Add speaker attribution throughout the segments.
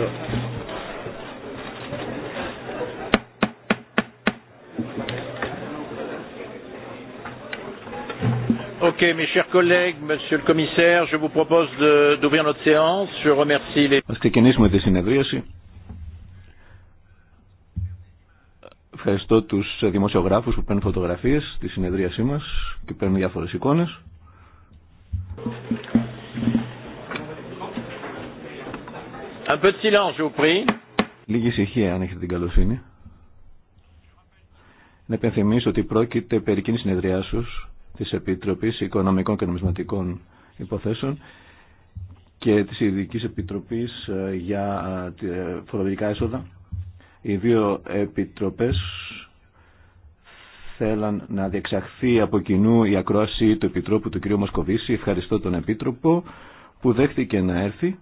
Speaker 1: No. Ok, mes chers collègues, Monsieur le Commissaire, je vous propose d'ouvrir notre séance. Je remercie les. Ας ξεκινήσουμε τη συνεδρίαση. Ευχαριστώ τους δημοσιογράφους που παίρνουν φωτογραφίες στη συνεδρίασή μας και παίρνουν διάφορες εικόνες. Λίγη ησυχία, αν έχετε την καλοσύνη. Να επενθυμίσω ότι πρόκειται περί κοινή συνεδριάσεω τη Επιτροπή Οικονομικών και Νομισματικών Υποθέσεων και τη Ειδική Επιτροπή ε, για ε, Φορολογικά Έσοδα. Οι δύο επιτροπέ θέλαν να διεξαχθεί από κοινού η ακρόαση του Επιτρόπου του κ. Μοσκοβίση. Ευχαριστώ τον Επίτροπο που δέχτηκε να έρθει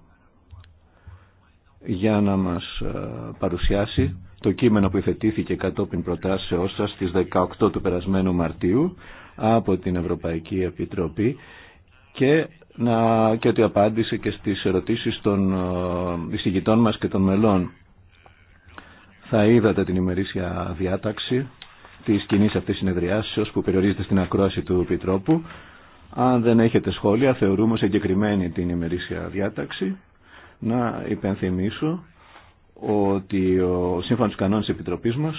Speaker 1: για να μας ε, παρουσιάσει το κείμενο που υφετήθηκε κατόπιν προτάσεώς σας στις 18 του περασμένου Μαρτίου από την Ευρωπαϊκή Επιτροπή και, να, και ότι απάντησε και στις ερωτήσεις των ε, εισηγητών μας και των μελών. Θα είδατε την ημερήσια διάταξη της κοινής αυτής συνεδριάσεως που περιορίζεται στην ακρόαση του Επιτρόπου. Αν δεν έχετε σχόλια, θεωρούμε συγκεκριμένη την ημερήσια διάταξη να υπενθυμίσω ότι ο σύμφωνος κανόνας της Επιτροπής μας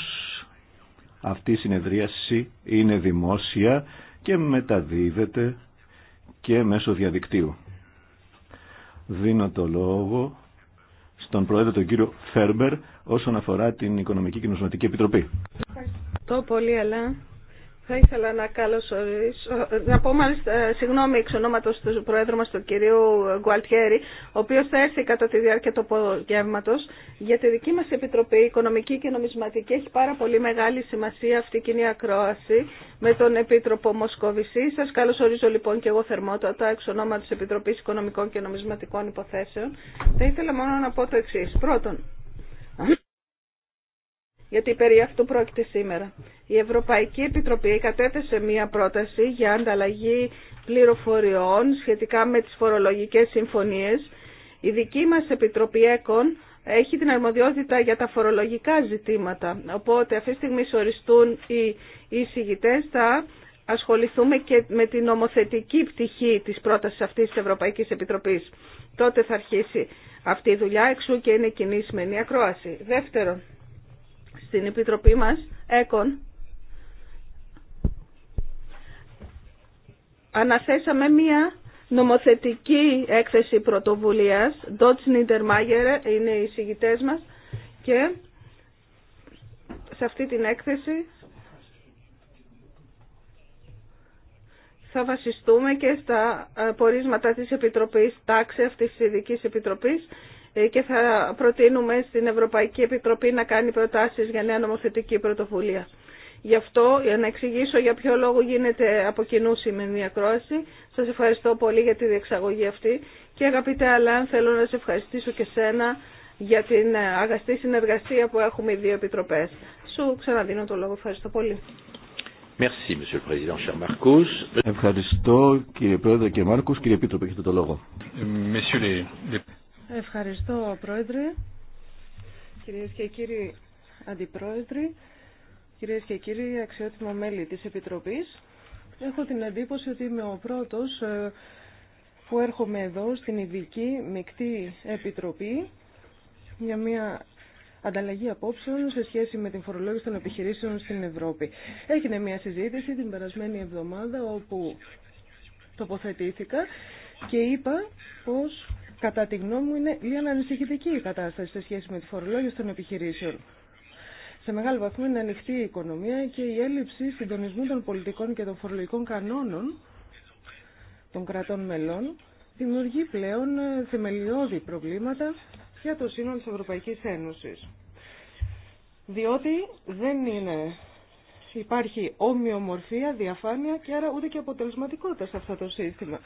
Speaker 1: αυτή η συνεδρίαση είναι δημόσια και μεταδίδεται και μέσω διαδικτύου. Δίνω το λόγο στον Πρόεδρο τον κύριο Φέρμπερ όσον αφορά την Οικονομική και Επιτροπή.
Speaker 2: Ευχαριστώ πολύ, αλλά θα ήθελα να καλωσορίσω, να πω μάλιστα ε, συγγνώμη εξ ονόματος του Προέδρου μας, του κυρίου Γκουαλτιέρη, ο οποίος θα έρθει κατά τη διάρκεια του απογεύματος, για τη δική μας Επιτροπή Οικονομική και Νομισματική έχει πάρα πολύ μεγάλη σημασία αυτή η κοινή ακρόαση με τον Επίτροπο Μοσκοβισή. Σας καλωσορίζω λοιπόν και εγώ θερμότατα εξ ονόματος Επιτροπής Οικονομικών και Νομισματικών Υποθέσεων. Θα ήθελα μόνο να πω το εξή. Πρώτον, γιατί περί αυτού πρόκειται σήμερα. Η Ευρωπαϊκή Επιτροπή κατέθεσε μία πρόταση για ανταλλαγή πληροφοριών σχετικά με τις φορολογικές συμφωνίες. Η δική μας Επιτροπή ΕΚΟΝ έχει την αρμοδιότητα για τα φορολογικά ζητήματα. Οπότε αυτή τη στιγμή οριστούν οι εισηγητές θα ασχοληθούμε και με την νομοθετική πτυχή της πρότασης αυτής της Ευρωπαϊκής Επιτροπής. Τότε θα αρχίσει αυτή η δουλειά, εξού και είναι κοινή ακρόαση. Δεύτερον, στην Επιτροπή μας, ΕΚΟΝ, αναθέσαμε μία νομοθετική έκθεση πρωτοβουλίας, Νίτερ Μάγερε είναι οι συγητές μας και σε αυτή την έκθεση θα βασιστούμε και στα πορίσματα της Επιτροπής Τάξη αυτής της Ειδικής Επιτροπής ε, και θα προτείνουμε στην Ευρωπαϊκή Επιτροπή να κάνει προτάσεις για νέα νομοθετική πρωτοβουλία. Γι' αυτό, για να εξηγήσω για ποιο λόγο γίνεται από κοινού η ακρόαση, σας ευχαριστώ πολύ για τη διεξαγωγή αυτή και αγαπητέ Αλάν, θέλω να σε ευχαριστήσω και σένα για την αγαστή συνεργασία που έχουμε οι δύο επιτροπές. Σου ξαναδίνω το λόγο. Ευχαριστώ πολύ.
Speaker 1: Ευχαριστώ κύριε Πρόεδρε και Μάρκο, Κύριε Επίτροπε, έχετε το λόγο. Ε,
Speaker 3: Ευχαριστώ, Πρόεδρε. Κυρίες και κύριοι Αντιπρόεδροι, κυρίες και κύριοι αξιότιμο μέλη της Επιτροπής, έχω την εντύπωση ότι είμαι ο πρώτος ε, που έρχομαι εδώ στην ειδική μεικτή επιτροπή για μια ανταλλαγή απόψεων σε σχέση με την φορολόγηση των επιχειρήσεων στην Ευρώπη. Έγινε μια συζήτηση την περασμένη εβδομάδα όπου τοποθετήθηκα και είπα πως Κατά τη γνώμη μου είναι λίγο ανησυχητική η κατάσταση σε σχέση με τη φορολόγηση των επιχειρήσεων. Σε μεγάλο βαθμό είναι ανοιχτή η οικονομία και η έλλειψη συντονισμού των πολιτικών και των φορολογικών κανόνων των κρατών μελών δημιουργεί πλέον ε, θεμελιώδη προβλήματα για το σύνολο της Ευρωπαϊκής Ένωσης. Διότι δεν είναι, υπάρχει ομοιομορφία, διαφάνεια και άρα ούτε και αποτελεσματικότητα σε αυτό το σύστημα.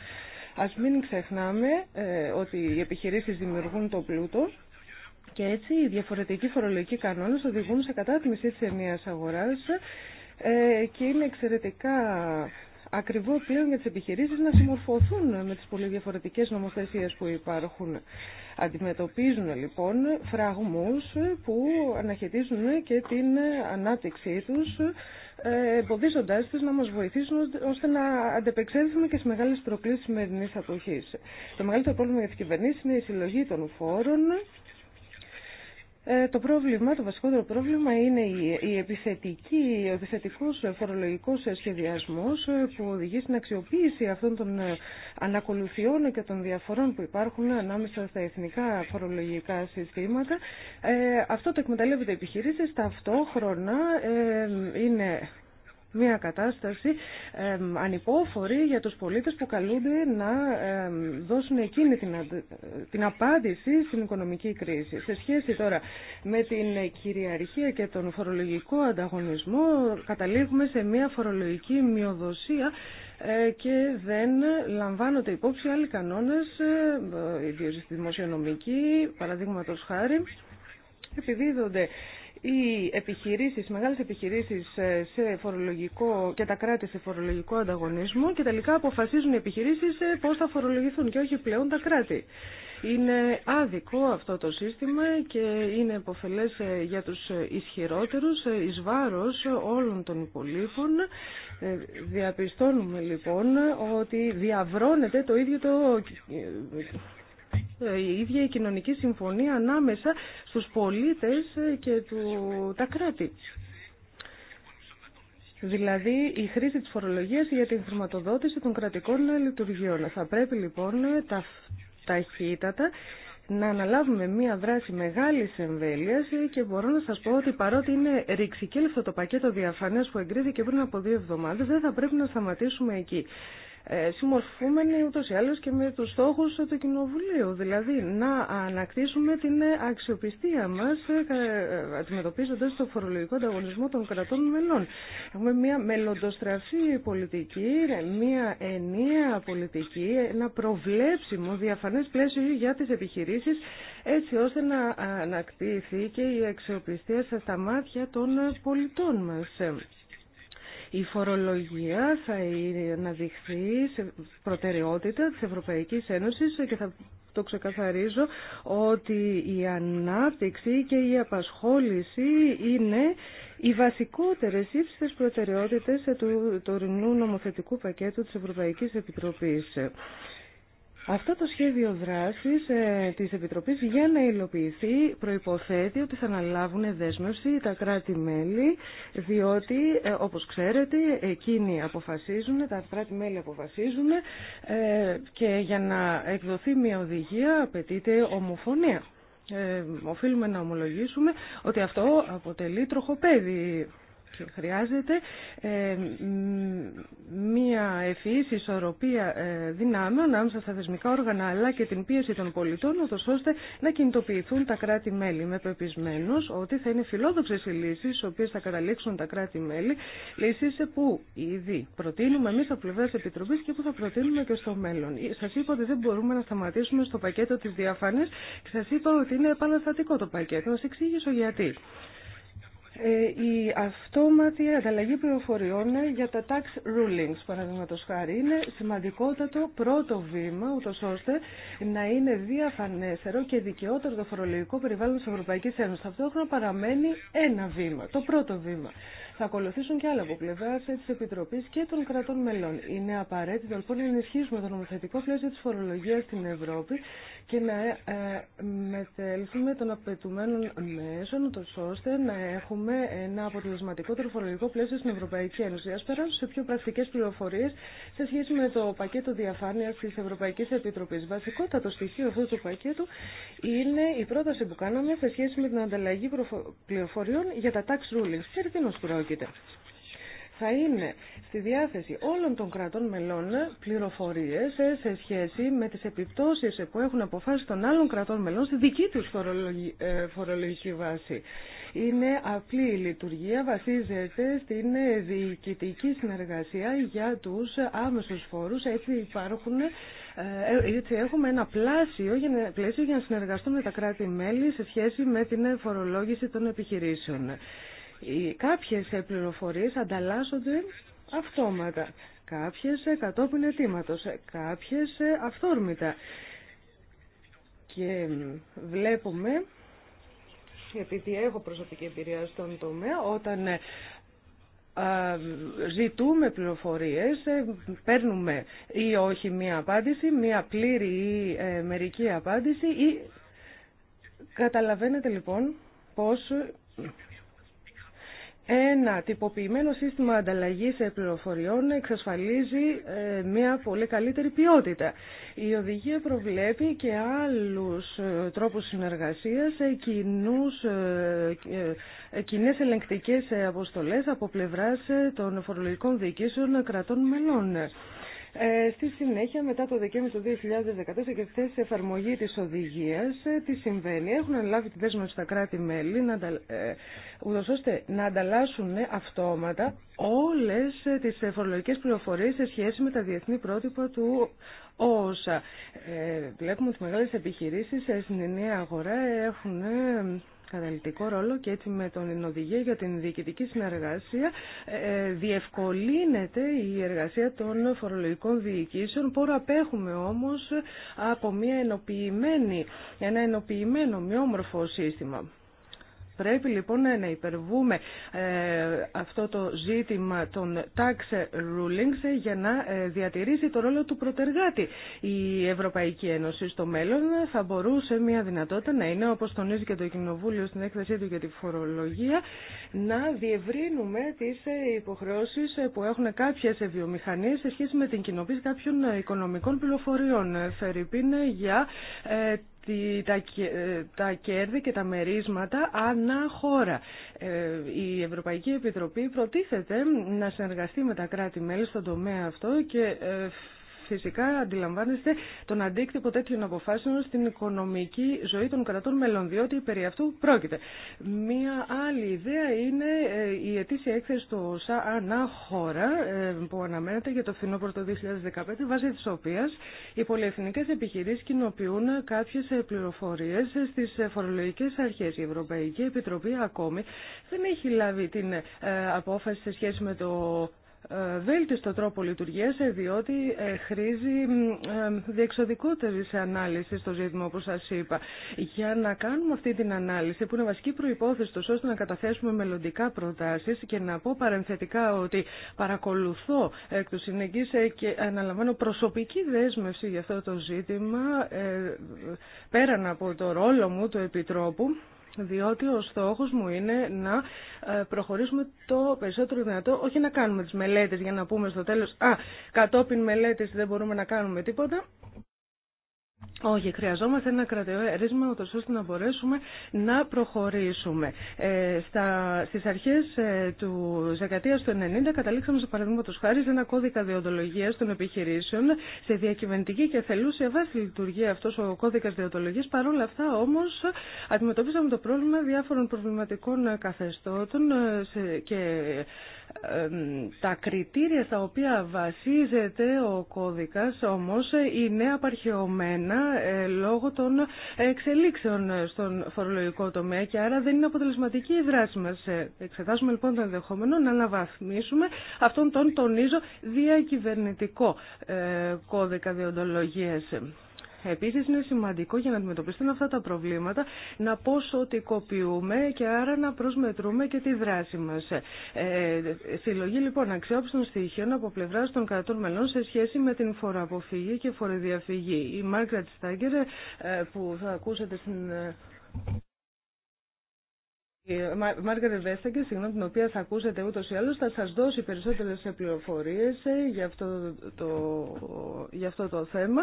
Speaker 3: Ας μην ξεχνάμε ε, ότι οι επιχειρήσεις δημιουργούν το πλούτο και έτσι οι διαφορετικοί φορολογικοί κανόνες οδηγούν σε κατάτμιση της ενιαίας αγοράς ε, και είναι εξαιρετικά ακριβό πλέον για τις επιχειρήσεις να συμμορφωθούν με τις πολύ διαφορετικές νομοθεσίες που υπάρχουν. Αντιμετωπίζουν λοιπόν φραγμούς που αναχαιτίζουν και την ανάπτυξή τους, ε, εμποδίζοντάς τους να μας βοηθήσουν ώστε να αντεπεξέλθουμε και στις μεγάλες προκλήσεις σημερινής αποχής. Το μεγαλύτερο πρόβλημα για τις κυβερνήσεις είναι η συλλογή των φόρων, ε, το πρόβλημα, το βασικότερο πρόβλημα είναι η, επιθετική, ο επιθετικός φορολογικός σχεδιασμός ε, που οδηγεί στην αξιοποίηση αυτών των ε, ανακολουθιών και των διαφορών που υπάρχουν ανάμεσα στα εθνικά φορολογικά συστήματα. αυτό το εκμεταλλεύεται τα επιχειρήσεις, ταυτόχρονα είναι μια κατάσταση ανυπόφορη για τους πολίτες που καλούνται να δώσουν εκείνη την απάντηση στην οικονομική κρίση. Σε σχέση τώρα με την κυριαρχία και τον φορολογικό ανταγωνισμό καταλήγουμε σε μια φορολογική μειοδοσία ε, και δεν λαμβάνονται υπόψη άλλοι κανόνες, ε, ε, ιδίως στη δημοσιονομική, παραδείγματος χάρη, επιδίδονται οι επιχειρήσεις, οι μεγάλες επιχειρήσεις ε, σε φορολογικό και τα κράτη σε φορολογικό ανταγωνισμό και τελικά αποφασίζουν οι επιχειρήσεις ε, πώς θα φορολογηθούν και όχι πλέον τα κράτη. Είναι άδικο αυτό το σύστημα και είναι υποφελές ε, για τους ισχυρότερους εις βάρος όλων των υπολείπων. Διαπιστώνουμε λοιπόν ότι διαβρώνεται το ίδιο το ε, η ίδια η κοινωνική συμφωνία ανάμεσα στους πολίτες ε, και του, τα κράτη. Δηλαδή η χρήση της φορολογίας για την χρηματοδότηση των κρατικών ε, λειτουργιών. Θα πρέπει λοιπόν τα, ταχύτατα να αναλάβουμε μία δράση μεγάλης εμβέλειας και μπορώ να σας πω ότι παρότι είναι ρηξικέλευτο το πακέτο διαφανές που εγκρίθηκε πριν από δύο εβδομάδες δεν θα πρέπει να σταματήσουμε εκεί. Ε, συμμορφούμενοι ούτω ή άλλω και με τους στόχους του Κοινοβουλίου. Δηλαδή να ανακτήσουμε την αξιοπιστία μας ε, ε, αντιμετωπίζοντα το φορολογικό ανταγωνισμό των κρατών μελών. Έχουμε μια μελλοντοστραφή πολιτική, μια ενιαία πολιτική, ένα προβλέψιμο διαφανέ πλαίσιο για τις επιχειρήσεις έτσι ώστε να ανακτήσει και η αξιοπιστία στα μάτια των πολιτών μας. Η φορολογία θα αναδειχθεί σε προτεραιότητα της Ευρωπαϊκής Ένωσης και θα το ξεκαθαρίζω ότι η ανάπτυξη και η απασχόληση είναι οι βασικότερες ύψιστες προτεραιότητες του τωρινού νομοθετικού πακέτου της Ευρωπαϊκής Επιτροπής. Αυτό το σχέδιο δράσης ε, της Επιτροπής για να υλοποιηθεί προϋποθέτει ότι θα αναλάβουν δέσμευση τα κράτη-μέλη διότι ε, όπως ξέρετε εκείνοι αποφασίζουν, τα κράτη-μέλη αποφασίζουν ε, και για να εκδοθεί μια οδηγία απαιτείται ομοφωνία. οφείλουμε να ομολογήσουμε ότι αυτό αποτελεί τροχοπέδι χρειάζεται ε, μία ευφυής ισορροπία ε, δυνάμεων ανάμεσα στα θεσμικά όργανα αλλά και την πίεση των πολιτών ώστε να κινητοποιηθούν τα κράτη-μέλη. Είμαι πεπισμένος ότι θα είναι φιλόδοξες οι λύσεις οι οποίε θα καταλήξουν τα κράτη-μέλη λύσεις που ήδη προτείνουμε εμείς από πλευρά της Επιτροπής και που θα προτείνουμε και στο μέλλον. Σας είπα ότι δεν μπορούμε να σταματήσουμε στο πακέτο της διαφάνειας και σας είπα ότι είναι επαναστατικό το πακέτο. Να σας εξήγησω γιατί. Ε, η αυτόματη ανταλλαγή πληροφοριών για τα tax rulings, παραδείγματο χάρη, είναι σημαντικότατο πρώτο βήμα, ούτω ώστε να είναι διαφανέστερο και δικαιότερο το φορολογικό περιβάλλον τη Ευρωπαϊκή Ένωση. Ταυτόχρονα παραμένει ένα βήμα, το πρώτο βήμα. Θα ακολουθήσουν και άλλα από πλευρά τη Επιτροπή και των κρατών μελών. Είναι απαραίτητο λοιπόν να ενισχύσουμε το νομοθετικό πλαίσιο τη φορολογία στην Ευρώπη και να ε, μετέλθουμε των απαιτουμένων μέσων, ώστε να έχουμε ένα αποτελεσματικό τροφολογικό πλαίσιο στην Ευρωπαϊκή Ένωση. Α περάσω σε πιο πρακτικέ πληροφορίε σε σχέση με το πακέτο διαφάνεια τη Ευρωπαϊκή Επιτροπή. Βασικότατο στοιχείο αυτού του πακέτου είναι η πρόταση που κάναμε σε σχέση με την ανταλλαγή πληροφοριών για τα tax rulings. Ξέρετε τι πρόκειται θα είναι στη διάθεση όλων των κρατών μελών πληροφορίες ε, σε σχέση με τις επιπτώσεις που έχουν αποφάσει των άλλων κρατών μελών στη δική τους ε, φορολογική βάση. Είναι απλή η λειτουργία, βασίζεται στην ε, διοικητική συνεργασία για τους άμεσους φόρους. Έτσι, υπάρχουν, έτσι έχουμε ένα πλάσιο, πλαίσιο για να συνεργαστούμε τα κράτη-μέλη σε σχέση με την φορολόγηση των επιχειρήσεων. Οι κάποιες πληροφορίες ανταλλάσσονται αυτόματα, κάποιες κατόπιν αιτήματος, κάποιες αυθόρμητα. Και βλέπουμε, επειδή έχω προσωπική εμπειρία στον τομέα, όταν ε, ζητούμε πληροφορίες, ε, παίρνουμε ή όχι μία απάντηση, μία πλήρη ή ε, μερική απάντηση ή καταλαβαίνετε λοιπόν πως ένα τυποποιημένο σύστημα ανταλλαγής ε, πληροφοριών εξασφαλίζει ε, μια πολύ καλύτερη ποιότητα. Η οδηγία προβλέπει και άλλους ε, τρόπους συνεργασίας, κοινούς, κοινές ελεγκτικές αποστολές από πλευράς των φορολογικών διοικήσεων κρατών μελών. Ε, στη συνέχεια, μετά το Δεκέμβριο του 2014 και χθε εφαρμογή τη οδηγία, ε, τι συμβαίνει. Έχουν λάβει τη δέσμευση στα κράτη-μέλη, ε, ούτω ώστε να ανταλλάσσουν αυτόματα όλε τι φορολογικέ πληροφορίε σε σχέση με τα διεθνή πρότυπα του ΩΣΑ. Βλέπουμε ότι μεγάλε επιχειρήσει στην ενιαία αγορά έχουν καταλητικό ρόλο και έτσι με τον οδηγία για την διοικητική συνεργασία ε, ε, διευκολύνεται η εργασία των φορολογικών διοικήσεων. Πόρο απέχουμε όμως από μια ενοποιημένη, ένα ενοποιημένο μειόμορφο σύστημα. Πρέπει λοιπόν ε, να υπερβούμε ε, αυτό το ζήτημα των tax rulings ε, για να διατηρήσει το ρόλο του προτεργάτη. Η Ευρωπαϊκή Ένωση στο μέλλον θα μπορούσε μια δυνατότητα να είναι, όπως τονίζει και το Κοινοβούλιο στην έκθεσή του για τη φορολογία, να διευρύνουμε τις υποχρεώσεις που έχουν κάποιες βιομηχανίες σε σχέση με την κοινοποίηση κάποιων οικονομικών πληροφοριών. για ε, τα κέρδη και τα μερίσματα ανά χώρα. Ε, η Ευρωπαϊκή Επιτροπή προτίθεται να συνεργαστεί με τα κράτη-μέλη στον τομέα αυτό και ε, φυσικά αντιλαμβάνεστε τον αντίκτυπο τέτοιων αποφάσεων στην οικονομική ζωή των κρατών μελών, διότι περί αυτού πρόκειται. Μία άλλη ιδέα είναι ε, η ετήσια έκθεση του ΩΣΑ ανά χώρα ε, που αναμένεται για το φθινόπωρο το 2015, βάσει τη οποία οι πολυεθνικές επιχειρήσει κοινοποιούν κάποιε πληροφορίε στι φορολογικέ αρχέ. Η Ευρωπαϊκή Επιτροπή ακόμη δεν έχει λάβει την ε, απόφαση σε σχέση με το ε, βέλτιστο τρόπο λειτουργίας ε, διότι ε, χρήζει διεξοδικότερης ανάλυση στο ζήτημα όπως σας είπα. Για να κάνουμε αυτή την ανάλυση που είναι βασική προϋπόθεση ώστε να καταθέσουμε μελλοντικά προτάσεις και να πω παρενθετικά ότι παρακολουθώ εκ του συνεγγύς και αναλαμβάνω προσωπική δέσμευση για αυτό το ζήτημα πέραν από το ρόλο μου του Επιτρόπου διότι ο στόχος μου είναι να ε, προχωρήσουμε το περισσότερο δυνατό, όχι να κάνουμε τις μελέτες για να πούμε στο τέλος «Α, κατόπιν μελέτες δεν μπορούμε να κάνουμε τίποτα», όχι, χρειαζόμαστε ένα κρατεό ώστε να μπορέσουμε να προχωρήσουμε. Ε, στα, στις αρχές ε, του δεκαετία του 90 καταλήξαμε σε παραδείγματο χάρη σε ένα κώδικα διοντολογίας των επιχειρήσεων σε διακυβερνητική και θελούσια βάση λειτουργεί αυτός ο κώδικας διοντολογίας. Παρ' όλα αυτά όμως αντιμετωπίσαμε το πρόβλημα διάφορων προβληματικών καθεστώτων ε, τα κριτήρια στα οποία βασίζεται ο κώδικας όμως είναι απαρχαιωμένα ε, λόγω των εξελίξεων στον φορολογικό τομέα και άρα δεν είναι αποτελεσματική η δράση μας. Ε, εξετάζουμε λοιπόν το ενδεχόμενο να αναβαθμίσουμε αυτόν τον τονίζω διακυβερνητικό ε, κώδικα διοντολογίας. Επίσης είναι σημαντικό για να αντιμετωπιστούν αυτά τα προβλήματα να ποσοτικοποιούμε και άρα να προσμετρούμε και τη δράση μας. Ε, συλλογή λοιπόν αξιόπιστων στοιχείων από πλευρά των κρατών μελών σε σχέση με την φοροαποφυγή και φοροδιαφυγή. Η Μάρκρατ Στάγκερ ε, που θα ακούσετε στην ε, η Μάργαρετ Βέσταγκη συγγνώμη την οποία θα ακούσετε ούτω ή άλλω, θα σα δώσει περισσότερε πληροφορίε ε, για, αυτό το, για αυτό το θέμα.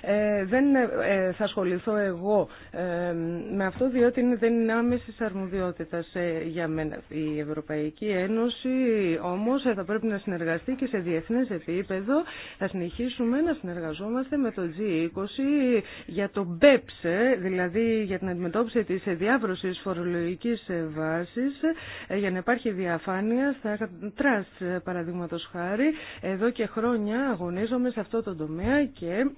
Speaker 3: Ε, δεν ε, θα ασχοληθώ εγώ ε, με αυτό, διότι είναι, δεν είναι άμεση αρμοδιότητα ε, για μένα. Η Ευρωπαϊκή Ένωση όμω θα πρέπει να συνεργαστεί και σε διεθνέ επίπεδο. Θα συνεχίσουμε να συνεργαζόμαστε με το G20 για το BEPS, δηλαδή για την αντιμετώπιση τη διάβρωση φορολογική βάσεις ε, για να υπάρχει διαφάνεια στα τρας παραδείγματος χάρη. Εδώ και χρόνια αγωνίζομαι σε αυτό το τομέα και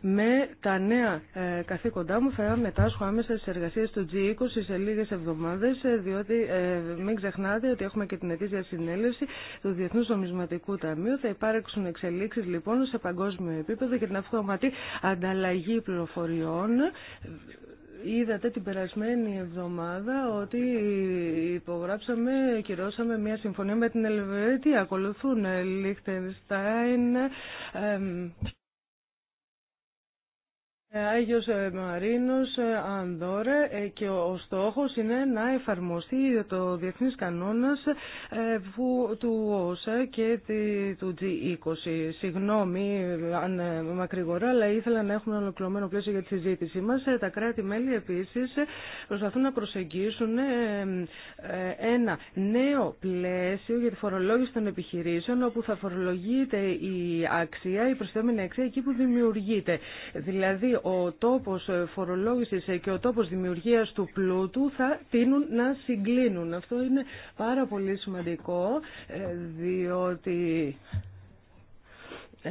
Speaker 3: με τα νέα ε, καθήκοντά μου θα μετάσχω άμεσα στις εργασίες του G20 σε λίγες εβδομάδες ε, διότι μην ξεχνάτε ότι έχουμε και την ετήσια συνέλευση του Διεθνούς Νομισματικού Ταμείου. Θα υπάρξουν εξελίξεις λοιπόν σε παγκόσμιο επίπεδο για την αυτόματη ανταλλαγή πληροφοριών Είδατε την περασμένη εβδομάδα ότι υπογράψαμε, κυρώσαμε μια συμφωνία με την Ελβετία. Ακολουθούν Λίχτενστάιν, Άγιος ε, Μαρίνος ε, Ανδόρε ε, και ο στόχος είναι να εφαρμοστεί το διεθνής κανόνας του ΟΣΑ και του G20. Συγγνώμη αν μακρηγορά, αλλά ήθελα να έχουμε ολοκληρωμένο πλαίσιο για τη συζήτησή μας. Τα κράτη-μέλη επίσης προσπαθούν να προσεγγίσουν ένα νέο πλαίσιο για τη φορολόγηση των επιχειρήσεων όπου θα φορολογείται η αξία, η προσθέμενη αξία εκεί που δημιουργείται. Δηλαδή ο τόπος φορολόγησης και ο τόπος δημιουργίας του πλούτου θα τείνουν να συγκλίνουν. Αυτό είναι πάρα πολύ σημαντικό ε, διότι ε,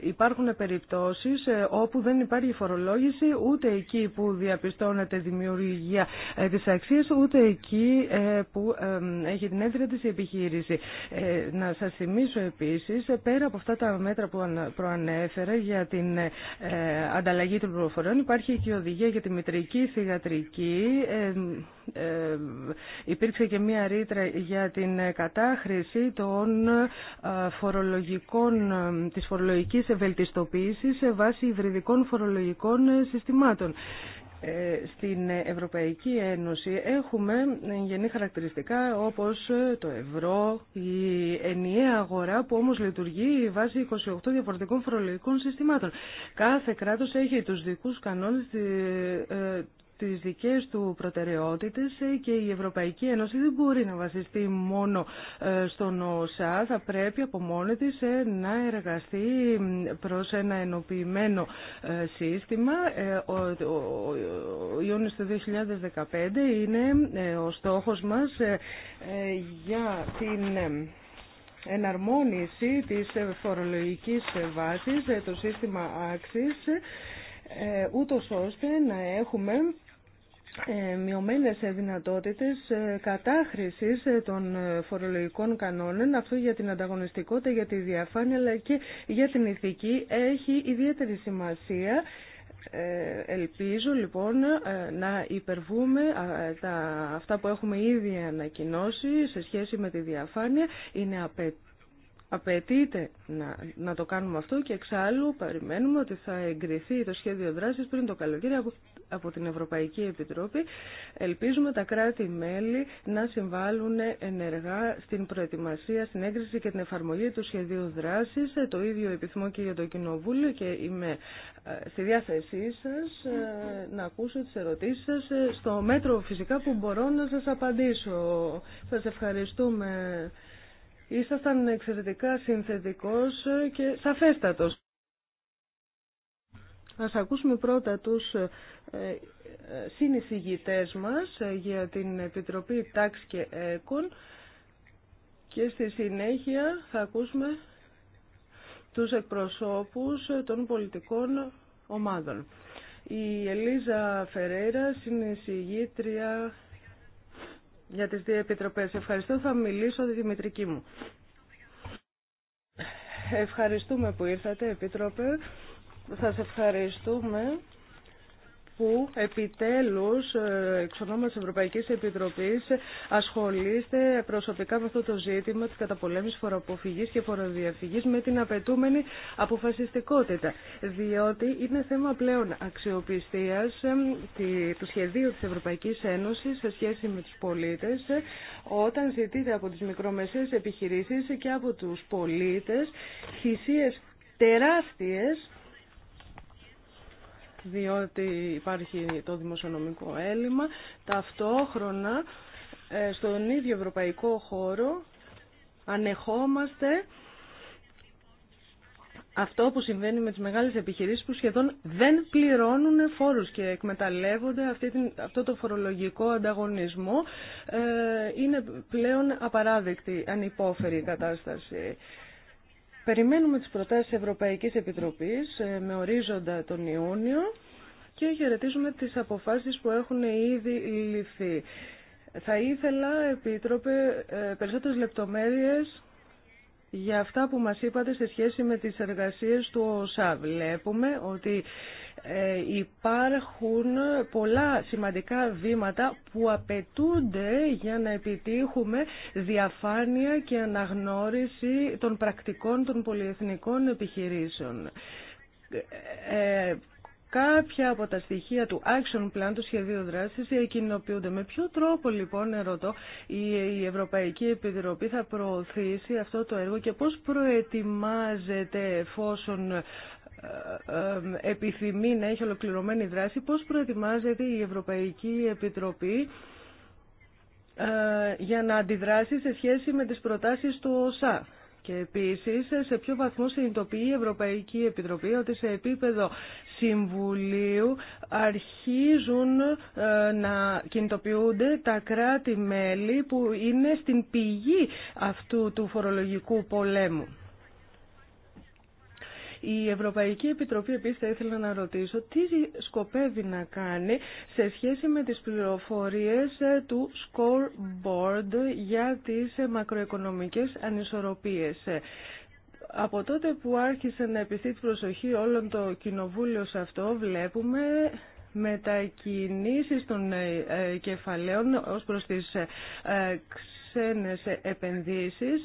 Speaker 3: υπάρχουν περιπτώσεις ε, όπου δεν υπάρχει φορολόγηση ούτε εκεί που διαπιστώνεται δημιουργία ε, της αξίας ούτε εκεί που έχει την έδρα της η επιχείρηση. Να σας θυμίσω επίσης πέρα από αυτά τα μέτρα που προανέφερα για την ανταλλαγή των πληροφοριών υπάρχει και η οδηγία για τη μητρική θηγατρική ε, υπήρξε και μία ρήτρα για την κατάχρηση των ε, φορολογικών, ε, της φορολογικής ευελτιστοποίησης σε βάση υβριδικών φορολογικών συστημάτων στην Ευρωπαϊκή Ένωση έχουμε γενή χαρακτηριστικά όπως το ευρώ, η ενιαία αγορά που όμως λειτουργεί βάσει 28 διαφορετικών φορολογικών συστημάτων. Κάθε κράτος έχει τους δικούς κανόνες τις δικές του προτεραιότητες και η Ευρωπαϊκή Ένωση δεν μπορεί να βασιστεί μόνο ε, στον ΩΣΑ, Θα πρέπει από μόνη της ε, να εργαστεί προς ένα ενοποιημένο ε, σύστημα. Ο Ιούνιος του 2015 είναι ο στόχος μας για την εναρμόνιση της φορολογικής βάσης, το σύστημα άξης, ούτω ώστε να έχουμε ε, μειωμένες δυνατότητες ε, κατάχρησης ε, των φορολογικών κανόνων. Αυτό για την ανταγωνιστικότητα, για τη διαφάνεια αλλά και για την ηθική έχει ιδιαίτερη σημασία. Ελπίζω λοιπόν να υπερβούμε τα, αυτά που έχουμε ήδη ανακοινώσει σε σχέση με τη διαφάνεια. Είναι απαιτή απαιτείται να, να το κάνουμε αυτό και εξάλλου περιμένουμε ότι θα εγκριθεί το σχέδιο δράσης πριν το καλοκαίρι από, από την Ευρωπαϊκή Επιτροπή. Ελπίζουμε τα κράτη-μέλη να συμβάλλουν ενεργά στην προετοιμασία, στην έγκριση και την εφαρμογή του σχεδίου δράσης. Το ίδιο επιθυμώ και για το Κοινοβούλιο και είμαι ε, στη διάθεσή σας ε, να ακούσω τις ερωτήσεις σας ε, στο μέτρο φυσικά που μπορώ να σας απαντήσω. Σας ευχαριστούμε. Ήσασταν εξαιρετικά συνθετικός και σαφέστατος. Ας ακούσουμε πρώτα τους ε, ε, συνεισηγητές μας ε, για την Επιτροπή Τάξη και ΕΚΟΝ και στη συνέχεια θα ακούσουμε τους εκπροσώπους των πολιτικών ομάδων. Η Ελίζα Φερέρα, συνεισηγήτρια για τις δύο επιτροπές. Ευχαριστώ, θα μιλήσω τη Δημητρική μου. Ευχαριστούμε που ήρθατε, Επίτροπε. Σας ευχαριστούμε που επιτέλους ε, εξ ονόμας Ευρωπαϊκής Επιτροπής ασχολείστε προσωπικά με αυτό το ζήτημα της καταπολέμησης φοροαποφυγής και φοροδιαφυγής με την απαιτούμενη αποφασιστικότητα. Διότι είναι θέμα πλέον αξιοπιστίας ε, του σχεδίου της Ευρωπαϊκής Ένωσης σε σχέση με τους πολίτες όταν ζητείται από τις μικρομεσαίες επιχειρήσεις και από τους πολίτες θυσίες τεράστιες διότι υπάρχει το δημοσιονομικό έλλειμμα. Ταυτόχρονα, ε, στον ίδιο ευρωπαϊκό χώρο ανεχόμαστε αυτό που συμβαίνει με τις μεγάλες επιχειρήσεις που σχεδόν δεν πληρώνουν φόρους και εκμεταλλεύονται αυτή την, αυτό το φορολογικό ανταγωνισμό. Ε, είναι πλέον απαράδεκτη, ανυπόφερη η κατάσταση. Περιμένουμε τις προτάσεις Ευρωπαϊκής Επιτροπής ε, με ορίζοντα τον Ιούνιο και χαιρετίζουμε τις αποφάσεις που έχουν ήδη ληφθεί. Θα ήθελα, Επίτροπε, ε, περισσότερες λεπτομέρειες για αυτά που μας είπατε σε σχέση με τις εργασίες του ΟΣΑ. Βλέπουμε ότι ε, υπάρχουν πολλά σημαντικά βήματα που απαιτούνται για να επιτύχουμε διαφάνεια και αναγνώριση των πρακτικών των πολυεθνικών επιχειρήσεων ε, κάποια από τα στοιχεία του action plan, του σχεδίου δράσης, κοινοποιούνται. Με ποιο τρόπο λοιπόν, ερωτώ, η Ευρωπαϊκή Επιτροπή θα προωθήσει αυτό το έργο και πώς προετοιμάζεται εφόσον ε, ε, επιθυμεί να έχει ολοκληρωμένη δράση, πώς προετοιμάζεται η Ευρωπαϊκή Επιτροπή ε, για να αντιδράσει σε σχέση με τις προτάσεις του ΟΣΑ. Και επίσης, σε ποιο βαθμό συνειδητοποιεί η Ευρωπαϊκή Επιτροπή ότι σε επίπεδο Συμβουλίου αρχίζουν ε, να κινητοποιούνται τα κράτη-μέλη που είναι στην πηγή αυτού του φορολογικού πολέμου. Η Ευρωπαϊκή Επιτροπή επίσης θα ήθελα να ρωτήσω τι σκοπεύει να κάνει σε σχέση με τις πληροφορίες ε, του scoreboard για τις μακροοικονομικές ανισορροπίες. Από τότε που άρχισε να επιθεί προσοχή όλων το κοινοβούλιο σε αυτό βλέπουμε μετακινήσεις των ε, ε, κεφαλαίων ως προς τις ε, ξένες επενδύσεις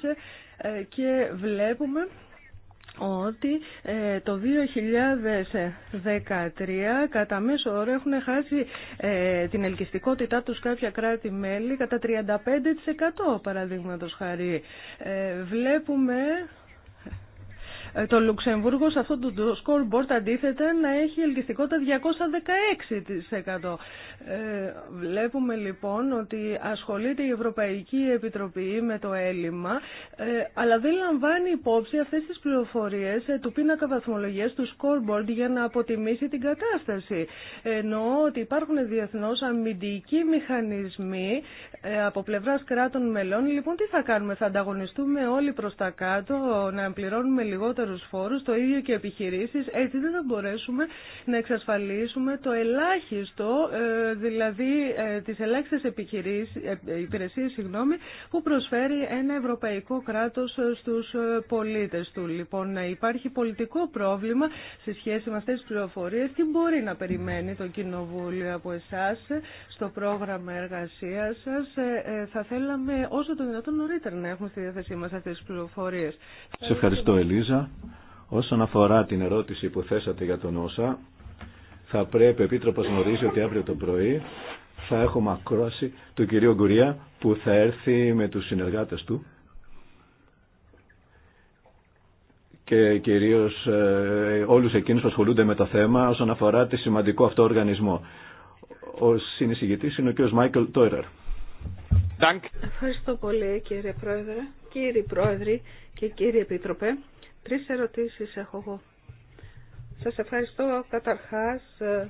Speaker 3: και βλέπουμε ότι το 2013 κατά μέσο όρο έχουν χάσει την ελκυστικότητά τους κάποια κράτη-μέλη κατά 35% παραδείγματος χαρή. Βλέπουμε ε, το Λουξεμβούργο σε αυτό το scoreboard αντίθετα να έχει ελκυστικότητα 216%. Ε, βλέπουμε λοιπόν ότι ασχολείται η Ευρωπαϊκή Επιτροπή με το έλλειμμα, ε, αλλά δεν λαμβάνει υπόψη αυτές τις πληροφορίες του πίνακα βαθμολογίας του scoreboard για να αποτιμήσει την κατάσταση. Εννοώ ότι υπάρχουν διεθνώς αμυντικοί μηχανισμοί από πλευράς κράτων μελών. Λοιπόν, τι θα κάνουμε, θα ανταγωνιστούμε όλοι προς τα κάτω, να πληρώνουμε λιγότερο το ίδιο και επιχειρήσει, έτσι δεν θα μπορέσουμε να εξασφαλίσουμε το ελάχιστο, ε, δηλαδή ε, τι ελάχιστε υπηρεσίε που προσφέρει ένα ευρωπαϊκό κράτο ε, στου πολίτε του. Λοιπόν, υπάρχει πολιτικό πρόβλημα σε σχέση με αυτέ τι πληροφορίε. Τι μπορεί να περιμένει το Κοινοβούλιο από εσά, στο πρόγραμμα εργασία σα. Θα θέλαμε όσο το δυνατόν νωρίτερα να έχουμε στη διάθεσή μα αυτέ τι πληροφορίε.
Speaker 1: Σε ευχαριστώ Ελίζα. Όσον αφορά την ερώτηση που θέσατε για τον Όσα, θα πρέπει ο Επίτροπος να γνωρίζει ότι αύριο το πρωί θα έχουμε ακρόαση του κυρίου Γκουρία που θα έρθει με τους συνεργάτες του και κυρίως ε, όλους εκείνους που ασχολούνται με το θέμα όσον αφορά τη σημαντικό αυτό οργανισμό. Ο συνεισηγητής είναι ο κύριος Μάικλ Τόιρερ.
Speaker 2: Ευχαριστώ πολύ κύριε Πρόεδρε, κύριοι Πρόεδροι και κύριε Επίτροπε. Τρεις ερωτήσεις έχω εγώ. Σας ευχαριστώ καταρχάς ε,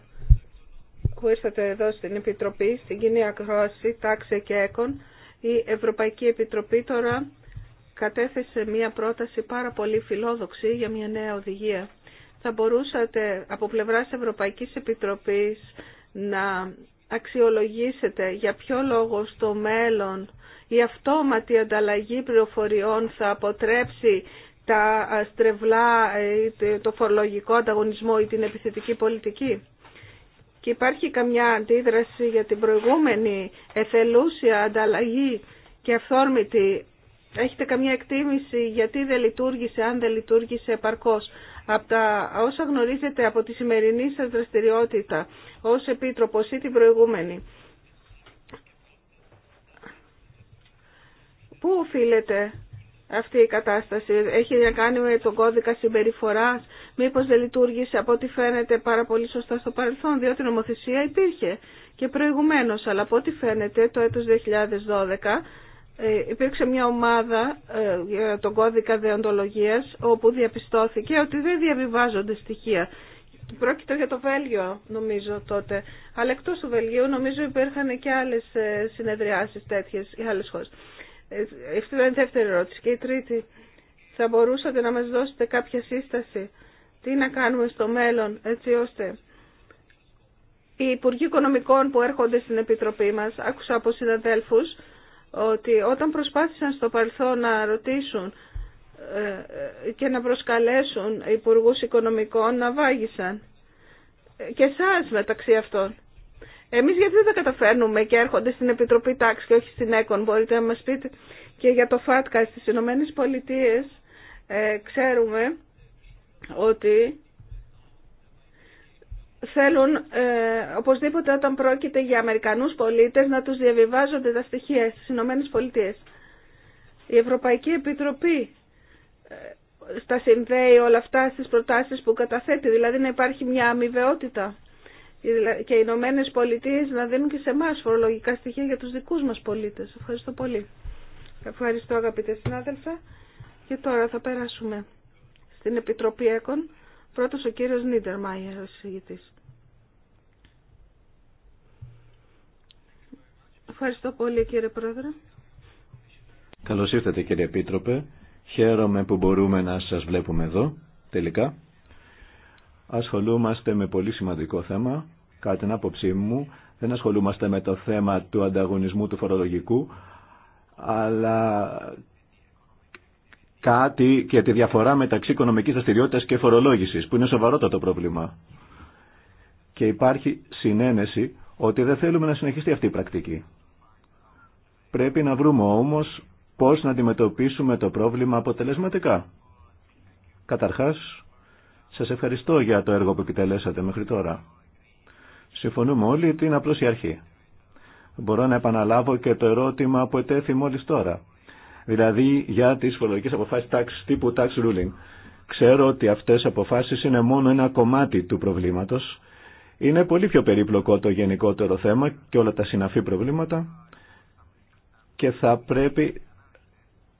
Speaker 2: που ήρθατε εδώ στην Επιτροπή, στην Κοινή Ακρόαση, Τάξη και Έκον. Η Ευρωπαϊκή Επιτροπή τώρα κατέθεσε μία πρόταση πάρα πολύ φιλόδοξη για μια νέα οδηγία. Θα μπορούσατε από πλευράς Ευρωπαϊκής Επιτροπής να αξιολογήσετε για ποιο λόγο στο μέλλον η αυτόματη ανταλλαγή πληροφοριών θα αποτρέψει τα στρεβλά, ε, το φορολογικό ανταγωνισμό ή την επιθετική πολιτική. Και υπάρχει καμιά αντίδραση για την προηγούμενη εθελούσια ανταλλαγή και αυθόρμητη. Έχετε καμιά εκτίμηση γιατί δεν λειτουργήσε, αν δεν λειτουργήσε επαρκώς. Από τα όσα γνωρίζετε από τη σημερινή σας δραστηριότητα ως επίτροπος ή την προηγούμενη. Πού οφείλεται αυτή η κατάσταση. Έχει να κάνει με τον κώδικα συμπεριφοράς. Μήπω δεν λειτουργήσε από ό,τι φαίνεται πάρα πολύ σωστά στο παρελθόν, διότι η νομοθεσία υπήρχε και προηγουμένως. Αλλά από ό,τι φαίνεται το έτο 2012 ε, υπήρξε μια ομάδα ε, για τον κώδικα δεοντολογίας όπου διαπιστώθηκε ότι δεν διαβιβάζονται στοιχεία. Πρόκειται για το Βέλγιο νομίζω τότε. Αλλά εκτό του Βελγίου νομίζω υπήρχαν και άλλες ε, συνεδριάσεις τέτοιε ή άλλε χώρε. Αυτή ήταν η δεύτερη ερώτηση. Και η τρίτη, θα μπορούσατε να μας δώσετε κάποια σύσταση τι να κάνουμε στο μέλλον έτσι ώστε οι Υπουργοί Οικονομικών που έρχονται στην Επιτροπή μας, άκουσα από συναδέλφους, ότι όταν προσπάθησαν στο παρελθόν να ρωτήσουν ε, ε, και να προσκαλέσουν υπουργού Οικονομικών να βάγισαν ε, και εσάς μεταξύ αυτών. Εμείς γιατί δεν τα καταφέρνουμε και έρχονται στην Επιτροπή Τάξη και όχι στην ΕΚΟΝ, μπορείτε να μας πείτε. Και για το ΦΑΤΚΑ στις Ηνωμένες Πολιτείες ε, ξέρουμε ότι θέλουν ε, οπωσδήποτε όταν πρόκειται για Αμερικανούς πολίτες να τους διαβιβάζονται τα στοιχεία στις Ηνωμένε Πολιτείες. Η Ευρωπαϊκή Επιτροπή ε, στα συνδέει όλα αυτά στις προτάσεις που καταθέτει, δηλαδή να υπάρχει μια αμοιβαιότητα και οι Ηνωμένε Πολιτείε να δίνουν και σε εμά φορολογικά στοιχεία για τους δικούς μας πολίτες. Ευχαριστώ πολύ. Ευχαριστώ αγαπητέ συνάδελφα. Και τώρα θα περάσουμε στην Επιτροπή ΕΚΟΝ. Πρώτος ο κύριος Νίτερ Μάιερ, ο συζητητής. Ευχαριστώ πολύ κύριε Πρόεδρε.
Speaker 1: Καλώς ήρθατε κύριε Επίτροπε. Χαίρομαι που μπορούμε να σας βλέπουμε εδώ τελικά ασχολούμαστε με πολύ σημαντικό θέμα, κάτι την άποψή μου. Δεν ασχολούμαστε με το θέμα του ανταγωνισμού του φορολογικού, αλλά κάτι και τη διαφορά μεταξύ οικονομικής δραστηριότητα και φορολόγησης, που είναι σοβαρότατο πρόβλημα. Και υπάρχει συνένεση ότι δεν θέλουμε να συνεχιστεί αυτή η πρακτική. Πρέπει να βρούμε όμως πώς να αντιμετωπίσουμε το πρόβλημα αποτελεσματικά. Καταρχάς, σας ευχαριστώ για το έργο που επιτελέσατε μέχρι τώρα. Συμφωνούμε όλοι ότι είναι απλώς η αρχή. Μπορώ να επαναλάβω και το ερώτημα που ετέθη μόλις τώρα. Δηλαδή για τις φορολογικές αποφάσεις tax, τύπου tax ruling. Ξέρω ότι αυτές οι αποφάσεις είναι μόνο ένα κομμάτι του προβλήματος. Είναι πολύ πιο περίπλοκο το γενικότερο θέμα και όλα τα συναφή προβλήματα και θα πρέπει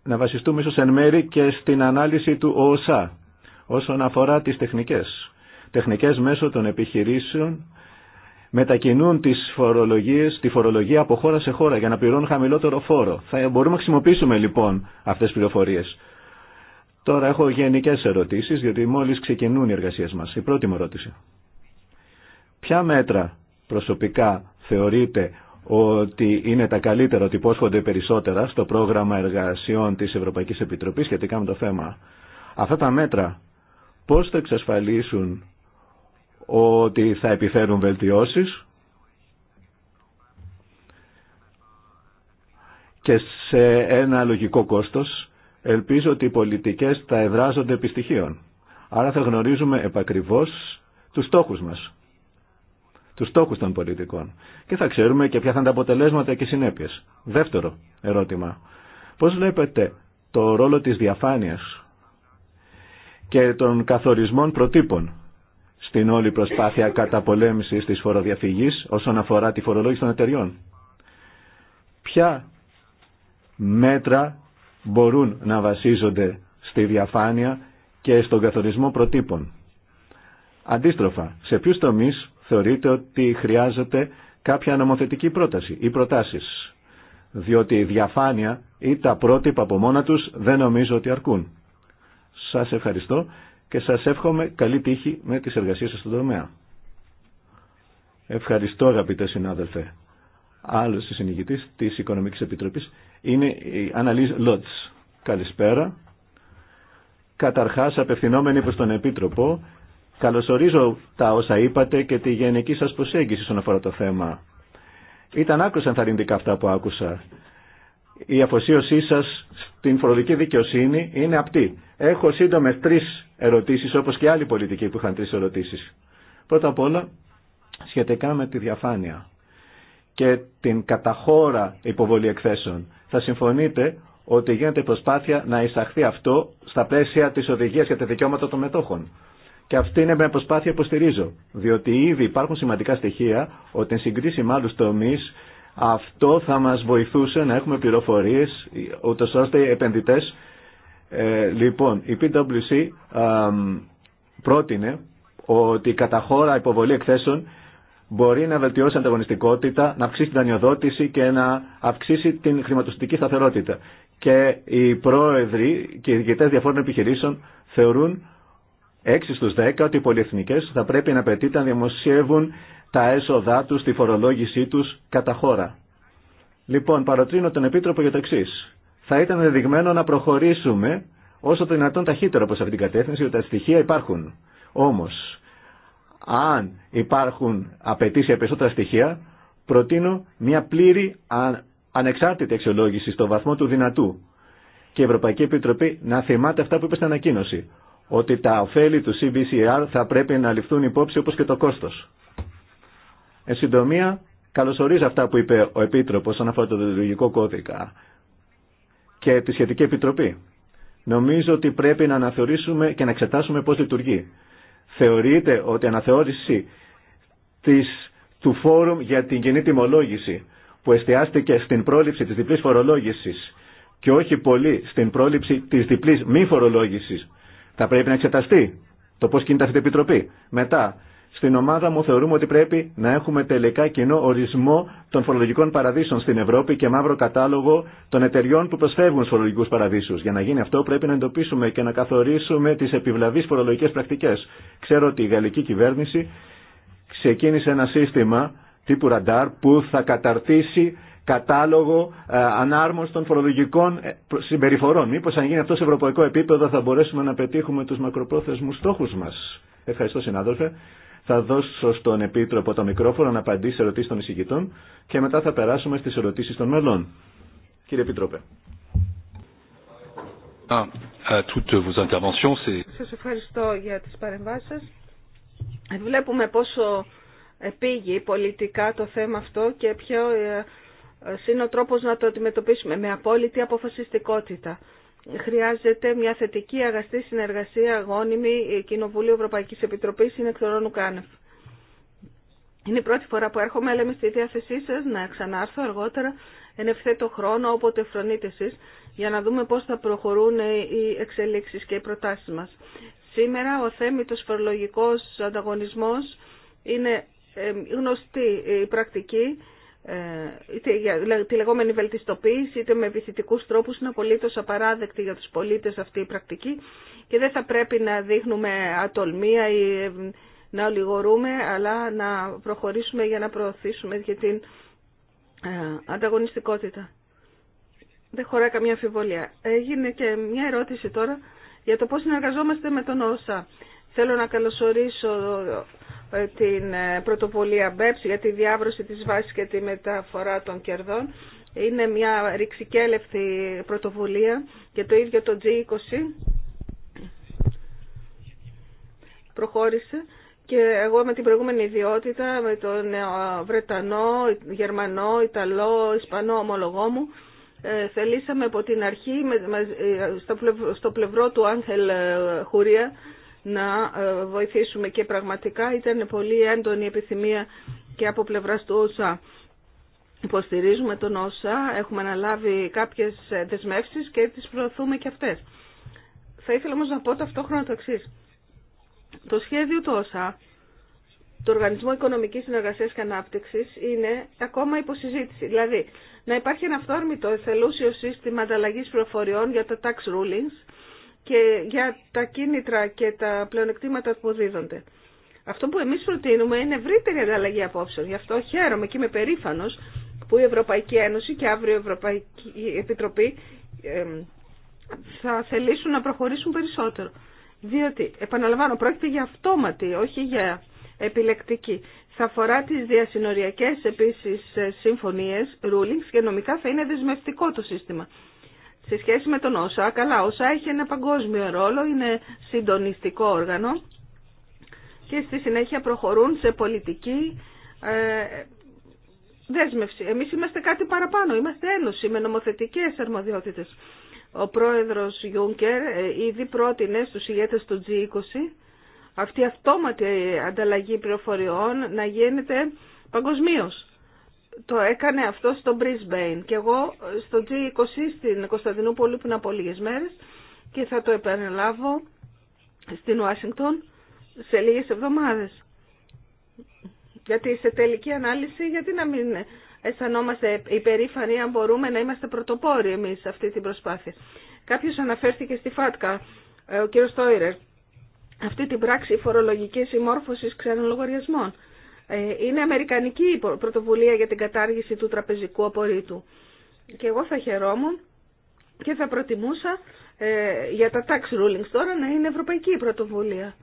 Speaker 1: να βασιστούμε ίσως εν μέρη και στην ανάλυση του ΟΣΑ όσον αφορά τις τεχνικές. Τεχνικές μέσω των επιχειρήσεων μετακινούν τις φορολογίες, τη φορολογία από χώρα σε χώρα για να πληρώνουν χαμηλότερο φόρο. Θα μπορούμε να χρησιμοποιήσουμε λοιπόν αυτές τις πληροφορίες. Τώρα έχω γενικές ερωτήσεις, γιατί μόλις ξεκινούν οι εργασίες μας. Η πρώτη μου ερώτηση. Ποια μέτρα προσωπικά θεωρείτε ότι είναι τα καλύτερα, ότι υπόσχονται περισσότερα στο πρόγραμμα εργασιών της Ευρωπαϊκής Επιτροπής σχετικά με το θέμα. Αυτά τα μέτρα Πώς θα εξασφαλίσουν ότι θα επιφέρουν βελτιώσεις και σε ένα λογικό κόστος. Ελπίζω ότι οι πολιτικές θα εδράζονται επί Άρα θα γνωρίζουμε επακριβώς τους στόχους μας, τους στόχους των πολιτικών και θα ξέρουμε και ποια θα είναι τα αποτελέσματα και συνέπειες. Δεύτερο ερώτημα. Πώς βλέπετε το ρόλο της διαφάνειας και των καθορισμών προτύπων στην όλη προσπάθεια καταπολέμησης της φοροδιαφυγής όσον αφορά τη φορολόγηση των εταιριών. Ποια μέτρα μπορούν να βασίζονται στη διαφάνεια και στον καθορισμό προτύπων. Αντίστροφα, σε ποιους τομείς θεωρείτε ότι χρειάζεται κάποια νομοθετική πρόταση ή προτάσεις, διότι η διαφάνεια ή τα πρότυπα από μόνα τους δεν νομίζω ότι αρκούν. Σας ευχαριστώ και σας εύχομαι καλή τύχη με τις εργασίες σας στον τομέα. Ευχαριστώ αγαπητέ συνάδελφε. Άλλος συνηγητής της Οικονομικής Επιτροπής είναι η Αναλής Λότς. Καλησπέρα. Καταρχάς απευθυνόμενοι προς τον Επίτροπο, καλωσορίζω τα όσα είπατε και τη γενική σας προσέγγιση στον αφορά το θέμα. Ήταν άκουσα ενθαρρυντικά αυτά που άκουσα η αφοσίωσή σα στην φορολογική δικαιοσύνη είναι απτή. Έχω σύντομε τρει ερωτήσει όπω και άλλοι πολιτικοί που είχαν τρει ερωτήσει. Πρώτα απ' όλα, σχετικά με τη διαφάνεια και την καταχώρα υποβολή εκθέσεων. Θα συμφωνείτε ότι γίνεται προσπάθεια να εισαχθεί αυτό στα πλαίσια της οδηγίας για τα δικαιώματα των μετόχων. Και αυτή είναι μια προσπάθεια που στηρίζω, διότι ήδη υπάρχουν σημαντικά στοιχεία ότι εν συγκρίση με άλλου τομεί αυτό θα μας βοηθούσε να έχουμε πληροφορίες, ούτως ώστε οι επενδυτές. Ε, λοιπόν, η PwC ε, πρότεινε ότι κατά χώρα υποβολή εκθέσεων μπορεί να βελτιώσει ανταγωνιστικότητα, να αυξήσει την δανειοδότηση και να αυξήσει την χρηματοστική σταθερότητα. Και οι πρόεδροι και οι διοικητές διαφόρων επιχειρήσεων θεωρούν 6 στους 10 ότι οι πολυεθνικές θα πρέπει να απαιτείται να δημοσιεύουν τα έσοδά τους, τη φορολόγησή τους κατά χώρα. Λοιπόν, παροτρύνω τον Επίτροπο για το εξή. Θα ήταν δεδειγμένο να προχωρήσουμε όσο το δυνατόν ταχύτερο προς αυτήν την κατεύθυνση, ότι τα στοιχεία υπάρχουν. Όμως, αν υπάρχουν απαιτήσει για περισσότερα στοιχεία, προτείνω μια πλήρη ανεξάρτητη αξιολόγηση στο βαθμό του δυνατού. Και η Ευρωπαϊκή Επιτροπή να θυμάται αυτά που είπε στην ανακοίνωση ότι τα ωφέλη του CBCR θα πρέπει να ληφθούν υπόψη όπως και το κόστος. Εν συντομία, καλωσορίζω αυτά που είπε ο Επίτροπος όσον αφορά το κώδικα και τη σχετική επιτροπή. Νομίζω ότι πρέπει να αναθεωρήσουμε και να εξετάσουμε πώς λειτουργεί. Θεωρείται ότι η αναθεώρηση της, του Φόρουμ για την Κοινή Τιμολόγηση που εστιάστηκε στην πρόληψη της διπλής φορολόγησης και όχι πολύ στην πρόληψη της διπλής μη φορολόγησης θα πρέπει να εξεταστεί το πώς κινείται αυτή η Επιτροπή. Μετά, στην ομάδα μου θεωρούμε ότι πρέπει να έχουμε τελικά κοινό ορισμό των φορολογικών παραδείσων στην Ευρώπη και μαύρο κατάλογο των εταιριών που προσφεύγουν στου φορολογικού παραδείσου. Για να γίνει αυτό πρέπει να εντοπίσουμε και να καθορίσουμε τι επιβλαβεί φορολογικέ πρακτικέ. Ξέρω ότι η γαλλική κυβέρνηση ξεκίνησε ένα σύστημα τύπου ραντάρ που θα καταρτήσει κατάλογο ε, ανάρμοστων φορολογικών ε, συμπεριφορών. Μήπως αν γίνει αυτό σε ευρωπαϊκό επίπεδο θα μπορέσουμε να πετύχουμε τους μακροπρόθεσμους στόχους μας. Ευχαριστώ συνάδελφε. Θα δώσω στον Επίτροπο το μικρόφωνο να απαντήσει σε ερωτήσεις των εισηγητών και μετά θα περάσουμε στις ερωτήσεις των μελών. Κύριε Επίτροπε.
Speaker 4: Ε,
Speaker 2: σας ευχαριστώ για τις παρεμβάσεις σας. Βλέπουμε πόσο επίγει πολιτικά το θέμα αυτό και ποιο είναι ο τρόπος να το αντιμετωπίσουμε με απόλυτη αποφασιστικότητα. Χρειάζεται μια θετική αγαστή συνεργασία αγώνιμη Κοινοβούλιο Ευρωπαϊκής Επιτροπής είναι εκθορών Ουκάνευ. Είναι η πρώτη φορά που έρχομαι, αλλά είμαι στη διάθεσή σας να ξανάρθω αργότερα εν ευθέτω χρόνο, όποτε φρονείτε εσείς, για να δούμε πώς θα προχωρούν οι εξελίξεις και οι προτάσεις μας. Σήμερα ο θέμητος φορολογικός ανταγωνισμός είναι ε, γνωστή η πρακτική ε, είτε για τη λεγόμενη βελτιστοποίηση είτε με επιθετικούς τρόπους είναι απολύτως απαράδεκτη για τους πολίτες αυτή η πρακτική και δεν θα πρέπει να δείχνουμε ατολμία ή ε, να ολιγορούμε αλλά να προχωρήσουμε για να προωθήσουμε για την ε, ανταγωνιστικότητα. Δεν χωράει καμία αμφιβολία. Έγινε και μια ερώτηση τώρα για το πώς συνεργαζόμαστε με τον ΩΣΑ. Θέλω να καλωσορίσω ε, την ε, πρωτοβουλία BEPS για τη διάβρωση της βάσης και τη μεταφορά των κερδών. Είναι μια ρηξικέλευτη πρωτοβουλία και το ίδιο το G20 προχώρησε και εγώ με την προηγούμενη ιδιότητα, με τον ε, Βρετανό, Γερμανό, Ιταλό, Ισπανό ομολογό μου, θελήσαμε από την αρχή στο πλευρό του Άγχελ Χουρία να ε, βοηθήσουμε και πραγματικά ήταν πολύ έντονη επιθυμία και από πλευράς του ΩΣΑ. Υποστηρίζουμε τον ΩΣΑ, έχουμε αναλάβει κάποιες ε, δεσμεύσεις και τις προωθούμε και αυτές. Θα ήθελα όμως να πω ταυτόχρονα το εξή. Το σχέδιο του ΩΣΑ, του Οργανισμού Οικονομικής Συνεργασίας και Ανάπτυξης, είναι ακόμα υποσυζήτηση. Δηλαδή, να υπάρχει ένα αυθόρμητο εθελούσιο σύστημα ανταλλαγής προφοριών για τα tax rulings, και για τα κίνητρα και τα πλεονεκτήματα που δίδονται. Αυτό που εμείς προτείνουμε είναι ευρύτερη ανταλλαγή απόψεων. Γι' αυτό χαίρομαι και είμαι περήφανος που η Ευρωπαϊκή Ένωση και αύριο η Ευρωπαϊκή Επιτροπή θα θελήσουν να προχωρήσουν περισσότερο. Διότι, επαναλαμβάνω, πρόκειται για αυτόματη, όχι για επιλεκτική. Θα αφορά τις διασυνοριακές επίσης ε, συμφωνίες, rulings και νομικά θα είναι δεσμευτικό το σύστημα σε σχέση με τον ΩΣΑ. Καλά, ΩΣΑ έχει ένα παγκόσμιο ρόλο, είναι συντονιστικό όργανο και στη συνέχεια προχωρούν σε πολιτική ε, δέσμευση. Εμείς είμαστε κάτι παραπάνω, είμαστε ένωση με νομοθετικές αρμοδιότητες. Ο πρόεδρος Γιούνκερ ε, ήδη πρότεινε στους ηγέτες του G20 αυτή η αυτόματη ανταλλαγή πληροφοριών να γίνεται παγκοσμίως το έκανε αυτό στο Brisbane και εγώ στο G20 στην Κωνσταντινούπολη που είναι από λίγε μέρες και θα το επαναλάβω στην Ουάσιγκτον σε λίγες εβδομάδες. Γιατί σε τελική ανάλυση γιατί να μην αισθανόμαστε υπερήφανοι αν μπορούμε να είμαστε πρωτοπόροι εμείς σε αυτή την προσπάθεια. Κάποιος αναφέρθηκε στη ΦΑΤΚΑ, ε, ο κύριος Στόιρερ, αυτή την πράξη φορολογικής συμμόρφωσης ξένων λογαριασμών. Ε, είναι αμερικανική η πρωτοβουλία για την κατάργηση του τραπεζικού απορρίτου. Και εγώ θα χαιρόμουν και θα προτιμούσα ε, για τα tax rulings τώρα να είναι ευρωπαϊκή η πρωτοβουλία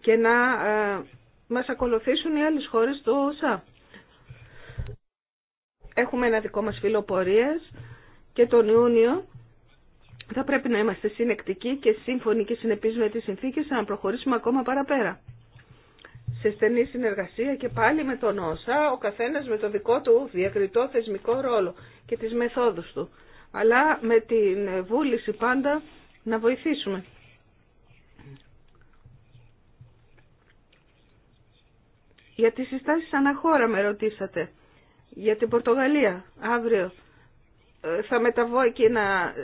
Speaker 2: και να ε, μας ακολουθήσουν οι άλλες χώρες του ΩΣΑ. Έχουμε ένα δικό μας φιλοπορίες και τον Ιούνιο θα πρέπει να είμαστε συνεκτικοί και σύμφωνοι και συνεπείς με τις συνθήκες να προχωρήσουμε ακόμα παραπέρα σε στενή συνεργασία και πάλι με τον Όσα ο καθένας με το δικό του διακριτό θεσμικό ρόλο και τις μεθόδους του. Αλλά με την βούληση πάντα να βοηθήσουμε. Για τις συστάσεις αναχώρα με ρωτήσατε. Για την Πορτογαλία αύριο ε, θα μεταβώ εκεί να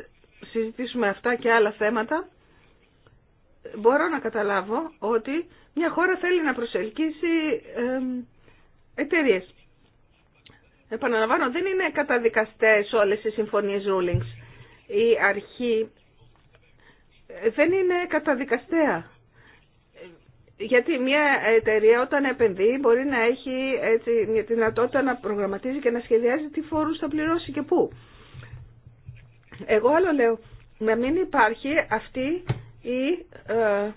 Speaker 2: συζητήσουμε αυτά και άλλα θέματα μπορώ να καταλάβω ότι μια χώρα θέλει να προσελκύσει εταιρείε. Επαναλαμβάνω, δεν είναι καταδικαστές όλες οι συμφωνίες rulings. Η αρχή ε, δεν είναι καταδικαστέα. Γιατί μια εταιρεία όταν επενδύει μπορεί να έχει έτσι, μια δυνατότητα να προγραμματίζει και να σχεδιάζει τι φόρους θα πληρώσει και πού. Εγώ άλλο λέω, να μην υπάρχει αυτή ή ε,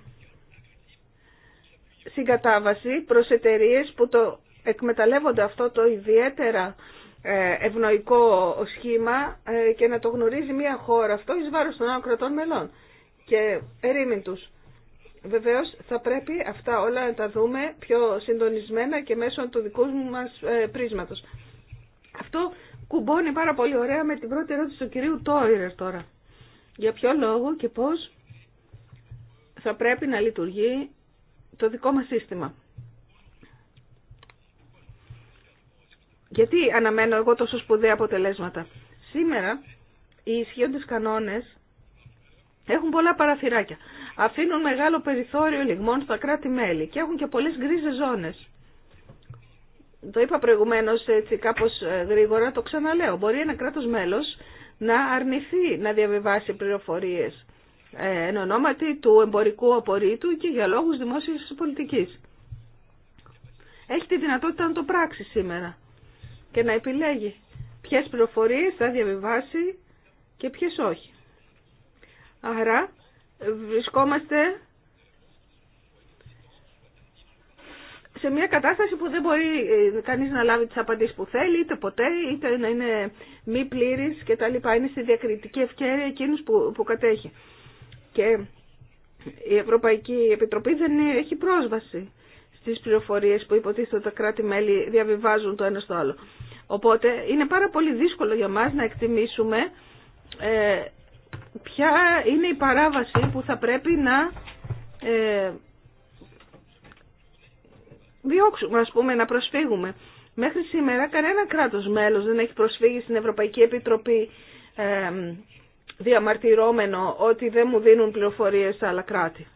Speaker 2: συγκατάβαση προς εταιρείε που το εκμεταλλεύονται αυτό το ιδιαίτερα ε, ευνοϊκό σχήμα ε, και να το γνωρίζει μια χώρα αυτό εις βάρος των άλλων μελών και ερήμην τους. Βεβαίως θα πρέπει αυτά όλα να τα δούμε πιο συντονισμένα και μέσω του δικού μας πρίσματος. Αυτό κουμπώνει πάρα πολύ ωραία με την πρώτη ερώτηση του κυρίου Τόιρερ τώρα. Για ποιο λόγο και πώς θα πρέπει να λειτουργεί το δικό μας σύστημα. Γιατί αναμένω εγώ τόσο σπουδαία αποτελέσματα. Σήμερα οι ισχύοντες κανόνες έχουν πολλά παραθυράκια. Αφήνουν μεγάλο περιθώριο λιγμών στα κράτη-μέλη και έχουν και πολλές γκρίζε ζώνες. Το είπα προηγουμένως έτσι κάπως ε, γρήγορα, το ξαναλέω. Μπορεί ένα κράτος μέλος να αρνηθεί να διαβιβάσει πληροφορίες εν ονόματι του εμπορικού απορρίτου και για λόγους δημόσιας πολιτικής. Έχει τη δυνατότητα να το πράξει σήμερα και να επιλέγει ποιες πληροφορίες θα διαβιβάσει και ποιες όχι. Άρα βρισκόμαστε σε μια κατάσταση που δεν μπορεί ε, κανείς να λάβει τις απαντήσεις που θέλει, είτε ποτέ, είτε να είναι μη πλήρης και τα λοιπά. Είναι στη διακριτική ευκαιρία εκείνους που, που κατέχει και η Ευρωπαϊκή Επιτροπή δεν έχει πρόσβαση στις πληροφορίες που υποτίθεται ότι τα κράτη-μέλη διαβιβάζουν το ένα στο άλλο. Οπότε είναι πάρα πολύ δύσκολο για μας να εκτιμήσουμε ε, ποια είναι η παράβαση που θα πρέπει να ε, διώξουμε, ας πούμε, να προσφύγουμε. Μέχρι σήμερα κανένα κράτος μέλος δεν έχει προσφύγει στην Ευρωπαϊκή Επιτροπή ε, διαμαρτυρώμενο ότι δεν μου δίνουν πληροφορίες σε άλλα κράτη.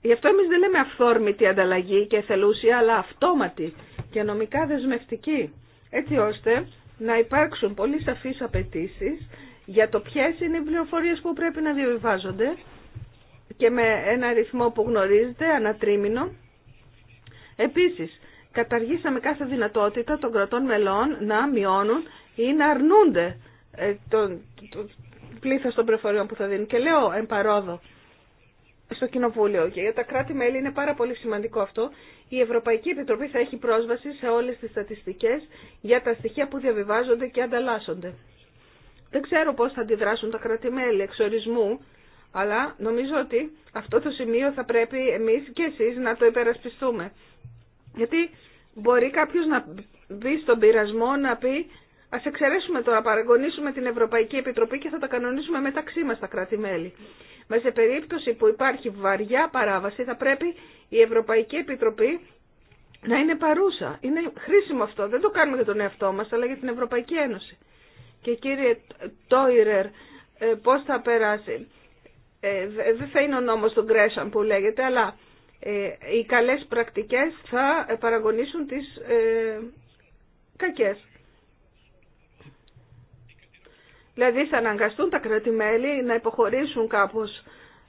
Speaker 2: Γι' αυτό εμείς δεν λέμε αυθόρμητη ανταλλαγή και θελούσια, αλλά αυτόματη και νομικά δεσμευτική, έτσι ώστε να υπάρξουν πολύ σαφείς απαιτήσει για το ποιες είναι οι πληροφορίες που πρέπει να διαβιβάζονται και με ένα αριθμό που γνωρίζετε, ανατρίμηνο. Επίσης, καταργήσαμε κάθε δυνατότητα των κρατών μελών να μειώνουν ή να αρνούνται Πλήθο ε, το πλήθος των προφοριών που θα δίνουν. Και λέω εμπαρόδο στο Κοινοβούλιο και για τα κράτη-μέλη είναι πάρα πολύ σημαντικό αυτό. Η Ευρωπαϊκή Επιτροπή θα έχει πρόσβαση σε όλες τις στατιστικές για τα στοιχεία που διαβιβάζονται και ανταλλάσσονται. Δεν ξέρω πώς θα αντιδράσουν τα κράτη-μέλη εξορισμού, αλλά νομίζω ότι αυτό το σημείο θα πρέπει εμείς και εσείς να το υπερασπιστούμε. Γιατί μπορεί κάποιος να μπει στον πειρασμό να πει Ας εξαιρέσουμε τώρα, παραγωνίσουμε την Ευρωπαϊκή Επιτροπή και θα τα κανονίσουμε μεταξύ μας τα κράτη-μέλη. Μα σε περίπτωση που υπάρχει βαριά παράβαση θα πρέπει η Ευρωπαϊκή Επιτροπή να είναι παρούσα. Είναι χρήσιμο αυτό. Δεν το κάνουμε για τον εαυτό μας, αλλά για την Ευρωπαϊκή Ένωση. Και κύριε Τόιρερ, ε, πώς θα περάσει. Ε, δεν θα είναι ο νόμος του Γκρέσαν που λέγεται, αλλά ε, οι καλές πρακτικές θα παραγωνίσουν τις κακές. Δηλαδή θα αναγκαστούν τα κρατημέλη να υποχωρήσουν κάπως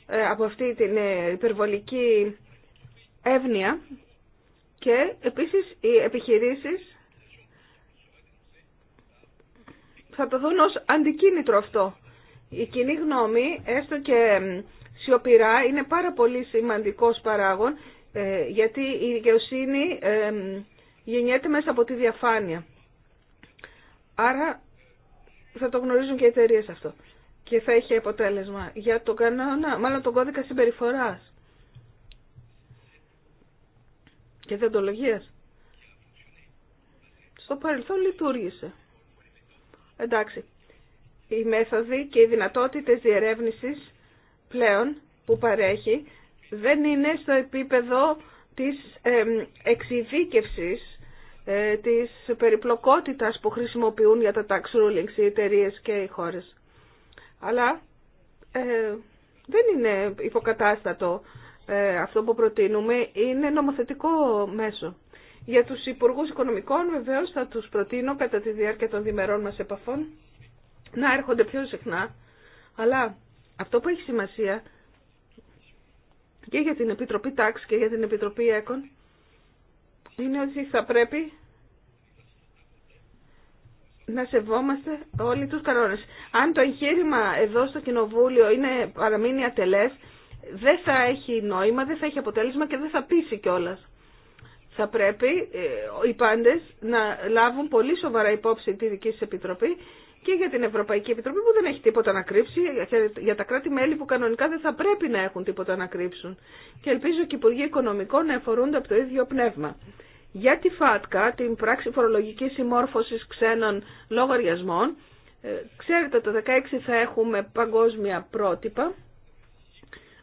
Speaker 2: ε, από αυτή την ε, υπερβολική εύνοια και επίσης οι επιχειρήσεις θα το δουν ως αντικίνητρο αυτό. Η κοινή γνώμη, έστω και ε, σιωπηρά, είναι πάρα πολύ σημαντικός παράγον γιατί η δικαιοσύνη γεννιέται μέσα από τη διαφάνεια. Άρα θα το γνωρίζουν και οι εταιρείε αυτό. Και θα έχει αποτέλεσμα για τον κανόνα, μάλλον τον κώδικα συμπεριφορά και διοντολογία. Στο παρελθόν λειτουργήσε. Εντάξει. Οι μέθοδοι και οι δυνατότητες διερεύνησης πλέον που παρέχει δεν είναι στο επίπεδο της εξειδίκευσης ε, της περιπλοκότητας που χρησιμοποιούν για τα tax rulings οι εταιρείε και οι χώρες. Αλλά ε, δεν είναι υποκατάστατο ε, αυτό που προτείνουμε, είναι νομοθετικό μέσο. Για τους Υπουργούς Οικονομικών βεβαίως θα τους προτείνω κατά τη διάρκεια των διμερών μας επαφών να έρχονται πιο συχνά, αλλά αυτό που έχει σημασία και για την Επιτροπή Τάξη και για την Επιτροπή ΕΚΟΝ είναι ότι θα πρέπει να σεβόμαστε όλοι τους κανόνες. Αν το εγχείρημα εδώ στο Κοινοβούλιο είναι, παραμείνει ατελές, δεν θα έχει νόημα, δεν θα έχει αποτέλεσμα και δεν θα πείσει κιόλα. Θα πρέπει ε, οι πάντες να λάβουν πολύ σοβαρά υπόψη τη δική σας Επιτροπή και για την Ευρωπαϊκή Επιτροπή που δεν έχει τίποτα να κρύψει, για τα κράτη-μέλη που κανονικά δεν θα πρέπει να έχουν τίποτα να κρύψουν. Και ελπίζω και οι Υπουργοί Οικονομικών να εφορούνται από το ίδιο πνεύμα. Για τη ΦΑΤΚΑ, την πράξη φορολογικής συμμόρφωσης ξένων λογαριασμών, ε, ξέρετε το 2016 θα έχουμε παγκόσμια πρότυπα.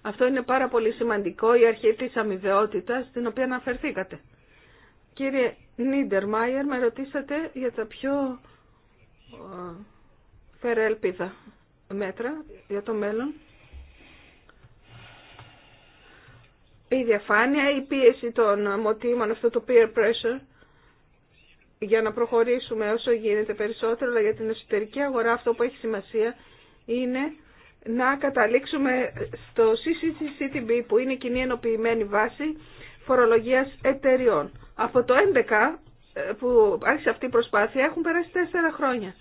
Speaker 2: Αυτό είναι πάρα πολύ σημαντικό, η αρχή της αμοιβαιότητας, στην οποία αναφερθήκατε. Κύριε Νίντερ Μάιερ, με ρωτήσατε για τα πιο ε, φερελπίδα μέτρα για το μέλλον. η διαφάνεια, η πίεση των μοτίμων, αυτό το peer pressure, για να προχωρήσουμε όσο γίνεται περισσότερο, αλλά για την εσωτερική αγορά αυτό που έχει σημασία είναι να καταλήξουμε στο CCCTB που είναι κοινή ενοποιημένη βάση φορολογίας εταιριών. Από το 11 ε, που άρχισε αυτή η προσπάθεια έχουν περάσει 4 χρόνια.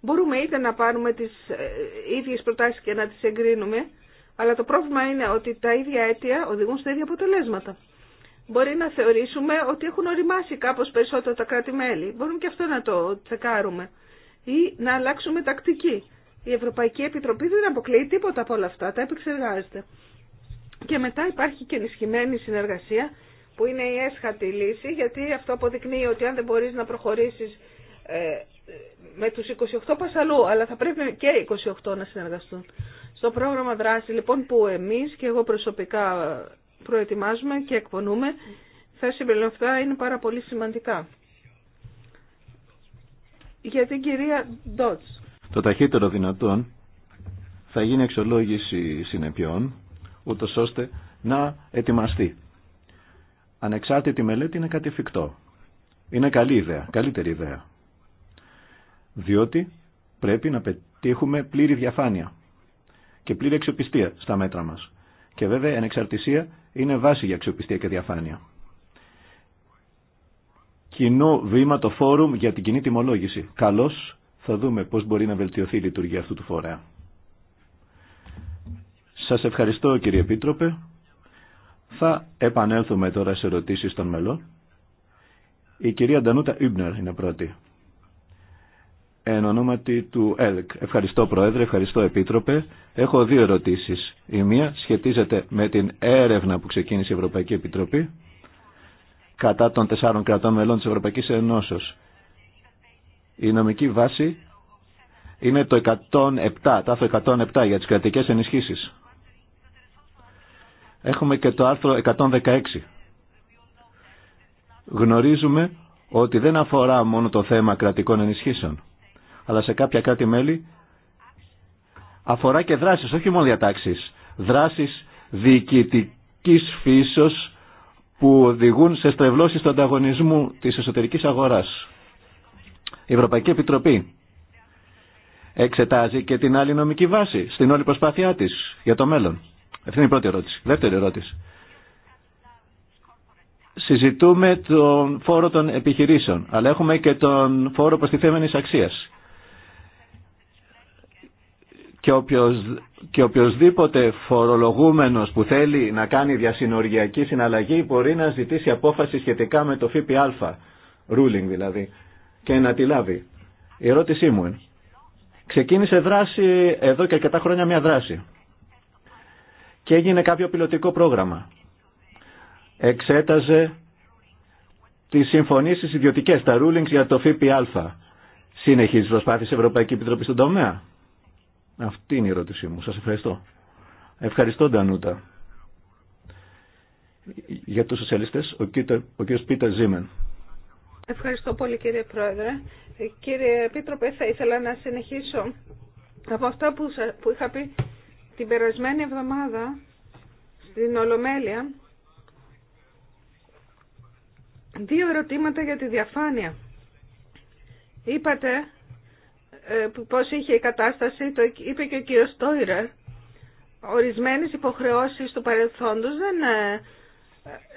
Speaker 2: Μπορούμε είτε να πάρουμε τις ε, ίδιες προτάσεις και να τις εγκρίνουμε αλλά το πρόβλημα είναι ότι τα ίδια αίτια οδηγούν στα ίδια αποτελέσματα. Μπορεί να θεωρήσουμε ότι έχουν οριμάσει κάπως περισσότερο τα κράτη-μέλη. Μπορούμε και αυτό να το τσεκάρουμε. Ή να αλλάξουμε τακτική. Η Ευρωπαϊκή Επιτροπή δεν αποκλείει τίποτα από όλα αυτά. Τα επεξεργάζεται. Και μετά υπάρχει και ενισχυμένη συνεργασία που είναι η έσχατη λύση γιατί αυτό αποδεικνύει ότι αν δεν μπορείς να προχωρήσεις ε, με τους 28 πασαλού, αλλά θα πρέπει και οι 28 να συνεργαστούν. Στο πρόγραμμα δράση λοιπόν που εμείς και εγώ προσωπικά προετοιμάζουμε και εκπονούμε, θα συμπεριλαμβάνω είναι πάρα πολύ σημαντικά. Για την κυρία Ντότς.
Speaker 1: Το ταχύτερο δυνατόν θα γίνει εξολόγηση συνεπιών, ούτω ώστε να ετοιμαστεί. Ανεξάρτητη μελέτη είναι κάτι Είναι καλή ιδέα, καλύτερη ιδέα διότι πρέπει να πετύχουμε πλήρη διαφάνεια και πλήρη αξιοπιστία στα μέτρα μας. Και βέβαια η ανεξαρτησία είναι βάση για αξιοπιστία και διαφάνεια. Κοινό βήμα το φόρουμ για την κοινή τιμολόγηση. Καλώς θα δούμε πώς μπορεί να βελτιωθεί η λειτουργία αυτού του φορέα. Σας ευχαριστώ κύριε Επίτροπε. Θα επανέλθουμε τώρα σε ερωτήσεις των μελών. Η κυρία Ντανούτα Ήμπνερ είναι πρώτη εν ονόματι του ΕΛΚ. Ευχαριστώ Πρόεδρε, ευχαριστώ Επίτροπε. Έχω δύο ερωτήσεις. Η μία σχετίζεται με την έρευνα που ξεκίνησε η Ευρωπαϊκή Επιτροπή κατά των τεσσάρων κρατών μελών της Ευρωπαϊκής Ενώσεως. Η νομική βάση είναι το 107, άρθρο 107 για τις κρατικές ενισχύσεις. Έχουμε και το άρθρο 116. Γνωρίζουμε ότι δεν αφορά μόνο το θέμα κρατικών ενισχύσεων αλλά σε καποια κάτι κράτη-μέλη αφορά και δράσεις, όχι μόνο διατάξεις. Δράσεις διοικητικής φύσεως που οδηγούν σε στρεβλώσεις του ανταγωνισμού της εσωτερικής αγοράς. Η Ευρωπαϊκή Επιτροπή εξετάζει και την άλλη νομική βάση στην όλη προσπάθειά της για το μέλλον. Αυτή είναι η πρώτη ερώτηση. Δεύτερη ερώτηση. Συζητούμε τον φόρο των επιχειρήσεων, αλλά έχουμε και τον φόρο προστιθέμενης αξίας και, οποιος, και οποιοδήποτε φορολογούμενος που θέλει να κάνει διασυνοριακή συναλλαγή μπορεί να ζητήσει απόφαση σχετικά με το ΦΠΑ, ruling δηλαδή, και να τη λάβει. Η ερώτησή μου είναι, ξεκίνησε δράση εδώ και αρκετά χρόνια μια δράση και έγινε κάποιο πιλωτικό πρόγραμμα. Εξέταζε τις συμφωνήσεις ιδιωτικές, τα rulings για το ΦΠΑ. Συνεχίζει προσπάθειες Ευρωπαϊκή Επιτροπή στον τομέα. Αυτή είναι η ερώτησή μου. Σας ευχαριστώ. Ευχαριστώ, Ντανούτα. Για τους σοσιαλιστές, ο, κύριο κύριος Πίτερ Ζήμεν.
Speaker 2: Ευχαριστώ πολύ κύριε Πρόεδρε. Κύριε Επίτροπε, θα ήθελα να συνεχίσω από αυτά που, που είχα πει την περασμένη εβδομάδα στην Ολομέλεια. Δύο ερωτήματα για τη διαφάνεια. Είπατε ε, πώς είχε η κατάσταση, το είπε και ο κύριος Τόιρερ, ορισμένες υποχρεώσεις του παρελθόντος δεν ε,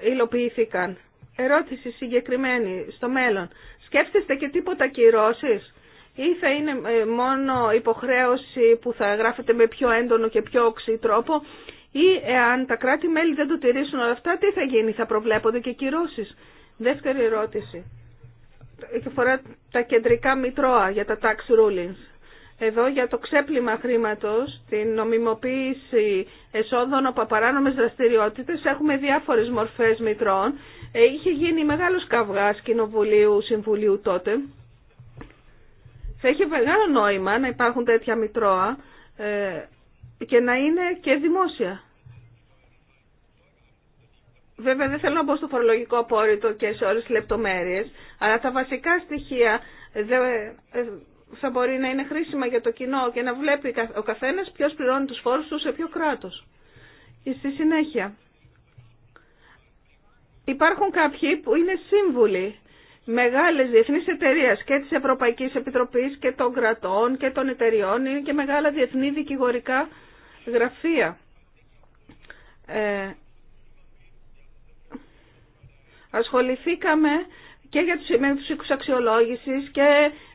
Speaker 2: ε, υλοποιήθηκαν. Ερώτηση συγκεκριμένη στο μέλλον. Σκέφτεστε και τίποτα κυρώσεις ή θα είναι μόνο υποχρέωση που θα γράφεται με πιο έντονο και πιο οξύ τρόπο ή εάν τα κράτη-μέλη δεν το τηρήσουν όλα αυτά, τι θα γίνει, θα προβλέπονται και κυρώσεις. Δεύτερη ερώτηση και αφορά τα κεντρικά μητρώα για τα tax rulings. Εδώ για το ξέπλυμα χρήματος, την νομιμοποίηση εσόδων από παράνομες δραστηριότητες έχουμε διάφορες μορφές μητρών. Ε, είχε γίνει μεγάλος καυγάς Κοινοβουλίου, Συμβουλίου τότε. Θα είχε μεγάλο νόημα να υπάρχουν τέτοια μητρώα ε, και να είναι και δημόσια. Βέβαια δεν θέλω να μπω στο φορολογικό απόρριτο και σε όλες τις λεπτομέρειες, αλλά τα βασικά στοιχεία ε, θα μπορεί να είναι χρήσιμα για το κοινό και να βλέπει ο καθένας ποιος πληρώνει τους φόρους του σε ποιο κράτος. Και ε, στη συνέχεια, υπάρχουν κάποιοι που είναι σύμβουλοι μεγάλες διεθνείς εταιρείες και της Ευρωπαϊκής Επιτροπής και των κρατών και των εταιριών είναι και μεγάλα διεθνή δικηγορικά γραφεία. Ε, Ασχοληθήκαμε και για τους σημαίνους οίκους αξιολόγησης και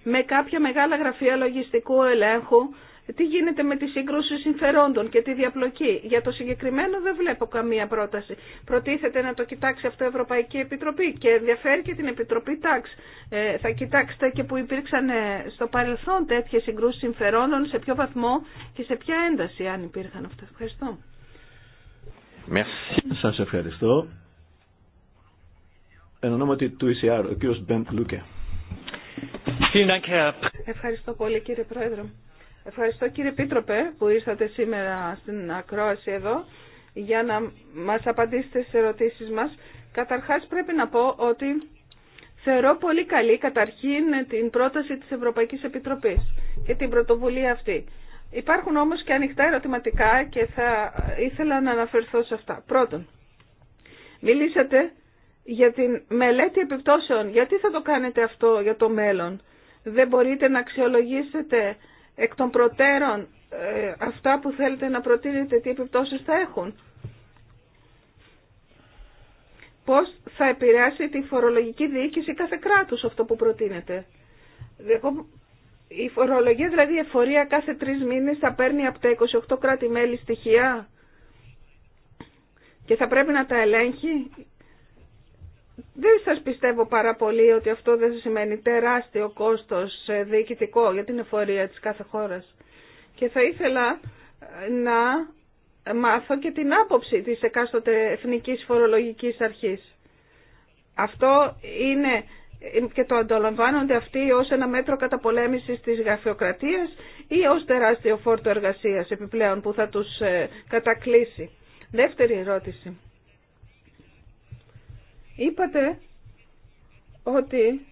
Speaker 2: με κάποια μεγάλα γραφεία λογιστικού ελέγχου τι γίνεται με τη σύγκρουση συμφερόντων και τη διαπλοκή. Για το συγκεκριμένο δεν βλέπω καμία πρόταση. Προτίθεται να το κοιτάξει αυτό η Ευρωπαϊκή Επιτροπή και ενδιαφέρει και την Επιτροπή ΤΑΞ. Ε, θα κοιτάξετε και που υπήρξαν ε, στο παρελθόν τέτοιες συγκρούσεις συμφερόντων, σε ποιο βαθμό και σε ποια ένταση αν υπήρχαν αυτές. Ευχαριστώ.
Speaker 1: Σας ευχαριστώ εν ονόματι του ECR, ο κύριος Μπεντ Λούκε.
Speaker 2: Ευχαριστώ πολύ κύριε Πρόεδρο. Ευχαριστώ κύριε Πίτροπε που ήρθατε σήμερα στην ακρόαση εδώ για να μας απαντήσετε στις ερωτήσεις μας. Καταρχάς πρέπει να πω ότι θεωρώ πολύ καλή καταρχήν την πρόταση της Ευρωπαϊκής Επιτροπής και την πρωτοβουλία αυτή. Υπάρχουν όμως και ανοιχτά ερωτηματικά και θα ήθελα να αναφερθώ σε αυτά. Πρώτον, μιλήσατε για την μελέτη επιπτώσεων. Γιατί θα το κάνετε αυτό για το μέλλον. Δεν μπορείτε να αξιολογήσετε εκ των προτέρων ε, αυτά που θέλετε να προτείνετε, τι επιπτώσεις θα έχουν. Πώς θα επηρεάσει τη φορολογική διοίκηση κάθε κράτους αυτό που προτείνετε. Η φορολογία, δηλαδή η εφορία κάθε τρεις μήνες θα παίρνει από τα 28 κράτη-μέλη στοιχεία και θα πρέπει να τα ελέγχει δεν σας πιστεύω πάρα πολύ ότι αυτό δεν σημαίνει τεράστιο κόστος ε, διοικητικό για την εφορία της κάθε χώρας. Και θα ήθελα ε, να μάθω και την άποψη της εκάστοτε εθνικής φορολογικής αρχής. Αυτό είναι ε, και το αντολαμβάνονται αυτοί ως ένα μέτρο καταπολέμησης της γραφειοκρατίας ή ως τεράστιο φόρτο εργασίας επιπλέον που θα τους κατακλείσει. Δεύτερη ερώτηση. Είπατε ότι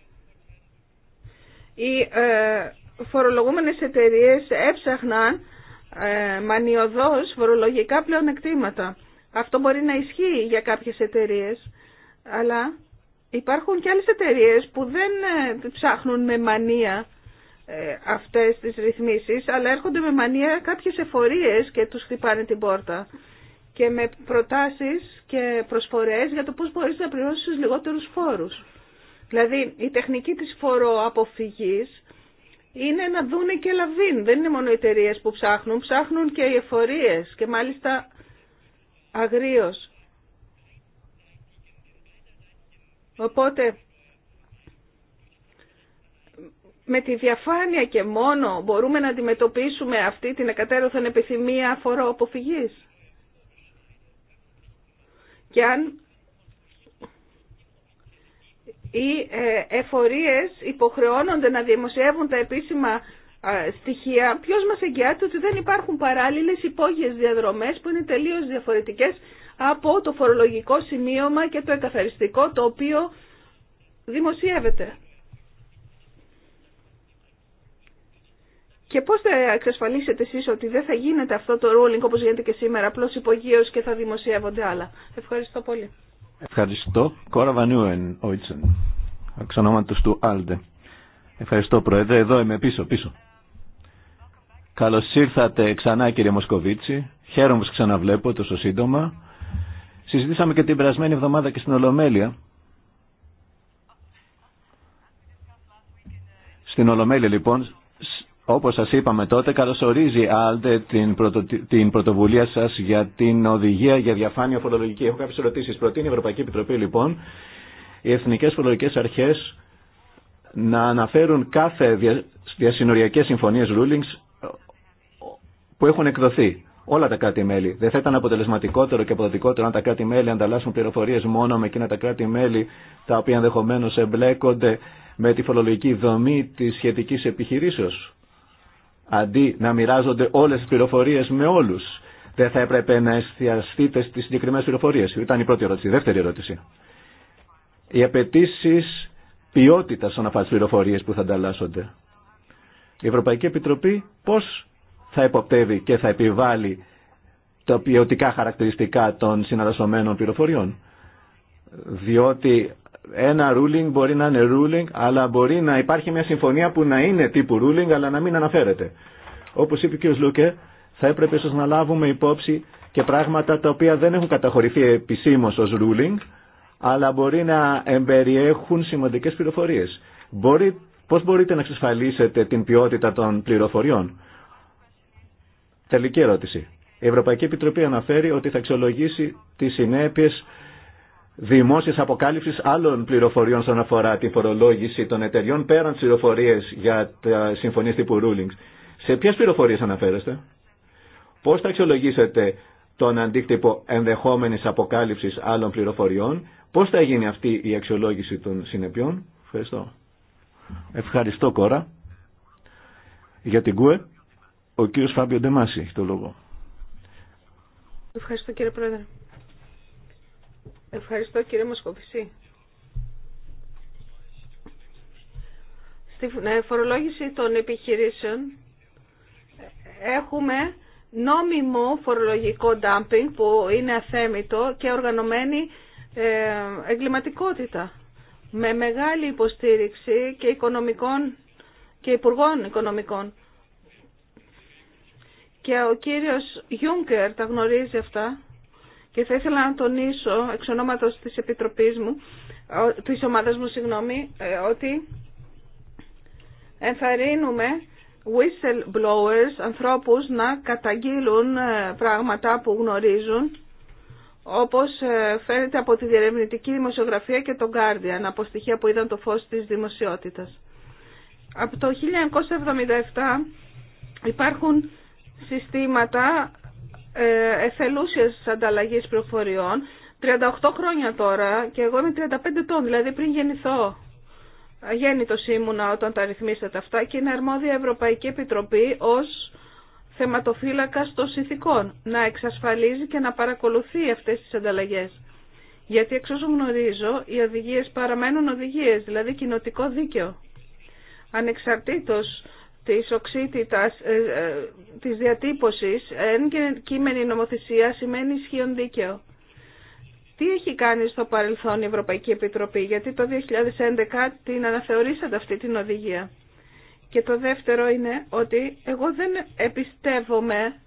Speaker 2: οι ε, φορολογούμενες εταιρείες έψαχναν ε, μανιωδώς φορολογικά πλεονεκτήματα. Αυτό μπορεί να ισχύει για κάποιες εταιρείες, αλλά υπάρχουν και άλλες εταιρείες που δεν ε, ψάχνουν με μανία αυτές τις ρυθμίσεις, αλλά έρχονται με μανία κάποιες εφορίες και τους χτυπάνε την πόρτα και με προτάσεις και προσφορές για το πώς μπορείς να πληρώσεις τους λιγότερους φόρους. Δηλαδή η τεχνική της φοροαποφυγής είναι να δούνε και λαβήν. Δεν είναι μόνο οι εταιρείε που ψάχνουν, ψάχνουν και οι εφορίες και μάλιστα αγρίως. Οπότε με τη διαφάνεια και μόνο μπορούμε να αντιμετωπίσουμε αυτή την εκατέρωθεν επιθυμία φοροαποφυγής και αν οι ε, εφορίες υποχρεώνονται να δημοσιεύουν τα επίσημα στοιχεία, ποιος μας εγγυάται ότι δεν υπάρχουν παράλληλες υπόγειες διαδρομές που είναι τελείως διαφορετικές από το φορολογικό σημείωμα και το εκαθαριστικό το οποίο δημοσιεύεται. Και πώς θα εξασφαλίσετε εσείς ότι δεν θα γίνεται αυτό το ruling όπως γίνεται και σήμερα, απλώς υπογείως και θα δημοσιεύονται άλλα. Ευχαριστώ πολύ.
Speaker 1: Ευχαριστώ. Κόρα Βανιούεν Όιτσεν, Αξονόματος του Άλντε. Ευχαριστώ Πρόεδρε, εδώ είμαι πίσω, πίσω. Καλώς ήρθατε ξανά κύριε Μοσκοβίτση. Χαίρομαι που ξαναβλέπω τόσο σύντομα. Συζητήσαμε και την περασμένη εβδομάδα και στην Ολομέλεια. Στην Ολομέλεια λοιπόν όπως σας είπαμε τότε, καλωσορίζει Άλτε την, πρωτο, την πρωτοβουλία σας για την οδηγία για διαφάνεια φορολογική. Έχω κάποιες ερωτήσεις. Προτείνει η Ευρωπαϊκή Επιτροπή, λοιπόν, οι εθνικές φορολογικές αρχές να αναφέρουν κάθε διασυνοριακές συμφωνίες rulings που έχουν εκδοθεί. Όλα τα κράτη-μέλη. Δεν θα ήταν αποτελεσματικότερο και αποδοτικότερο αν τα κράτη-μέλη ανταλλάσσουν πληροφορίε μόνο με εκείνα τα κράτη-μέλη τα οποία ενδεχομένω εμπλέκονται με τη φορολογική δομή τη σχετική επιχειρήσεω αντί να μοιράζονται όλες τις πληροφορίες με όλους. Δεν θα έπρεπε να εστιαστείτε στις συγκεκριμένες πληροφορίες. Ήταν η πρώτη ερώτηση. δεύτερη ερώτηση. Οι απαιτήσει ποιότητα των αφορά πληροφορίε που θα ανταλλάσσονται. Η Ευρωπαϊκή Επιτροπή πώ θα υποπτεύει και θα επιβάλλει τα ποιοτικά χαρακτηριστικά των συναλλασσομένων πληροφοριών. Διότι ένα ruling μπορεί να είναι ruling, αλλά μπορεί να υπάρχει μια συμφωνία που να είναι τύπου ruling, αλλά να μην αναφέρεται. Όπως είπε ο κ. Λούκε, θα έπρεπε ίσως να λάβουμε υπόψη και πράγματα τα οποία δεν έχουν καταχωρηθεί επισήμως ως ruling, αλλά μπορεί να εμπεριέχουν σημαντικές πληροφορίες. Μπορεί, πώς μπορείτε να εξασφαλίσετε την ποιότητα των πληροφοριών. Τελική ερώτηση. Η Ευρωπαϊκή Επιτροπή αναφέρει ότι θα αξιολογήσει τις συνέπειες δημόσια αποκάλυψης άλλων πληροφοριών στον αφορά τη φορολόγηση των εταιριών πέραν τις πληροφορίες για τα συμφωνίες τύπου rulings. Σε ποιες πληροφορίες αναφέρεστε? Πώς θα αξιολογήσετε τον αντίκτυπο ενδεχόμενης αποκάλυψης άλλων πληροφοριών, πώς θα γίνει αυτή η αξιολόγηση των συνεπειών. Ευχαριστώ. Ευχαριστώ Κόρα. Για την ΚΟΕ, ο κύριος Φάμπιο Ντεμάση έχει το λόγο.
Speaker 2: Ευχαριστώ κύριε Πρόεδρε. Ευχαριστώ κύριε Μοσκοβησή. Στη ε, φορολόγηση των επιχειρήσεων ε, έχουμε νόμιμο φορολογικό dumping που είναι αθέμητο και οργανωμένη ε, εγκληματικότητα με μεγάλη υποστήριξη και οικονομικών και υπουργών οικονομικών. Και ο κύριος Γιούγκερ τα γνωρίζει αυτά και θα ήθελα να τονίσω εξ ονόματος της Επιτροπής μου, της ομάδας μου, συγγνώμη, ε, ότι ενθαρρύνουμε whistleblowers, ανθρώπους να καταγγείλουν ε, πράγματα που γνωρίζουν, όπως ε, φαίνεται από τη διερευνητική δημοσιογραφία και τον Guardian, από στοιχεία που είδαν το φως της δημοσιότητας. Από το 1977 υπάρχουν συστήματα ε, εθελούσιας ανταλλαγής προφοριών 38 χρόνια τώρα και εγώ είμαι 35 ετών, δηλαδή πριν γεννηθώ. Γέννητος ήμουνα όταν τα ρυθμίσατε αυτά και είναι αρμόδια Ευρωπαϊκή Επιτροπή ως θεματοφύλακας των συνθηκών να εξασφαλίζει και να παρακολουθεί αυτές τις ανταλλαγές. Γιατί εξ όσων γνωρίζω οι οδηγίες παραμένουν οδηγίες, δηλαδή κοινοτικό δίκαιο. Ανεξαρτήτως της οξύτητας ε, ε, της διατύπωσης εν και κείμενη νομοθεσία σημαίνει ισχύον δίκαιο. Τι έχει κάνει στο παρελθόν η Ευρωπαϊκή Επιτροπή, γιατί το 2011 την αναθεωρήσατε αυτή την οδηγία. Και το δεύτερο είναι ότι εγώ δεν εμπιστεύομαι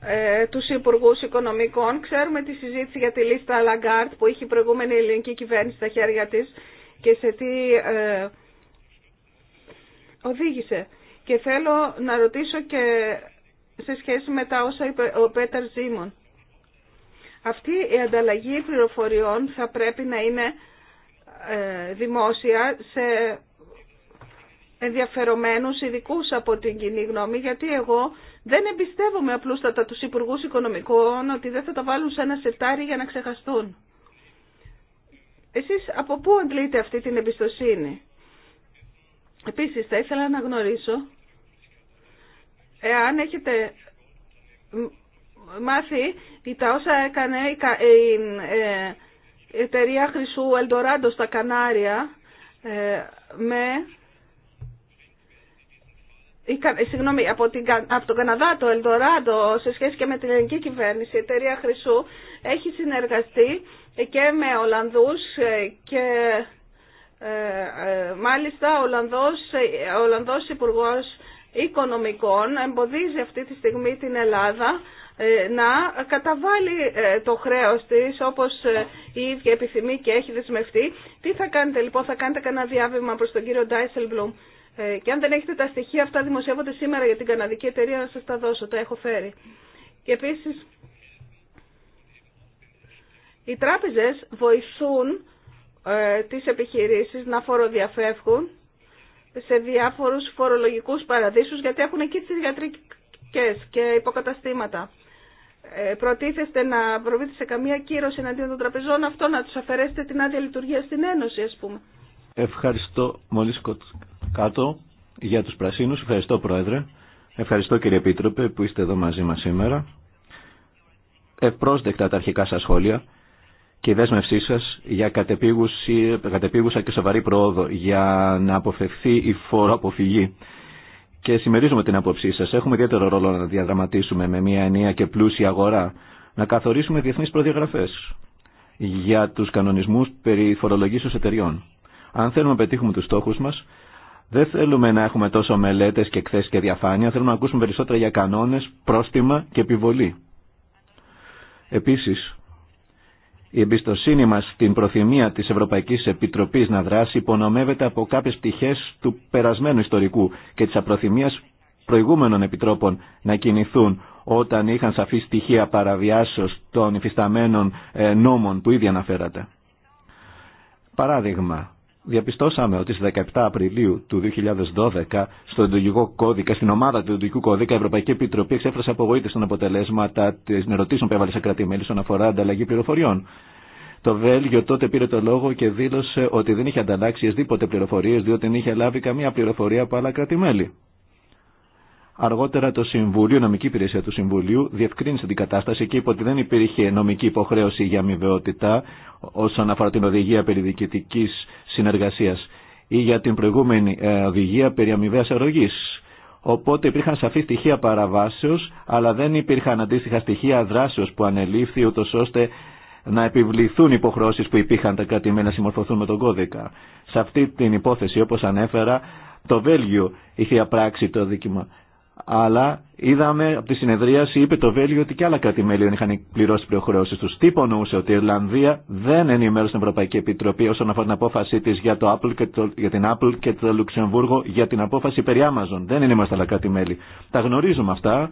Speaker 2: ε, τους Υπουργούς Οικονομικών. Ξέρουμε τη συζήτηση για τη λίστα Λαγκάρτ που είχε η προηγούμενη ελληνική κυβέρνηση στα χέρια της και σε τι ε, οδήγησε. Και θέλω να ρωτήσω και σε σχέση με τα όσα είπε ο Πέτερ Ζήμων. Αυτή η ανταλλαγή πληροφοριών θα πρέπει να είναι ε, δημόσια σε ενδιαφερομένους ειδικού από την κοινή γνώμη, γιατί εγώ δεν εμπιστεύομαι απλούστατα τους υπουργού Οικονομικών ότι δεν θα τα βάλουν σε ένα σερτάρι για να ξεχαστούν. Εσείς από πού αντλείτε αυτή την εμπιστοσύνη. Επίσης, θα ήθελα να γνωρίσω εάν έχετε μάθει τα όσα έκανε η ε, εταιρεία Χρυσού Ελντοράντο στα Κανάρια ε, με... Ε, συγγνώμη, από, τον Καναδά, το Ελντοράντο, σε σχέση και με την ελληνική κυβέρνηση, η εταιρεία Χρυσού έχει συνεργαστεί και με Ολλανδούς και ε, ε, μάλιστα ο Ολλανδός, ο Υπουργός Οικονομικών εμποδίζει αυτή τη στιγμή την Ελλάδα ε, να καταβάλει το χρέος της όπως η ίδια επιθυμεί και έχει δεσμευτεί. Τι θα κάνετε λοιπόν, θα κάνετε κανένα διάβημα προς τον κύριο Ντάισελμπλουμ και αν δεν έχετε τα στοιχεία αυτά δημοσιεύονται σήμερα για την καναδική εταιρεία να σας τα δώσω, τα έχω φέρει. Και επίσης οι τράπεζες βοηθούν ε, τις επιχειρήσεις να φοροδιαφεύγουν σε διάφορους φορολογικούς παραδείσους γιατί έχουν εκεί τις ιατρικές και υποκαταστήματα. Ε, προτίθεστε να προβείτε σε καμία κύρωση εναντίον των τραπεζών αυτό να τους αφαιρέσετε την άδεια λειτουργία στην Ένωση ας πούμε.
Speaker 1: Ευχαριστώ μόλις κάτω για τους πρασίνους. Ευχαριστώ Πρόεδρε. Ευχαριστώ κύριε Επίτροπε που είστε εδώ μαζί μας σήμερα. Ευπρόσδεκτα τα αρχικά σας σχόλια και η δέσμευσή σα για κατεπίγουσα και σοβαρή πρόοδο για να αποφευθεί η φοροαποφυγή. Και συμμερίζουμε την άποψή σα, Έχουμε ιδιαίτερο ρόλο να διαδραματίσουμε με μια ενιαία και πλούσια αγορά. Να καθορίσουμε διεθνεί προδιαγραφέ για του κανονισμού περί φορολογήσεω εταιριών. Αν θέλουμε να πετύχουμε του στόχου μα, δεν θέλουμε να έχουμε τόσο μελέτε και εκθέσει και διαφάνεια, θέλουμε να ακούσουμε περισσότερα για κανόνε, πρόστιμα και επιβολή. Επίση, η εμπιστοσύνη μας στην προθυμία της Ευρωπαϊκής Επιτροπής να δράσει υπονομεύεται από κάποιες πτυχές του περασμένου ιστορικού και της απροθυμίας προηγούμενων επιτρόπων να κινηθούν όταν είχαν σαφή στοιχεία παραβιάσεως των υφισταμένων ε, νόμων που ήδη αναφέρατε. Παράδειγμα, διαπιστώσαμε ότι στις 17 Απριλίου του 2012 στον Εντογικό Κώδικα, στην ομάδα του Εντογικού Κώδικα, η Ευρωπαϊκή Επιτροπή εξέφρασε απογοήτευση των αποτελέσματα της ερωτήσεων που έβαλε σε κράτη-μέλη στον αφορά ανταλλαγή πληροφοριών. Το Βέλγιο τότε πήρε το λόγο και δήλωσε ότι δεν είχε ανταλλάξει εσδήποτε πληροφορίε διότι δεν είχε λάβει καμία πληροφορία από άλλα Αργότερα το Συμβούλιο, νομική υπηρεσία του Συμβουλίου, διευκρίνησε την κατάσταση και είπε ότι δεν υπήρχε νομική υποχρέωση για αμοιβαιότητα όσον αφορά την οδηγία περί διοικητική συνεργασία ή για την προηγούμενη ε, οδηγία περί αμοιβαία αρρωγή. Οπότε υπήρχαν σαφή στοιχεία παραβάσεω, αλλά δεν υπήρχαν αντίστοιχα στοιχεία δράσεω που ανελήφθη, ούτω ώστε να επιβληθούν υποχρεώσει που υπήρχαν τα κρατημένα να συμμορφωθούν με τον κώδικα. Σε αυτή την υπόθεση, όπω ανέφερα, το Βέλγιο είχε απράξει το δίκημα αλλά είδαμε από τη συνεδρίαση, είπε το Βέλγιο ότι και άλλα κράτη-μέλη δεν είχαν πληρώσει προχρεώσει του. Τι υπονοούσε ότι η Ιρλανδία δεν ενημέρωσε την Ευρωπαϊκή Επιτροπή όσον αφορά την απόφασή τη για, το για την Apple και το Λουξεμβούργο για την απόφαση περί Amazon. Δεν ενημέρωσε άλλα κράτη-μέλη. Τα γνωρίζουμε αυτά.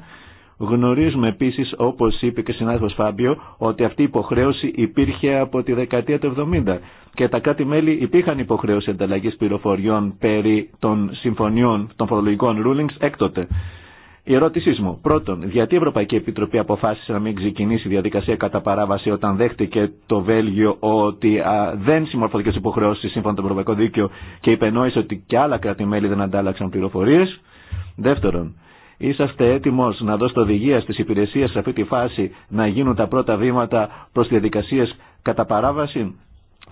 Speaker 1: Γνωρίζουμε επίση, όπω είπε και συνάδελφο Φάμπιο, ότι αυτή η υποχρέωση υπήρχε από τη δεκαετία του 70 και τα κράτη-μέλη υπήρχαν υποχρέωση ανταλλαγή πληροφοριών περί των συμφωνιών των φορολογικών rulings έκτοτε. Η ερώτησή μου, πρώτον, γιατί η Ευρωπαϊκή Επιτροπή αποφάσισε να μην ξεκινήσει η διαδικασία κατά παράβαση όταν δέχτηκε το Βέλγιο ότι δεν συμμορφώθηκε υποχρεώσει σύμφωνα με το Ευρωπαϊκό Δίκαιο και υπενόησε ότι και άλλα κράτη-μέλη δεν αντάλλαξαν πληροφορίε. Δεύτερον, Είσαστε έτοιμο να δώσετε οδηγία στι υπηρεσίε σε αυτή τη φάση να γίνουν τα πρώτα βήματα προ διαδικασίε κατά παράβαση.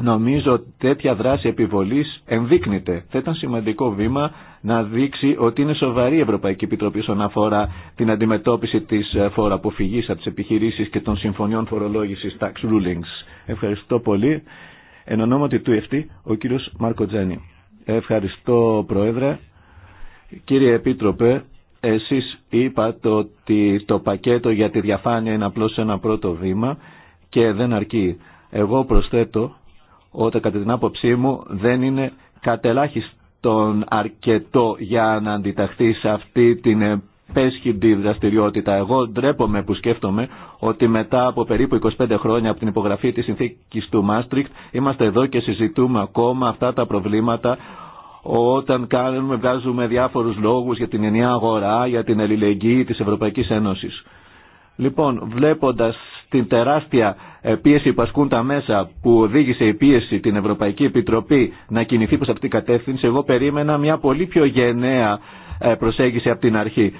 Speaker 1: Νομίζω ότι τέτοια δράση επιβολή ενδείκνυται. Θα ήταν σημαντικό βήμα να δείξει ότι είναι σοβαρή η Ευρωπαϊκή Επιτροπή όσον αφορά την αντιμετώπιση τη ε, φοροαποφυγή από τι επιχειρήσει και των συμφωνιών φορολόγηση tax rulings. Ευχαριστώ πολύ. Εν ονόματι του ευτή, ο κύριος Μάρκο Τζένι. Ευχαριστώ, Πρόεδρε. Κύριε Επίτροπε, εσείς είπατε ότι το πακέτο για τη διαφάνεια είναι απλώς ένα πρώτο βήμα και δεν αρκεί. Εγώ προσθέτω ότι κατά την άποψή μου δεν είναι κατελάχιστον αρκετό για να αντιταχθεί σε αυτή την επέσχυντη δραστηριότητα. Εγώ ντρέπομαι που σκέφτομαι ότι μετά από περίπου 25 χρόνια από την υπογραφή της συνθήκης του Μάστρικτ είμαστε εδώ και συζητούμε ακόμα αυτά τα προβλήματα όταν κάνουμε, βγάζουμε διάφορους λόγους για την ενιαία αγορά, για την αλληλεγγύη της Ευρωπαϊκής Ένωσης. Λοιπόν, βλέποντας την τεράστια πίεση που ασκούν τα μέσα που οδήγησε η πίεση την Ευρωπαϊκή Επιτροπή να κινηθεί προς αυτή την κατεύθυνση, εγώ περίμενα μια πολύ πιο γενναία ε, προσέγγιση από την αρχή.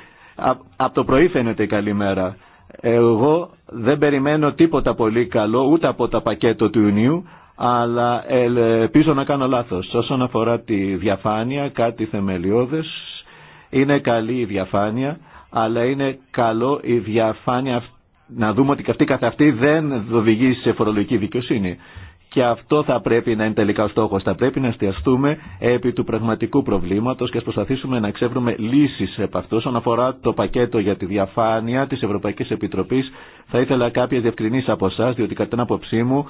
Speaker 1: Από το πρωί φαίνεται η καλή μέρα. Εγώ δεν περιμένω τίποτα πολύ καλό ούτε από το πακέτο του Ιουνίου, αλλά ελπίζω να κάνω λάθος. Όσον αφορά τη διαφάνεια, κάτι θεμελιώδες, είναι καλή η διαφάνεια, αλλά είναι καλό η διαφάνεια να δούμε ότι αυτή καθ' αυτή δεν οδηγεί σε φορολογική δικαιοσύνη. Και αυτό θα πρέπει να είναι τελικά ο στόχος. Θα πρέπει να εστιαστούμε επί του πραγματικού προβλήματος και να προσπαθήσουμε να εξεύρουμε λύσεις επ' αυτό. Όσον αφορά το πακέτο για τη διαφάνεια της Ευρωπαϊκής Επιτροπής, θα ήθελα κάποιες διευκρινήσεις από εσά, διότι κατά την άποψή μου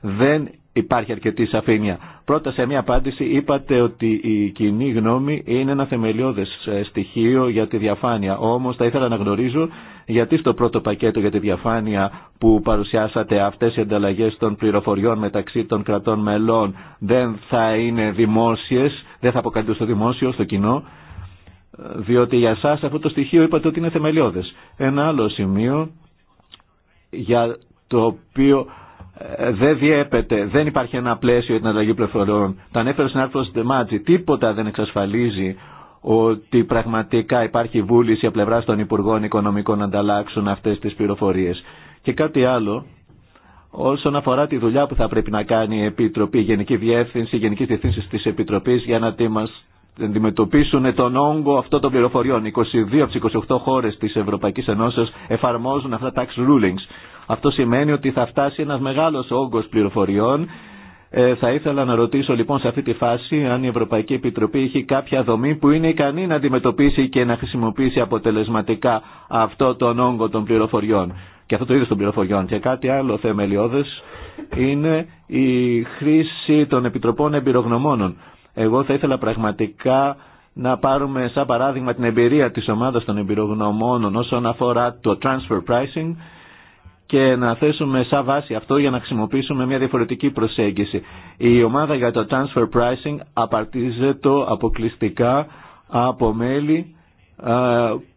Speaker 1: δεν υπάρχει αρκετή σαφήνεια. Πρώτα σε μια απάντηση είπατε ότι η κοινή γνώμη είναι ένα θεμελιώδες ε, στοιχείο για τη διαφάνεια. Όμως θα ήθελα να γνωρίζω γιατί στο πρώτο πακέτο για τη διαφάνεια που παρουσιάσατε αυτές οι ανταλλαγές των πληροφοριών μεταξύ των κρατών μελών δεν θα είναι δημόσιες, δεν θα αποκαλύπτουν στο δημόσιο, στο κοινό. Διότι για σας αυτό το στοιχείο είπατε ότι είναι θεμελιώδες. Ένα άλλο σημείο για το οποίο δεν διέπεται, δεν υπάρχει ένα πλαίσιο για την αλλαγή πληροφοριών. Τα ανέφερε άρθρο στην Τεμάτζη. Τίποτα δεν εξασφαλίζει ότι πραγματικά υπάρχει βούληση από πλευρά των Υπουργών Οικονομικών να ανταλλάξουν αυτέ τι πληροφορίε. Και κάτι άλλο, όσον αφορά τη δουλειά που θα πρέπει να κάνει η Επιτροπή, η Γενική Διεύθυνση, η Γενική Διευθύνση τη Επιτροπή για να αντιμετωπίσουν τον όγκο αυτών των πληροφοριών. 22 από τι 28 χώρε τη Ευρωπαϊκή Ενώσεω εφαρμόζουν αυτά τα tax rulings. Αυτό σημαίνει ότι θα φτάσει ένας μεγάλος όγκος πληροφοριών ε, θα ήθελα να ρωτήσω λοιπόν σε αυτή τη φάση αν η Ευρωπαϊκή Επιτροπή έχει κάποια δομή που είναι ικανή να αντιμετωπίσει και να χρησιμοποιήσει αποτελεσματικά αυτό τον όγκο των πληροφοριών και αυτό το είδος των πληροφοριών. Και κάτι άλλο θεμελιώδες είναι η χρήση των Επιτροπών Εμπειρογνωμόνων. Εγώ θα ήθελα πραγματικά να πάρουμε σαν παράδειγμα την εμπειρία της ομάδας των εμπειρογνωμόνων όσον αφορά το transfer pricing και να θέσουμε σαν βάση αυτό για να χρησιμοποιήσουμε μια διαφορετική προσέγγιση. Η ομάδα για το transfer pricing απαρτίζεται αποκλειστικά από μέλη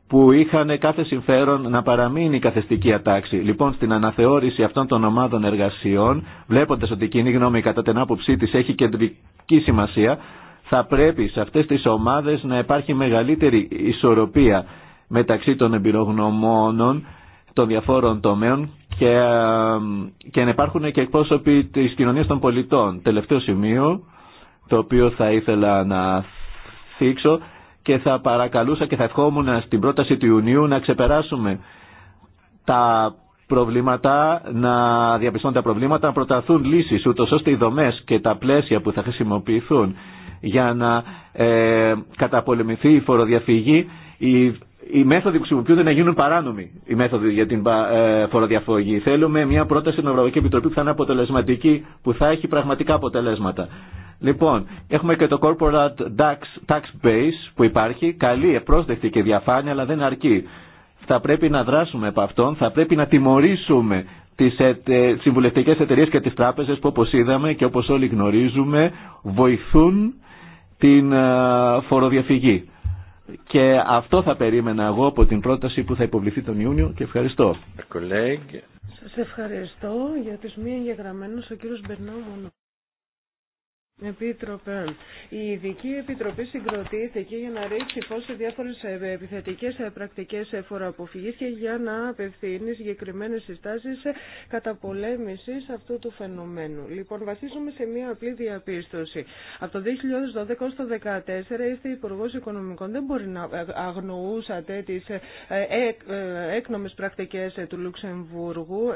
Speaker 1: που είχαν κάθε συμφέρον να παραμείνει η καθεστική ατάξη. Λοιπόν, στην αναθεώρηση αυτών των ομάδων εργασιών, βλέποντας ότι η κοινή γνώμη κατά την άποψή της έχει κεντρική σημασία, θα πρέπει σε αυτές τις ομάδες να υπάρχει μεγαλύτερη ισορροπία μεταξύ των εμπειρογνωμόνων των διαφόρων τομέων και, και να υπάρχουν και εκπρόσωποι της κοινωνίας των πολιτών. Τελευταίο σημείο, το οποίο θα ήθελα να θίξω και θα παρακαλούσα και θα ευχόμουν στην πρόταση του Ιουνίου να ξεπεράσουμε τα προβλήματα, να διαπιστώνουν τα προβλήματα, να προταθούν λύσεις, ούτως ώστε οι δομές και τα πλαίσια που θα χρησιμοποιηθούν για να ε, καταπολεμηθεί η φοροδιαφυγή, η οι μέθοδοι που χρησιμοποιούνται να γίνουν παράνομοι οι μέθοδοι για την ε, φοροδιαφόγη. Θέλουμε μια πρόταση στην Ευρωπαϊκή Επιτροπή που θα είναι αποτελεσματική, που θα έχει πραγματικά αποτελέσματα. Λοιπόν, έχουμε και το corporate tax, base που υπάρχει, καλή, επρόσδεκτη και διαφάνεια, αλλά δεν αρκεί. Θα πρέπει να δράσουμε από αυτόν, θα πρέπει να τιμωρήσουμε τις ε, συμβουλευτικέ εταιρείε και τι τράπεζε που όπω είδαμε και όπω όλοι γνωρίζουμε βοηθούν την ε, φοροδιαφυγή. Και αυτό θα περίμενα εγώ από την πρόταση που θα υποβληθεί τον Ιούνιο και ευχαριστώ.
Speaker 3: Σας ευχαριστώ για τις μία εγγεγραμμένες ο κύριος Μπερνάου Επίτροπε, η Ειδική Επιτροπή συγκροτήθηκε για να ρίξει φως σε διάφορες επιθετικές πρακτικές φοροαποφυγής και για να απευθύνει συγκεκριμένε συστάσεις καταπολέμησης αυτού του φαινομένου. Λοιπόν, βασίζομαι σε μια απλή διαπίστωση. Από το 2012 ως το 2014 είστε υπουργό Οικονομικών. Δεν μπορεί να αγνοούσατε τις ε, ε, ε, έκνομες πρακτικές του Λουξεμβούργου.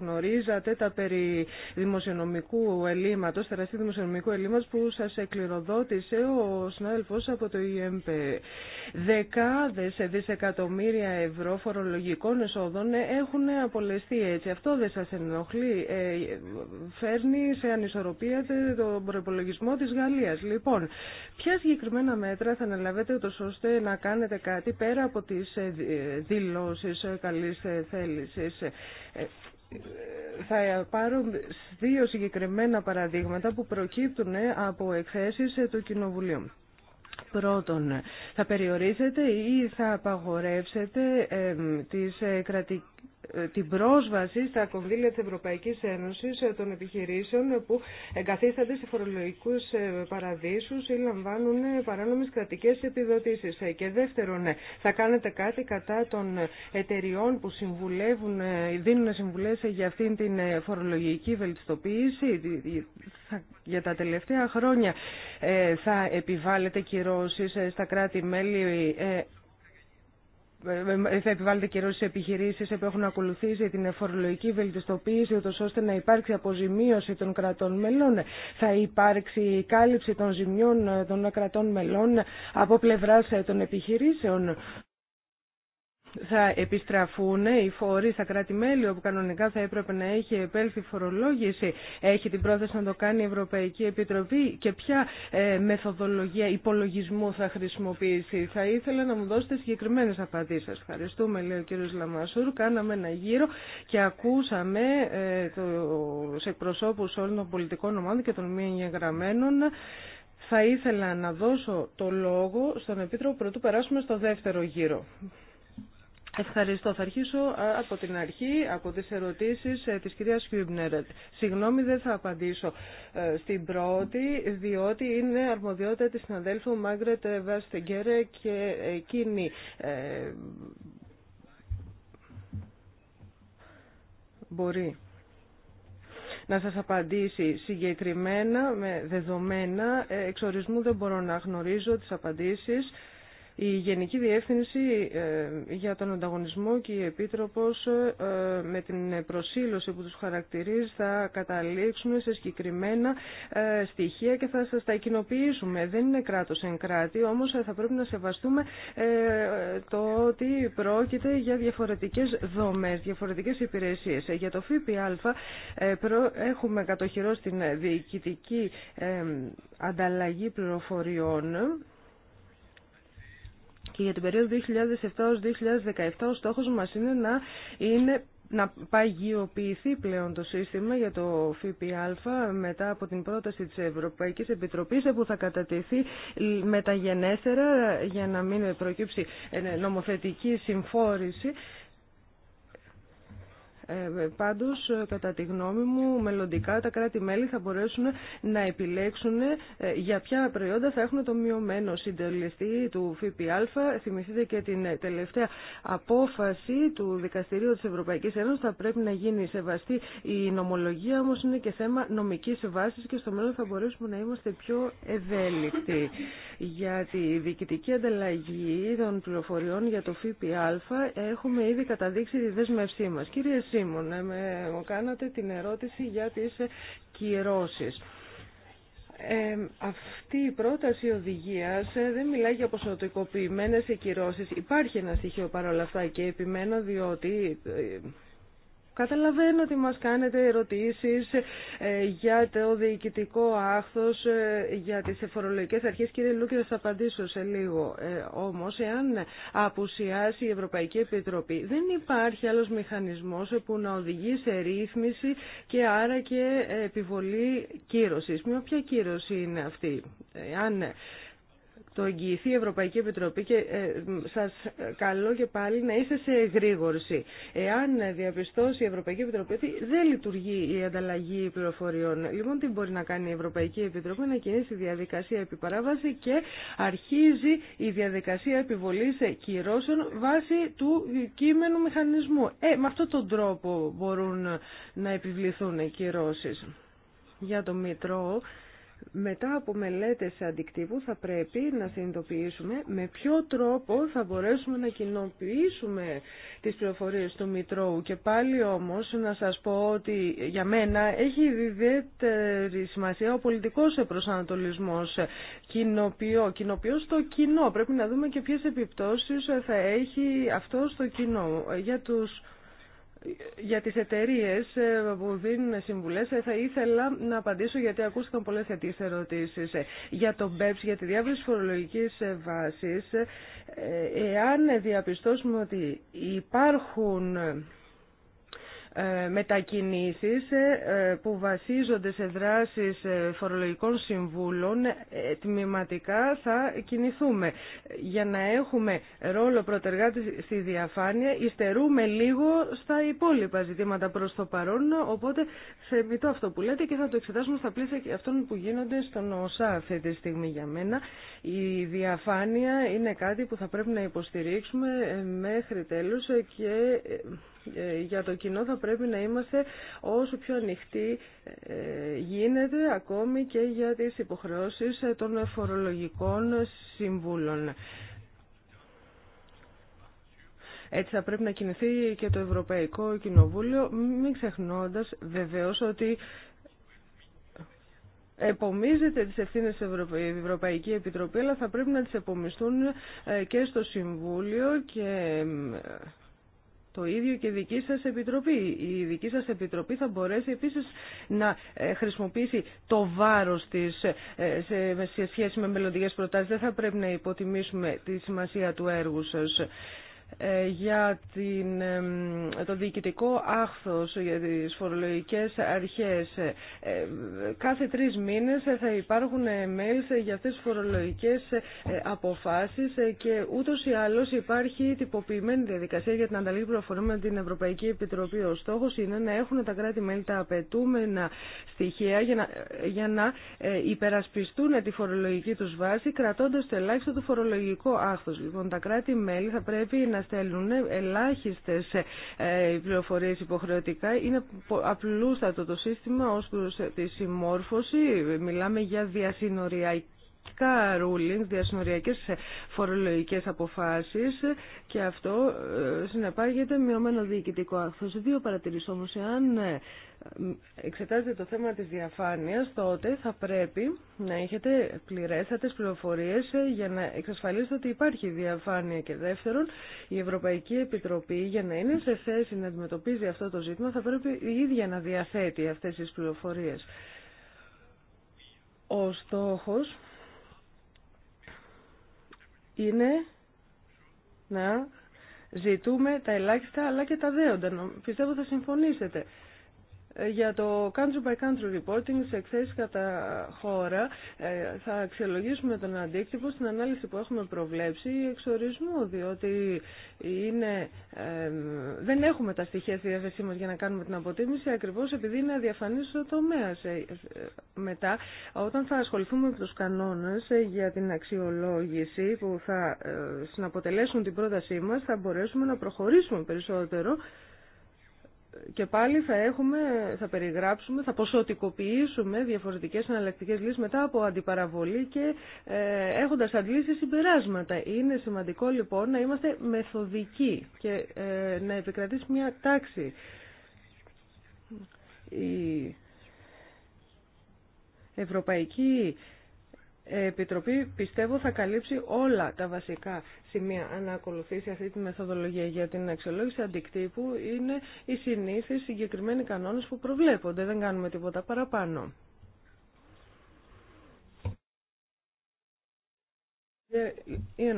Speaker 3: Γνωρίζατε τα περί δημοσιονομικού ελλείμματος, δημοσιονομικού δημοσιονομικού που σας εκκληροδότησε ο συνάδελφός από το ΙΕΜΠ. Δεκάδες δισεκατομμύρια ευρώ φορολογικών εσόδων έχουν απολεστεί έτσι. Αυτό δεν σας ενοχλεί. Ε, φέρνει σε ανισορροπία τον προπολογισμό της Γαλλίας. Λοιπόν, ποια συγκεκριμένα μέτρα θα αναλάβετε ούτως ώστε να κάνετε κάτι πέρα από τις ε, δηλώσει καλή θέληση. Ε, θα πάρω δύο συγκεκριμένα παραδείγματα που προκύπτουν από εκθέσεις του Κοινοβουλίου. Πρώτον, θα περιορίσετε ή θα απαγορεύσετε τις ε, την πρόσβαση στα κονδύλια της Ευρωπαϊκής Ένωσης ε, των επιχειρήσεων που εγκαθίστανται σε φορολογικούς ε, παραδείσους ή λαμβάνουν παράνομες κρατικές επιδοτήσεις. Και δεύτερον, θα κάνετε κάτι κατά των εταιριών που συμβουλεύουν, δίνουν συμβουλές για αυτήν την φορολογική βελτιστοποίηση. Για τα τελευταία χρόνια θα επιβάλλετε κυρώσεις στα κράτη-μέλη ε, ε, θα επιβάλλεται καιρό στι επιχειρήσει που έχουν ακολουθήσει την εφορολογική βελτιστοποίηση, ούτω ώστε να υπάρξει αποζημίωση των κρατών μελών. Θα υπάρξει κάλυψη των ζημιών ε, των κρατών μελών από πλευρά των επιχειρήσεων θα επιστραφούν οι φορεί, στα κράτη-μέλη όπου κανονικά θα έπρεπε να έχει επέλθει φορολόγηση. Έχει την πρόθεση να το κάνει η Ευρωπαϊκή Επιτροπή και ποια ε, μεθοδολογία υπολογισμού θα χρησιμοποιήσει. Θα ήθελα να μου δώσετε συγκεκριμένες απαντήσεις. Ευχαριστούμε, λέει ο κ. Λαμασούρ. Κάναμε ένα γύρο και ακούσαμε ε, το, σε εκπροσώπους όλων των πολιτικών ομάδων και των μη εγγεγραμμένων θα ήθελα να δώσω το λόγο στον Επίτροπο πρωτού περάσουμε στο δεύτερο γύρο. Ευχαριστώ. Θα αρχίσω από την αρχή, από τις ερωτήσεις ε, της κυρίας Χιούμπνερ. Συγγνώμη, δεν θα απαντήσω ε, στην πρώτη, διότι είναι αρμοδιότητα της συναδέλφου Μάγκρετ Βαστεγκέρε και εκείνη ε, μπορεί να σας απαντήσει συγκεκριμένα με δεδομένα. Εξορισμού δεν μπορώ να γνωρίζω τις απαντήσεις. Η Γενική Διεύθυνση ε, για τον Ανταγωνισμό και η Επίτροπος ε, με την προσήλωση που τους χαρακτηρίζει θα καταλήξουν σε συγκεκριμένα ε, στοιχεία και θα σας τα κοινοποιήσουμε. Δεν είναι κράτος εν κράτη, όμως θα πρέπει να σεβαστούμε το ότι πρόκειται για διαφορετικές δομές, διαφορετικές υπηρεσίες. Για το ΦΠΑ έχουμε κατοχυρώσει την διοικητική ανταλλαγή πληροφοριών και για την περίοδο 2007-2017 ο στόχος μας είναι να είναι να παγιοποιηθεί πλέον το σύστημα για το ΦΠΑ μετά από την πρόταση της Ευρωπαϊκής Επιτροπής που θα κατατεθεί μεταγενέστερα για να μην προκύψει ε, νομοθετική συμφόρηση ε, πάντως, κατά τη γνώμη μου, μελλοντικά τα κράτη-μέλη θα μπορέσουν να επιλέξουν ε, για ποια προϊόντα θα έχουν το μειωμένο συντελεστή του ΦΠΑ. Θυμηθείτε και την τελευταία απόφαση του Δικαστηρίου της Ευρωπαϊκής Ένωσης. Θα πρέπει να γίνει σεβαστή η νομολογία, όμως είναι και θέμα νομικής βάσης και στο μέλλον θα μπορέσουμε να είμαστε πιο ευέλικτοι. Για τη διοικητική ανταλλαγή των πληροφοριών για το ΦΠΑ έχουμε ήδη καταδείξει τη δέσμευσή μα. Κύριε ε, με, Μου κάνατε την ερώτηση για τις ε, κυρώσεις. Ε, αυτή η πρόταση οδηγίας ε, δεν μιλάει για ποσοτικοποιημένες εκκυρώσεις. Υπάρχει ένα στοιχείο παρόλα αυτά και επιμένω διότι Καταλαβαίνω ότι μας κάνετε ερωτήσεις ε, για το διοικητικό άχθος, ε, για τις εφορολογικές αρχές. Κύριε Λούκη, θα σας απαντήσω σε λίγο. Ε, όμως, εάν απουσιάσει η Ευρωπαϊκή Επιτροπή, δεν υπάρχει άλλος μηχανισμός που να οδηγεί σε ρύθμιση και άρα και επιβολή κύρωσης. Με ποια κύρωση είναι αυτή. Αν το εγγυηθεί η Ευρωπαϊκή Επιτροπή και ε, σας καλώ και πάλι να είστε σε εγρήγορση. Εάν διαπιστώσει η Ευρωπαϊκή Επιτροπή ότι δεν λειτουργεί η ανταλλαγή πληροφοριών, λοιπόν τι μπορεί να κάνει η Ευρωπαϊκή Επιτροπή να κινήσει διαδικασία επιπαράβαση και αρχίζει η διαδικασία επιβολής κυρώσεων βάσει του κείμενου μηχανισμού. Ε, με αυτόν τον τρόπο μπορούν να επιβληθούν κυρώσεις. Για το Μητρό, μετά από μελέτες αντικτύπου θα πρέπει να συνειδητοποιήσουμε με ποιο τρόπο θα μπορέσουμε να κοινοποιήσουμε τις πληροφορίες του Μητρώου. Και πάλι όμως να σας πω ότι για μένα έχει ιδιαίτερη σημασία ο πολιτικός προσανατολισμός. Κοινοποιώ, κοινοποιώ στο κοινό. Πρέπει να δούμε και ποιες επιπτώσεις θα έχει αυτό στο κοινό για τους για τις εταιρείε ε, που δίνουν συμβουλές ε, θα ήθελα να απαντήσω γιατί ακούστηκαν πολλές θετικές ερωτήσεις. Ε, για το BEPS, για τη διάβριση φορολογικής βάσης, εάν διαπιστώσουμε ότι υπάρχουν ε, μετακινήσεις ε, ε, που βασίζονται σε δράσεις φορολογικών συμβούλων τμηματικά θα κινηθούμε. Για να έχουμε ρόλο πρωτεργάτη στη διαφάνεια υστερούμε λίγο στα υπόλοιπα ζητήματα προς το παρόν οπότε επίτω αυτό που λέτε και θα το εξετάσουμε στα πλαίσια αυτών που γίνονται στον ΩΣΑ αυτή τη στιγμή για μένα. Η διαφάνεια είναι κάτι που θα πρέπει να υποστηρίξουμε μέχρι τέλους και ε, για το κοινό θα πρέπει να είμαστε όσο πιο ανοιχτοί ε, γίνεται ακόμη και για τις υποχρεώσεις ε, των φορολογικών συμβούλων. Έτσι θα πρέπει να κινηθεί και το Ευρωπαϊκό Κοινοβούλιο, μην ξεχνώντας βεβαίως ότι επομίζεται τις ευθύνες της Ευρωπαϊκή Επιτροπή, αλλά θα πρέπει να τις επομιστούν και στο Συμβούλιο και το ίδιο και η δική σας επιτροπή. Η δική σας επιτροπή θα μπορέσει επίσης να ε, χρησιμοποιήσει το βάρος της ε, σε σχέση με μελλοντικέ προτάσεις. Δεν θα πρέπει να υποτιμήσουμε τη σημασία του έργου σας. Ε, για την, το διοικητικό άχθος για τις φορολογικές αρχές. Ε, ε, κάθε τρεις μήνες θα υπάρχουν mails για αυτές τις φορολογικές αποφάσεις και ούτως ή άλλως υπάρχει τυποποιημένη διαδικασία για την ανταλλαγή πληροφοριών με την Ευρωπαϊκή Επιτροπή. Ο στόχος είναι να έχουν τα κράτη-μέλη τα απαιτούμενα στοιχεία για να, για να υπερασπιστούν τη φορολογική τους βάση κρατώντας το ελάχιστο του φορολογικό άχθος. Λοιπόν, τα κράτη-μέλη θα πρέπει να να στέλνουν ελάχιστες ε, ε, πληροφορίες υποχρεωτικά. Είναι απλούστατο το σύστημα ω προ τη συμμόρφωση. Μιλάμε για διασυνοριακή rulings, διασυνοριακές φορολογικές αποφάσεις και αυτό ε, συνεπάγεται μειωμένο διοικητικό άκθος. Δύο παρατηρήσεις όμως, εάν ε, εξετάζετε το θέμα της διαφάνειας, τότε θα πρέπει να έχετε πληρέστατες πληροφορίες ε, για να εξασφαλίσετε ότι υπάρχει διαφάνεια. Και δεύτερον, η Ευρωπαϊκή Επιτροπή για να είναι σε θέση να αντιμετωπίζει αυτό το ζήτημα θα πρέπει η ίδια να διαθέτει αυτές τις πληροφορίες. Ο στόχος είναι να ζητούμε τα ελάχιστα αλλά και τα δέοντα. Πιστεύω θα συμφωνήσετε. Ε, για το country by country reporting σε εκθέσει κατά χώρα ε, θα αξιολογήσουμε τον αντίκτυπο στην ανάλυση που έχουμε προβλέψει εξορισμού, διότι είναι, ε, δεν έχουμε τα στοιχεία στη διάθεσή μα για να κάνουμε την αποτίμηση ακριβώ επειδή είναι αδιαφανή ο τομέα. Μετά, όταν θα ασχοληθούμε με του κανόνε για την αξιολόγηση που θα συναποτελέσουν την πρότασή μα, θα μπορέσουμε να προχωρήσουμε περισσότερο και πάλι θα έχουμε, θα περιγράψουμε, θα ποσοτικοποιήσουμε διαφορετικές εναλλακτικέ λύσεις μετά από αντιπαραβολή και ε, έχοντας αντλήσει συμπεράσματα. Είναι σημαντικό λοιπόν να είμαστε μεθοδικοί και ε, να επικρατήσει μια τάξη. Η Ευρωπαϊκή Επιτροπή πιστεύω θα καλύψει όλα τα βασικά σημεία αν ακολουθήσει αυτή τη μεθοδολογία για την αξιολόγηση αντικτύπου είναι οι συνήθεις συγκεκριμένοι κανόνες που προβλέπονται, δεν κάνουμε τίποτα παραπάνω. Ε,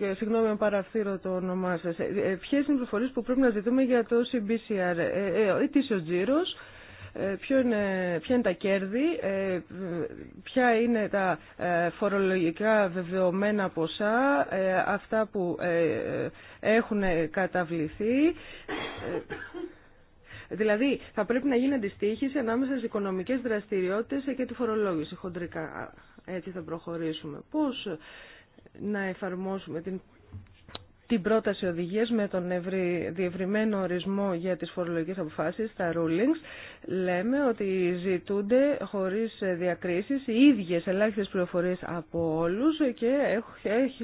Speaker 3: ε, συγγνώμη αν παραφθείρω το όνομά σας. Ε, ποιες είναι οι πληροφορίες που πρέπει να ζητούμε για το CBCR, ε, ε, ο τζίρος, ε, ποιο είναι, ποια είναι τα κέρδη, ε, ποια είναι τα ε, φορολογικά βεβαιωμένα ποσά, αυτά που έχουν καταβληθεί. Δηλαδή, θα πρέπει να γίνει αντιστοίχηση ανάμεσα στις οικονομικές δραστηριότητες και τη φορολόγηση χοντρικά. Έτσι θα προχωρήσουμε. Πώς να εφαρμόσουμε την την πρόταση οδηγίας με τον ευρυ... διευρυμένο ορισμό για τις φορολογικές αποφάσεις, τα rulings, Λέμε ότι ζητούνται χωρίς διακρίσεις οι ίδιες ελάχιστες πληροφορίες από όλους και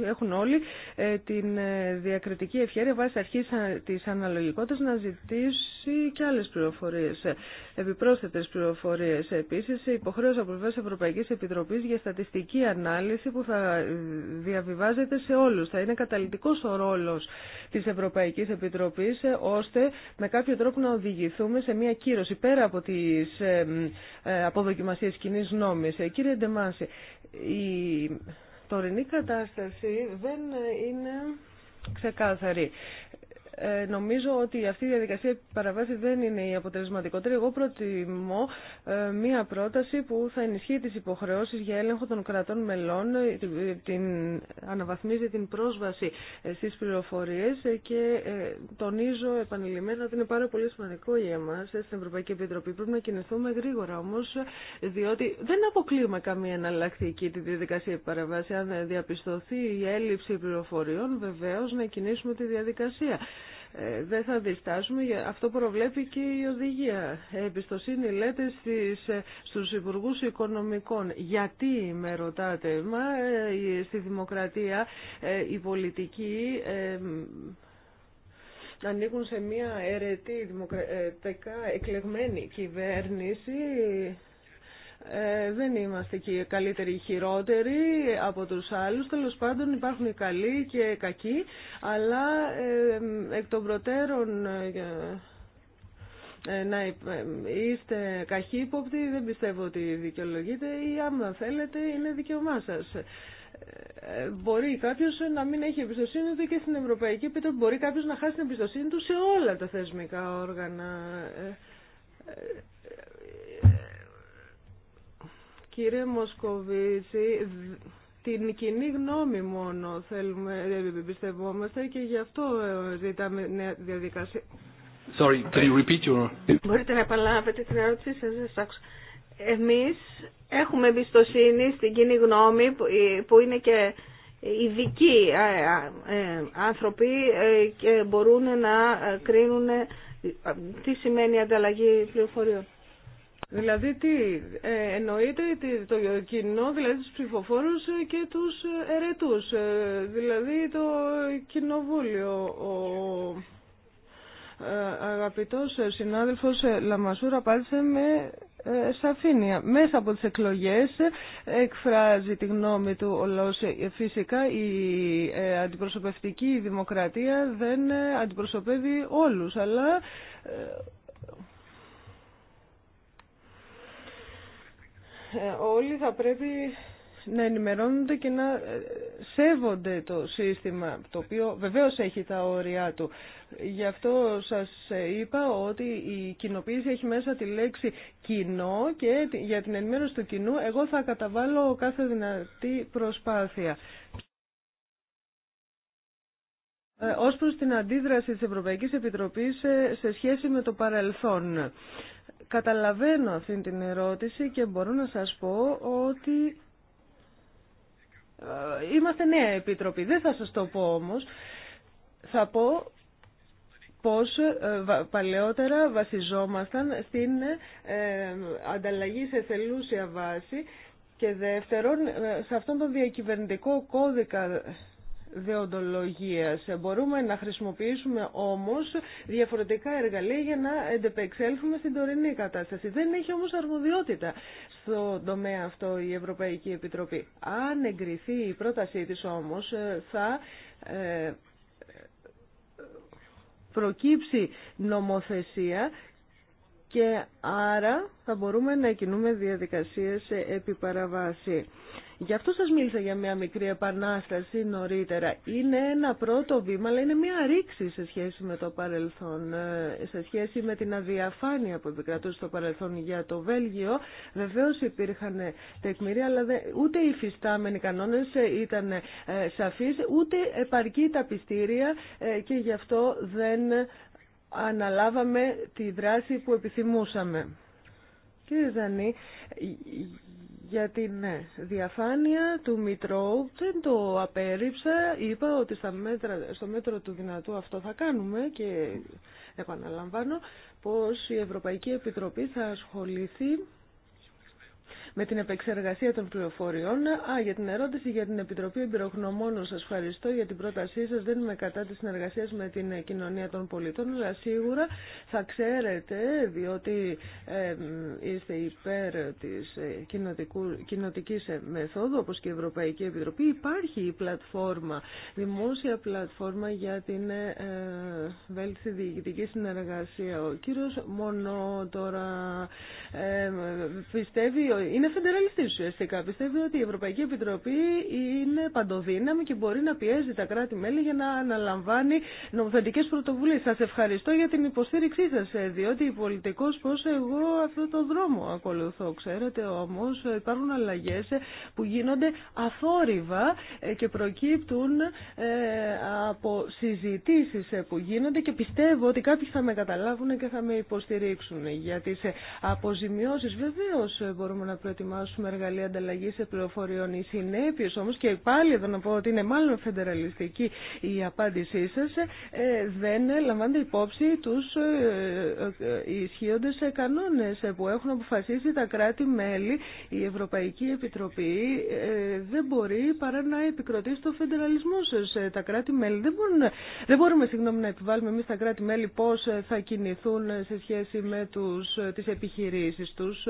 Speaker 3: έχουν όλοι ε, την ε, διακριτική ευχαίρεια βάσει αρχής της αναλογικότητας να ζητήσει και άλλες πληροφορίες, ε, επιπρόσθετες πληροφορίες. Επίσης, υποχρέωση από πλευράς Ευρωπαϊκής Επιτροπής για στατιστική ανάλυση που θα διαβιβάζεται σε όλους. Θα είναι καταλητικός ο ρόλος της Ευρωπαϊκής Επιτροπής ώστε με κάποιο τρόπο να οδηγηθούμε σε μια κύρωση πέρα από τις ε, αποδοκιμασίες κοινή νόμης. Ε, κύριε Ντεμάση, η τωρινή κατάσταση δεν ε, είναι ξεκάθαρη ε, νομίζω ότι αυτή η διαδικασία παραβάση δεν είναι η αποτελεσματικότερη. Εγώ προτιμώ ε, μία πρόταση που θα ενισχύει τις υποχρεώσεις για έλεγχο των κρατών μελών, ε, ε, την, αναβαθμίζει την πρόσβαση στις πληροφορίες και τονίζω επανειλημμένα ότι είναι πάρα πολύ σημαντικό για εμάς στην Ευρωπαϊκή Επιτροπή. Πρέπει να κινηθούμε γρήγορα όμως, διότι δεν αποκλείουμε καμία εναλλακτική τη διαδικασία παραβάση. Αν διαπιστωθεί η έλλειψη πληροφοριών, βεβαίω να κινήσουμε τη διαδικασία. Ε, δεν θα διστάσουμε, αυτό προβλέπει και η οδηγία. Ε, εμπιστοσύνη λέτε στις, ε, στους υπουργούς οικονομικών. Γιατί με ρωτάτε, μα στη δημοκρατία η πολιτική ανοίγουν σε μια αιρετή δημοκρατικά εκλεγμένη κυβέρνηση ε, δεν είμαστε και οι καλύτεροι ή χειρότεροι από τους άλλους. Τέλο πάντων υπάρχουν οι καλοί και οι κακοί, αλλά ε, εκ των προτέρων ε, ε να ε, είστε καχύποπτοι δεν πιστεύω ότι δικαιολογείτε ή άμα θέλετε είναι δικαιωμά σας. Ε, μπορεί κάποιο να μην έχει εμπιστοσύνη του και στην Ευρωπαϊκή Επιτροπή. Μπορεί κάποιο να χάσει την εμπιστοσύνη του σε όλα τα θεσμικά όργανα Κύριε Μοσκοβίτση, την κοινή γνώμη μόνο θέλουμε, εμπιστευόμαστε και γι' αυτό ε, ζητάμε νέα διαδικασία.
Speaker 1: Sorry, can
Speaker 2: you repeat your... Μπορείτε να επαναλάβετε την ερώτησή σα δεν άκουσα. Εμείς έχουμε εμπιστοσύνη στην κοινή γνώμη που ε, είναι και ειδικοί ε, άνθρωποι και μπορούν να κρίνουν τι σημαίνει ανταλλαγή πληροφοριών. Δηλαδή τι, ε, εννοείται
Speaker 3: το κοινό, δηλαδή τους ψηφοφόρους ε, και τους ε, ερετούς, ε, δηλαδή το κοινοβούλιο. Ο ε, αγαπητός συνάδελφος Λαμασούρα απάντησε με σαφήνεια. Μέσα από τις εκλογές εκφράζει τη γνώμη του ο λαός. Φυσικά η αντιπροσωπευτική δημοκρατία δεν αντιπροσωπεύει όλους, αλλά Ε, όλοι θα πρέπει να ενημερώνονται και να ε, σέβονται το σύστημα, το οποίο βεβαίως έχει τα όρια του. Γι' αυτό σας ε, είπα ότι η κοινοποίηση έχει μέσα τη λέξη κοινό και για την ενημέρωση του κοινού εγώ θα καταβάλω κάθε δυνατή προσπάθεια. Ως προς την αντίδραση της Ευρωπαϊκής Επιτροπής σε σχέση με το παρελθόν. Καταλαβαίνω αυτή την ερώτηση και μπορώ να σας πω ότι ε, είμαστε νέα επιτροπή. Δεν θα σας το πω όμως. Θα πω πως ε, παλαιότερα βασιζόμασταν στην ε, ανταλλαγή σε θελούσια βάση και δεύτερον, σε αυτόν τον διακυβερνητικό κώδικα δεοντολογίας. Μπορούμε να χρησιμοποιήσουμε όμως διαφορετικά εργαλεία για να εντεπεξέλθουμε στην τωρινή κατάσταση. Δεν έχει όμως αρμοδιότητα στον τομέα αυτό η Ευρωπαϊκή Επιτροπή. Αν εγκριθεί η πρότασή της όμως ε, θα ε, προκύψει νομοθεσία και άρα θα μπορούμε να κινούμε διαδικασίες επί παραβάση. Γι' αυτό σας μίλησα για μια μικρή επανάσταση νωρίτερα. Είναι ένα πρώτο βήμα, αλλά είναι μια ρήξη σε σχέση με το παρελθόν, ε, σε σχέση με την αδιαφάνεια που επικρατούσε το παρελθόν για το Βέλγιο. Βεβαίως υπήρχαν τεκμηρία, αλλά ούτε οι φυστάμενοι κανόνες ε, ήταν ε, σαφείς, ούτε επαρκεί τα πιστήρια και γι' αυτό δεν αναλάβαμε τη δράση που επιθυμούσαμε. Κύριε Ζανή, για την διαφάνεια του Μητρώου δεν το απέρριψα. Είπα ότι στα μέτρα, στο μέτρο του δυνατού αυτό θα κάνουμε και επαναλαμβάνω πως η Ευρωπαϊκή Επιτροπή θα ασχοληθεί με την επεξεργασία των πληροφοριών. Α, για την ερώτηση για την Επιτροπή Εμπειρογνωμόνων σα ευχαριστώ για την πρότασή σας. Δεν είμαι κατά τη συνεργασία με την κοινωνία των πολιτών, αλλά σίγουρα θα ξέρετε, διότι είστε υπέρ τη ε, κοινοτική ε, μεθόδου, όπως και η Ευρωπαϊκή Επιτροπή, υπάρχει η πλατφόρμα, δημόσια πλατφόρμα για την ε, βέλτιστη διοικητική συνεργασία. Ο κύριο Μονό τώρα ε, είναι φεντεραλιστή ουσιαστικά. Πιστεύει ότι η Ευρωπαϊκή Επιτροπή είναι παντοδύναμη και μπορεί να πιέζει τα κράτη-μέλη για να αναλαμβάνει νομοθετικέ πρωτοβουλίε. Σα ευχαριστώ για την υποστήριξή σα, ε, διότι πολιτικό πώ εγώ αυτό το δρόμο ακολουθώ. Ξέρετε όμω ε, υπάρχουν αλλαγέ ε, που γίνονται αθόρυβα και προκύπτουν από συζητήσει που γίνονται και πιστεύω ότι κάποιοι θα με καταλάβουν και θα με υποστηρίξουν για τι αποζημιώσει. Βεβαίω μπορούμε να προετοιμάσουμε εργαλεία ανταλλαγή πληροφοριών. Οι συνέπειε όμω, και πάλι εδώ να πω ότι είναι μάλλον φεντεραλιστική η απάντησή σα, ε, δεν λαμβάνεται υπόψη του ε, ε, ισχύοντε κανόνε που έχουν αποφασίσει τα κράτη-μέλη. Η Ευρωπαϊκή Επιτροπή δεν μπορεί παρά να επικροτήσει το φεντεραλισμό σα. Τα κράτη-μέλη δεν, μπορούν, δεν μπορούμε συγγνώμη, να επιβάλλουμε εμεί τα κράτη-μέλη πώ θα κινηθούν σε σχέση με τους, τις επιχειρήσεις τους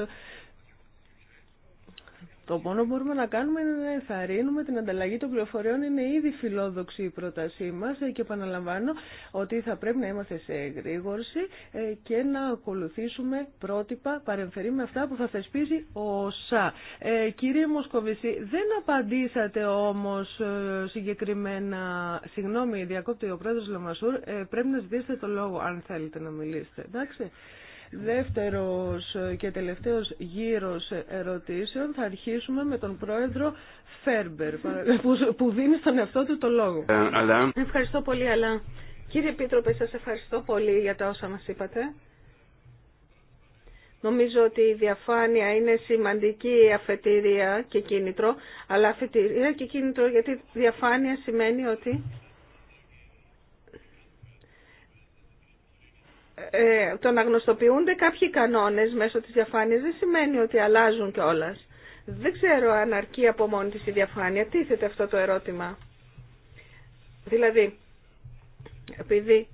Speaker 3: το μόνο που μπορούμε να κάνουμε είναι να ενθαρρύνουμε την ανταλλαγή των πληροφοριών. Είναι ήδη φιλόδοξη η πρότασή μα και επαναλαμβάνω ότι θα πρέπει να είμαστε σε εγρήγορση ε, και να ακολουθήσουμε πρότυπα παρεμφερή με αυτά που θα θεσπίζει ο ΣΑ. Ε, κύριε Μοσκοβισή, δεν απαντήσατε όμω ε, συγκεκριμένα. Συγγνώμη, διακόπτει ο πρόεδρο Λαμασούρ. πρέπει να ζητήσετε το λόγο αν θέλετε να μιλήσετε. Εντάξει δεύτερος και τελευταίος γύρος ερωτήσεων θα αρχίσουμε με τον πρόεδρο Φέρμπερ που δίνει στον εαυτό του το λόγο.
Speaker 2: Ε, ευχαριστώ πολύ αλλά κύριε Επίτροπε σας ευχαριστώ πολύ για τα όσα μας είπατε. Νομίζω ότι η διαφάνεια είναι σημαντική αφετηρία και κίνητρο, αλλά αφετηρία και κίνητρο γιατί διαφάνεια σημαίνει ότι Ε, ε, το να γνωστοποιούνται κάποιοι κανόνες μέσω της διαφάνειας δεν σημαίνει ότι αλλάζουν κιόλα. Δεν ξέρω αν αρκεί από μόνη της η διαφάνεια. θέτει αυτό το ερώτημα. Δηλαδή, επειδή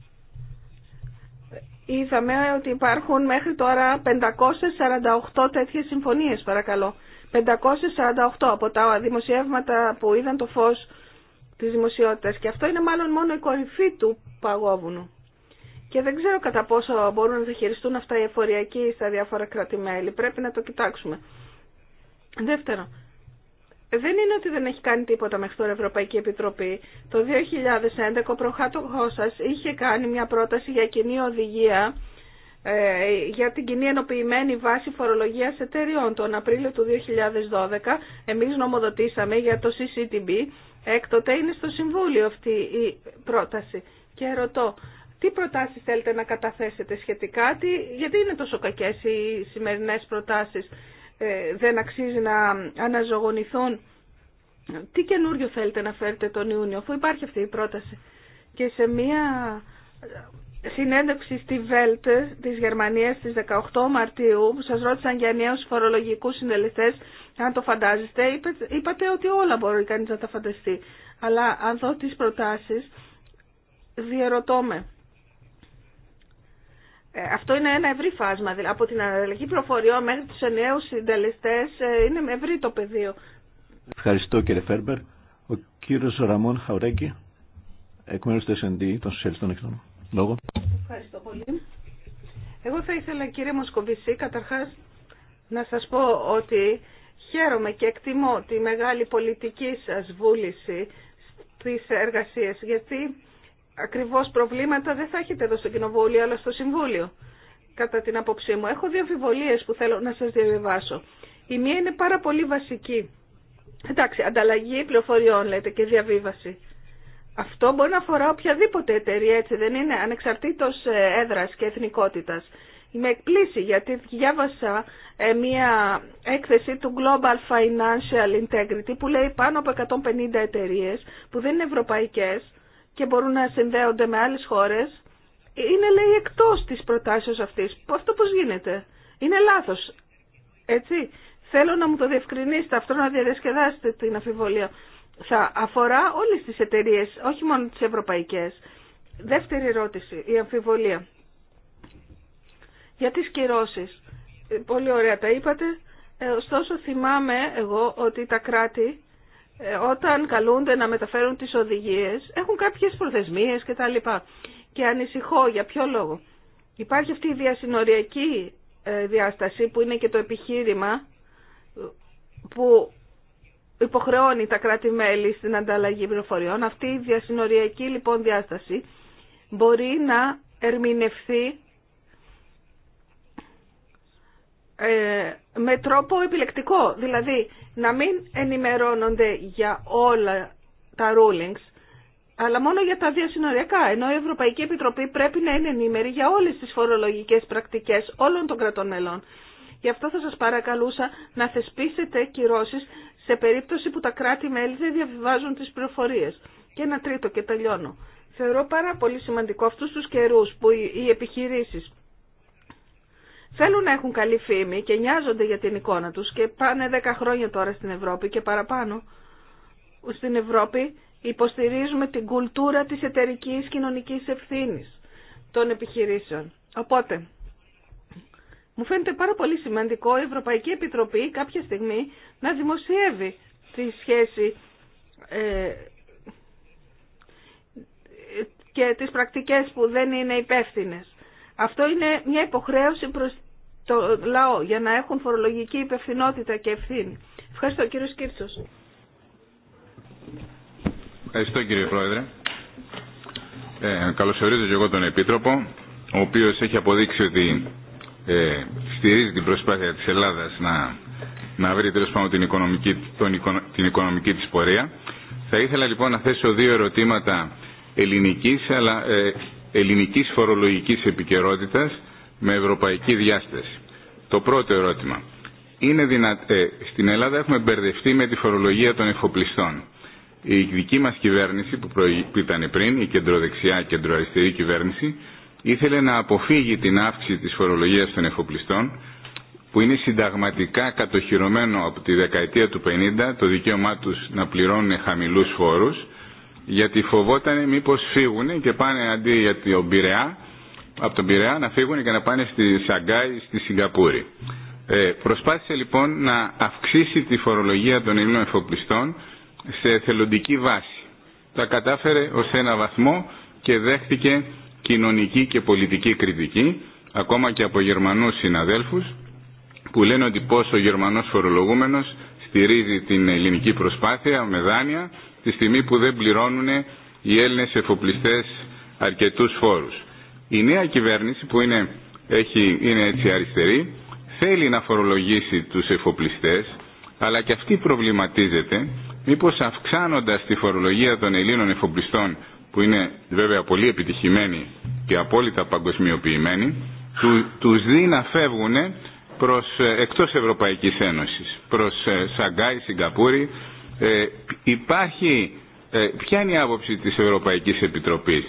Speaker 2: είδαμε ότι υπάρχουν μέχρι τώρα 548 τέτοιες συμφωνίες, παρακαλώ. 548 από τα δημοσιεύματα που είδαν το φως της δημοσιότητας. Και αυτό είναι μάλλον μόνο η κορυφή του παγόβουνου. Και δεν ξέρω κατά πόσο μπορούν να διαχειριστούν αυτά οι εφοριακοί στα διάφορα κράτη-μέλη. Πρέπει να το κοιτάξουμε. Δεύτερο. δεν είναι ότι δεν έχει κάνει τίποτα μέχρι τώρα η Ευρωπαϊκή Επιτροπή. Το 2011 ο προχάτοχό σα είχε κάνει μια πρόταση για κοινή οδηγία ε, για την κοινή ενοποιημένη βάση φορολογία εταιριών. Τον Απρίλιο του 2012 Εμεί νομοδοτήσαμε για το CCTB. Έκτοτε είναι στο Συμβούλιο αυτή η πρόταση. Και ρωτώ, τι προτάσεις θέλετε να καταθέσετε σχετικά, τι, γιατί είναι τόσο κακές οι σημερινές προτάσεις, ε, δεν αξίζει να αναζωογονηθούν. Τι καινούριο θέλετε να φέρετε τον Ιούνιο, αφού υπάρχει αυτή η πρόταση. Και σε μία συνέντευξη στη Βέλτε της Γερμανίας στις 18 Μαρτίου, που σας ρώτησαν για νέους φορολογικούς συντελεστές, αν το φαντάζεστε, είπατε ότι όλα μπορεί κανείς να τα φανταστεί. Αλλά αν δω τις προτάσεις, διαρωτώ με. Ε, αυτό είναι ένα ευρύ φάσμα. Δηλαδή, από την αλλαγή προφοριών μέχρι τους συντελεστέ συντελεστές ε, είναι ευρύ το πεδίο.
Speaker 1: Ευχαριστώ κύριε Φέρμπερ. Ο κύριο Ραμόν Χαουρέκη, εκ μέρου του SND των Σοσιαλιστών Εκτών. Λόγο.
Speaker 2: Ευχαριστώ πολύ. Εγώ θα ήθελα κύριε Μοσκοβισή καταρχάς να σας πω ότι χαίρομαι και εκτιμώ τη μεγάλη πολιτική σα βούληση στις εργασίες γιατί ακριβώς προβλήματα δεν θα έχετε εδώ στο Κοινοβούλιο αλλά στο Συμβούλιο κατά την απόψή μου. Έχω δύο αμφιβολίες που θέλω να σας διαβιβάσω. Η μία είναι πάρα πολύ βασική. Εντάξει, ανταλλαγή πληροφοριών λέτε και διαβίβαση. Αυτό μπορεί να αφορά οποιαδήποτε εταιρεία, έτσι δεν είναι, ανεξαρτήτως ε, έδρας και εθνικότητας. Είμαι εκπλήσει γιατί διάβασα ε, μία έκθεση του Global Financial Integrity που λέει πάνω από 150 εταιρείες που δεν είναι ευρωπαϊκές και μπορούν να συνδέονται με άλλες χώρες, είναι λέει εκτός της προτάσεως αυτής. Αυτό πώς γίνεται. Είναι λάθος. Έτσι. Θέλω να μου το διευκρινίσετε αυτό, να διαδεσκεδάσετε την αφιβολία. Θα αφορά όλες τις εταιρείες, όχι μόνο τις ευρωπαϊκές. Δεύτερη ερώτηση, η αμφιβολία. Για τις κυρώσεις. Ε, πολύ ωραία τα είπατε. Ε, ωστόσο θυμάμαι εγώ ότι τα κράτη ε, όταν καλούνται να μεταφέρουν τις οδηγίες έχουν κάποιες προθεσμίες και τα λοιπά. Και ανησυχώ για ποιο λόγο. Υπάρχει αυτή η διασυνοριακή ε, διάσταση που είναι και το επιχείρημα που υποχρεώνει τα κράτη-μέλη στην ανταλλαγή πληροφοριών. Αυτή η διασυνοριακή λοιπόν διάσταση μπορεί να ερμηνευθεί ε, με τρόπο επιλεκτικό. Δηλαδή να μην ενημερώνονται για όλα τα rulings, αλλά μόνο για τα δύο διασυνοριακά, ενώ η Ευρωπαϊκή Επιτροπή πρέπει να είναι ενήμερη για όλες τις φορολογικές πρακτικές όλων των κρατών μελών. Γι' αυτό θα σας παρακαλούσα να θεσπίσετε κυρώσεις σε περίπτωση που τα κράτη-μέλη δεν διαβιβάζουν τις πληροφορίες. Και ένα τρίτο και τελειώνω. Θεωρώ πάρα πολύ σημαντικό αυτούς τους καιρούς που οι επιχειρήσεις θέλουν να έχουν καλή φήμη και νοιάζονται για την εικόνα τους και πάνε 10 χρόνια τώρα στην Ευρώπη και παραπάνω. Στην Ευρώπη υποστηρίζουμε την κουλτούρα της εταιρικής κοινωνικής ευθύνης των επιχειρήσεων. Οπότε, μου φαίνεται πάρα πολύ σημαντικό η Ευρωπαϊκή Επιτροπή κάποια στιγμή να δημοσιεύει τη σχέση ε, και τις πρακτικές που δεν είναι υπεύθυνες. Αυτό είναι μια υποχρέωση προς το λαό για να έχουν φορολογική υπευθυνότητα και ευθύνη. Ευχαριστώ κύριο Σκύρτσος.
Speaker 4: Ευχαριστώ κύριε Πρόεδρε. Ε, καλωσορίζω και εγώ τον Επίτροπο, ο οποίος έχει αποδείξει ότι ε, στηρίζει την προσπάθεια της Ελλάδας να, να βρει τέλος πάνω την οικονομική, τον, την οικονομική της πορεία. Θα ήθελα λοιπόν να θέσω δύο ερωτήματα ελληνικής αλλά ε, ελληνικής φορολογικής επικαιρότητα με ευρωπαϊκή διάσταση. Το πρώτο ερώτημα. Είναι ε, στην Ελλάδα έχουμε μπερδευτεί με τη φορολογία των εφοπλιστών. Η δική μας κυβέρνηση που, προ... ήταν πριν, η κεντροδεξιά, κεντροαριστερή κυβέρνηση, ήθελε να αποφύγει την αύξηση της φορολογίας των εφοπλιστών, που είναι συνταγματικά κατοχυρωμένο από τη δεκαετία του 50 το δικαίωμά τους να πληρώνουν χαμηλούς φόρους γιατί φοβότανε μήπως φύγουν και πάνε αντί για τον Πειραιά, από τον Πειραιά να φύγουν και να πάνε στη Σαγκάη, στη Σιγκαπούρη. Ε, προσπάθησε λοιπόν να αυξήσει τη φορολογία των Ελλήνων εφοπλιστών σε θελοντική βάση. Τα κατάφερε ως ένα βαθμό και δέχτηκε κοινωνική και πολιτική κριτική, ακόμα και από Γερμανούς συναδέλφους, που λένε ότι πόσο ο Γερμανός φορολογούμενος στηρίζει την ελληνική προσπάθεια με δάνεια τη στιγμή που δεν πληρώνουν οι Έλληνες εφοπλιστές αρκετούς φόρους. Η νέα κυβέρνηση που είναι, έχει, είναι έτσι αριστερή θέλει να φορολογήσει τους εφοπλιστές αλλά και αυτή προβληματίζεται μήπως αυξάνοντας τη φορολογία των Ελλήνων εφοπλιστών που είναι βέβαια πολύ επιτυχημένοι και απόλυτα παγκοσμιοποιημένοι του, τους δει να φεύγουν προς, εκτός Ευρωπαϊκής Ένωσης προς ε, Σαγκάη, Σιγκαπούρη ε, υπάρχει, ε, ποια είναι η άποψη της Ευρωπαϊκής Επιτροπής.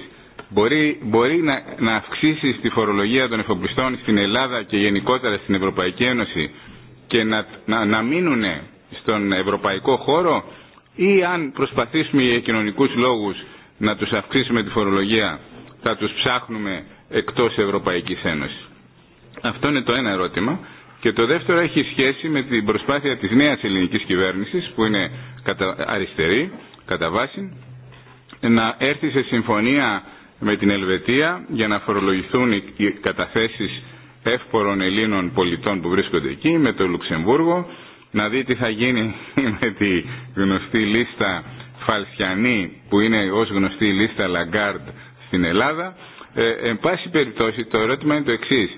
Speaker 4: Μπορεί, μπορεί να, να αυξήσει τη φορολογία των εφοπλιστών στην Ελλάδα και γενικότερα στην Ευρωπαϊκή Ένωση και να, να, να μείνουν στον ευρωπαϊκό χώρο ή αν προσπαθήσουμε για κοινωνικού λόγους να τους αυξήσουμε τη φορολογία θα τους ψάχνουμε εκτός Ευρωπαϊκής Ένωσης. Αυτό είναι το ένα ερώτημα. Και το δεύτερο έχει σχέση με την προσπάθεια της νέας ελληνικής κυβέρνησης, που είναι αριστερή, κατά βάση, να έρθει σε συμφωνία με την Ελβετία για να φορολογηθούν οι καταθέσεις εύπορων Ελλήνων πολιτών που βρίσκονται εκεί, με το Λουξεμβούργο, να δει τι θα γίνει με τη γνωστή λίστα Φαλσιανή, που είναι ως γνωστή λίστα Λαγκάρντ στην Ελλάδα. Ε, εν πάση περιπτώσει, το ερώτημα είναι το εξής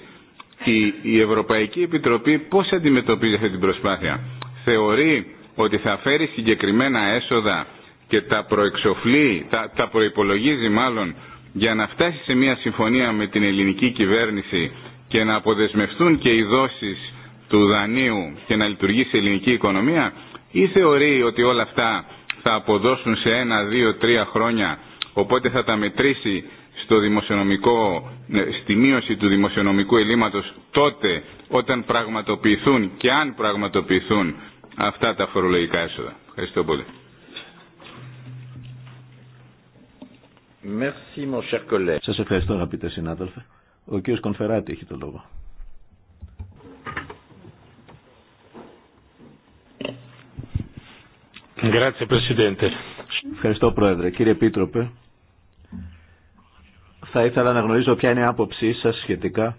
Speaker 4: η, η Ευρωπαϊκή Επιτροπή πώς αντιμετωπίζει αυτή την προσπάθεια. Θεωρεί ότι θα φέρει συγκεκριμένα έσοδα και τα προεξοφλεί, τα, τα προϋπολογίζει μάλλον για να φτάσει σε μια συμφωνία με την ελληνική κυβέρνηση και να αποδεσμευτούν και οι δόσεις του δανείου και να λειτουργήσει η ελληνική οικονομία ή θεωρεί ότι όλα αυτά θα αποδώσουν σε ένα, δύο, τρία χρόνια οπότε θα τα μετρήσει στο δημοσιονομικό, ναι, στη μείωση του δημοσιονομικού ελλείμματος τότε όταν πραγματοποιηθούν και αν πραγματοποιηθούν αυτά τα φορολογικά έσοδα. Ευχαριστώ πολύ.
Speaker 1: Merci, mon cher Σας ευχαριστώ αγαπητέ συνάδελφε. Ο κ. Κονφεράτη έχει το λόγο. Ευχαριστώ Πρόεδρε. Κύριε Επίτροπε, θα ήθελα να γνωρίζω ποια είναι η άποψή σας σχετικά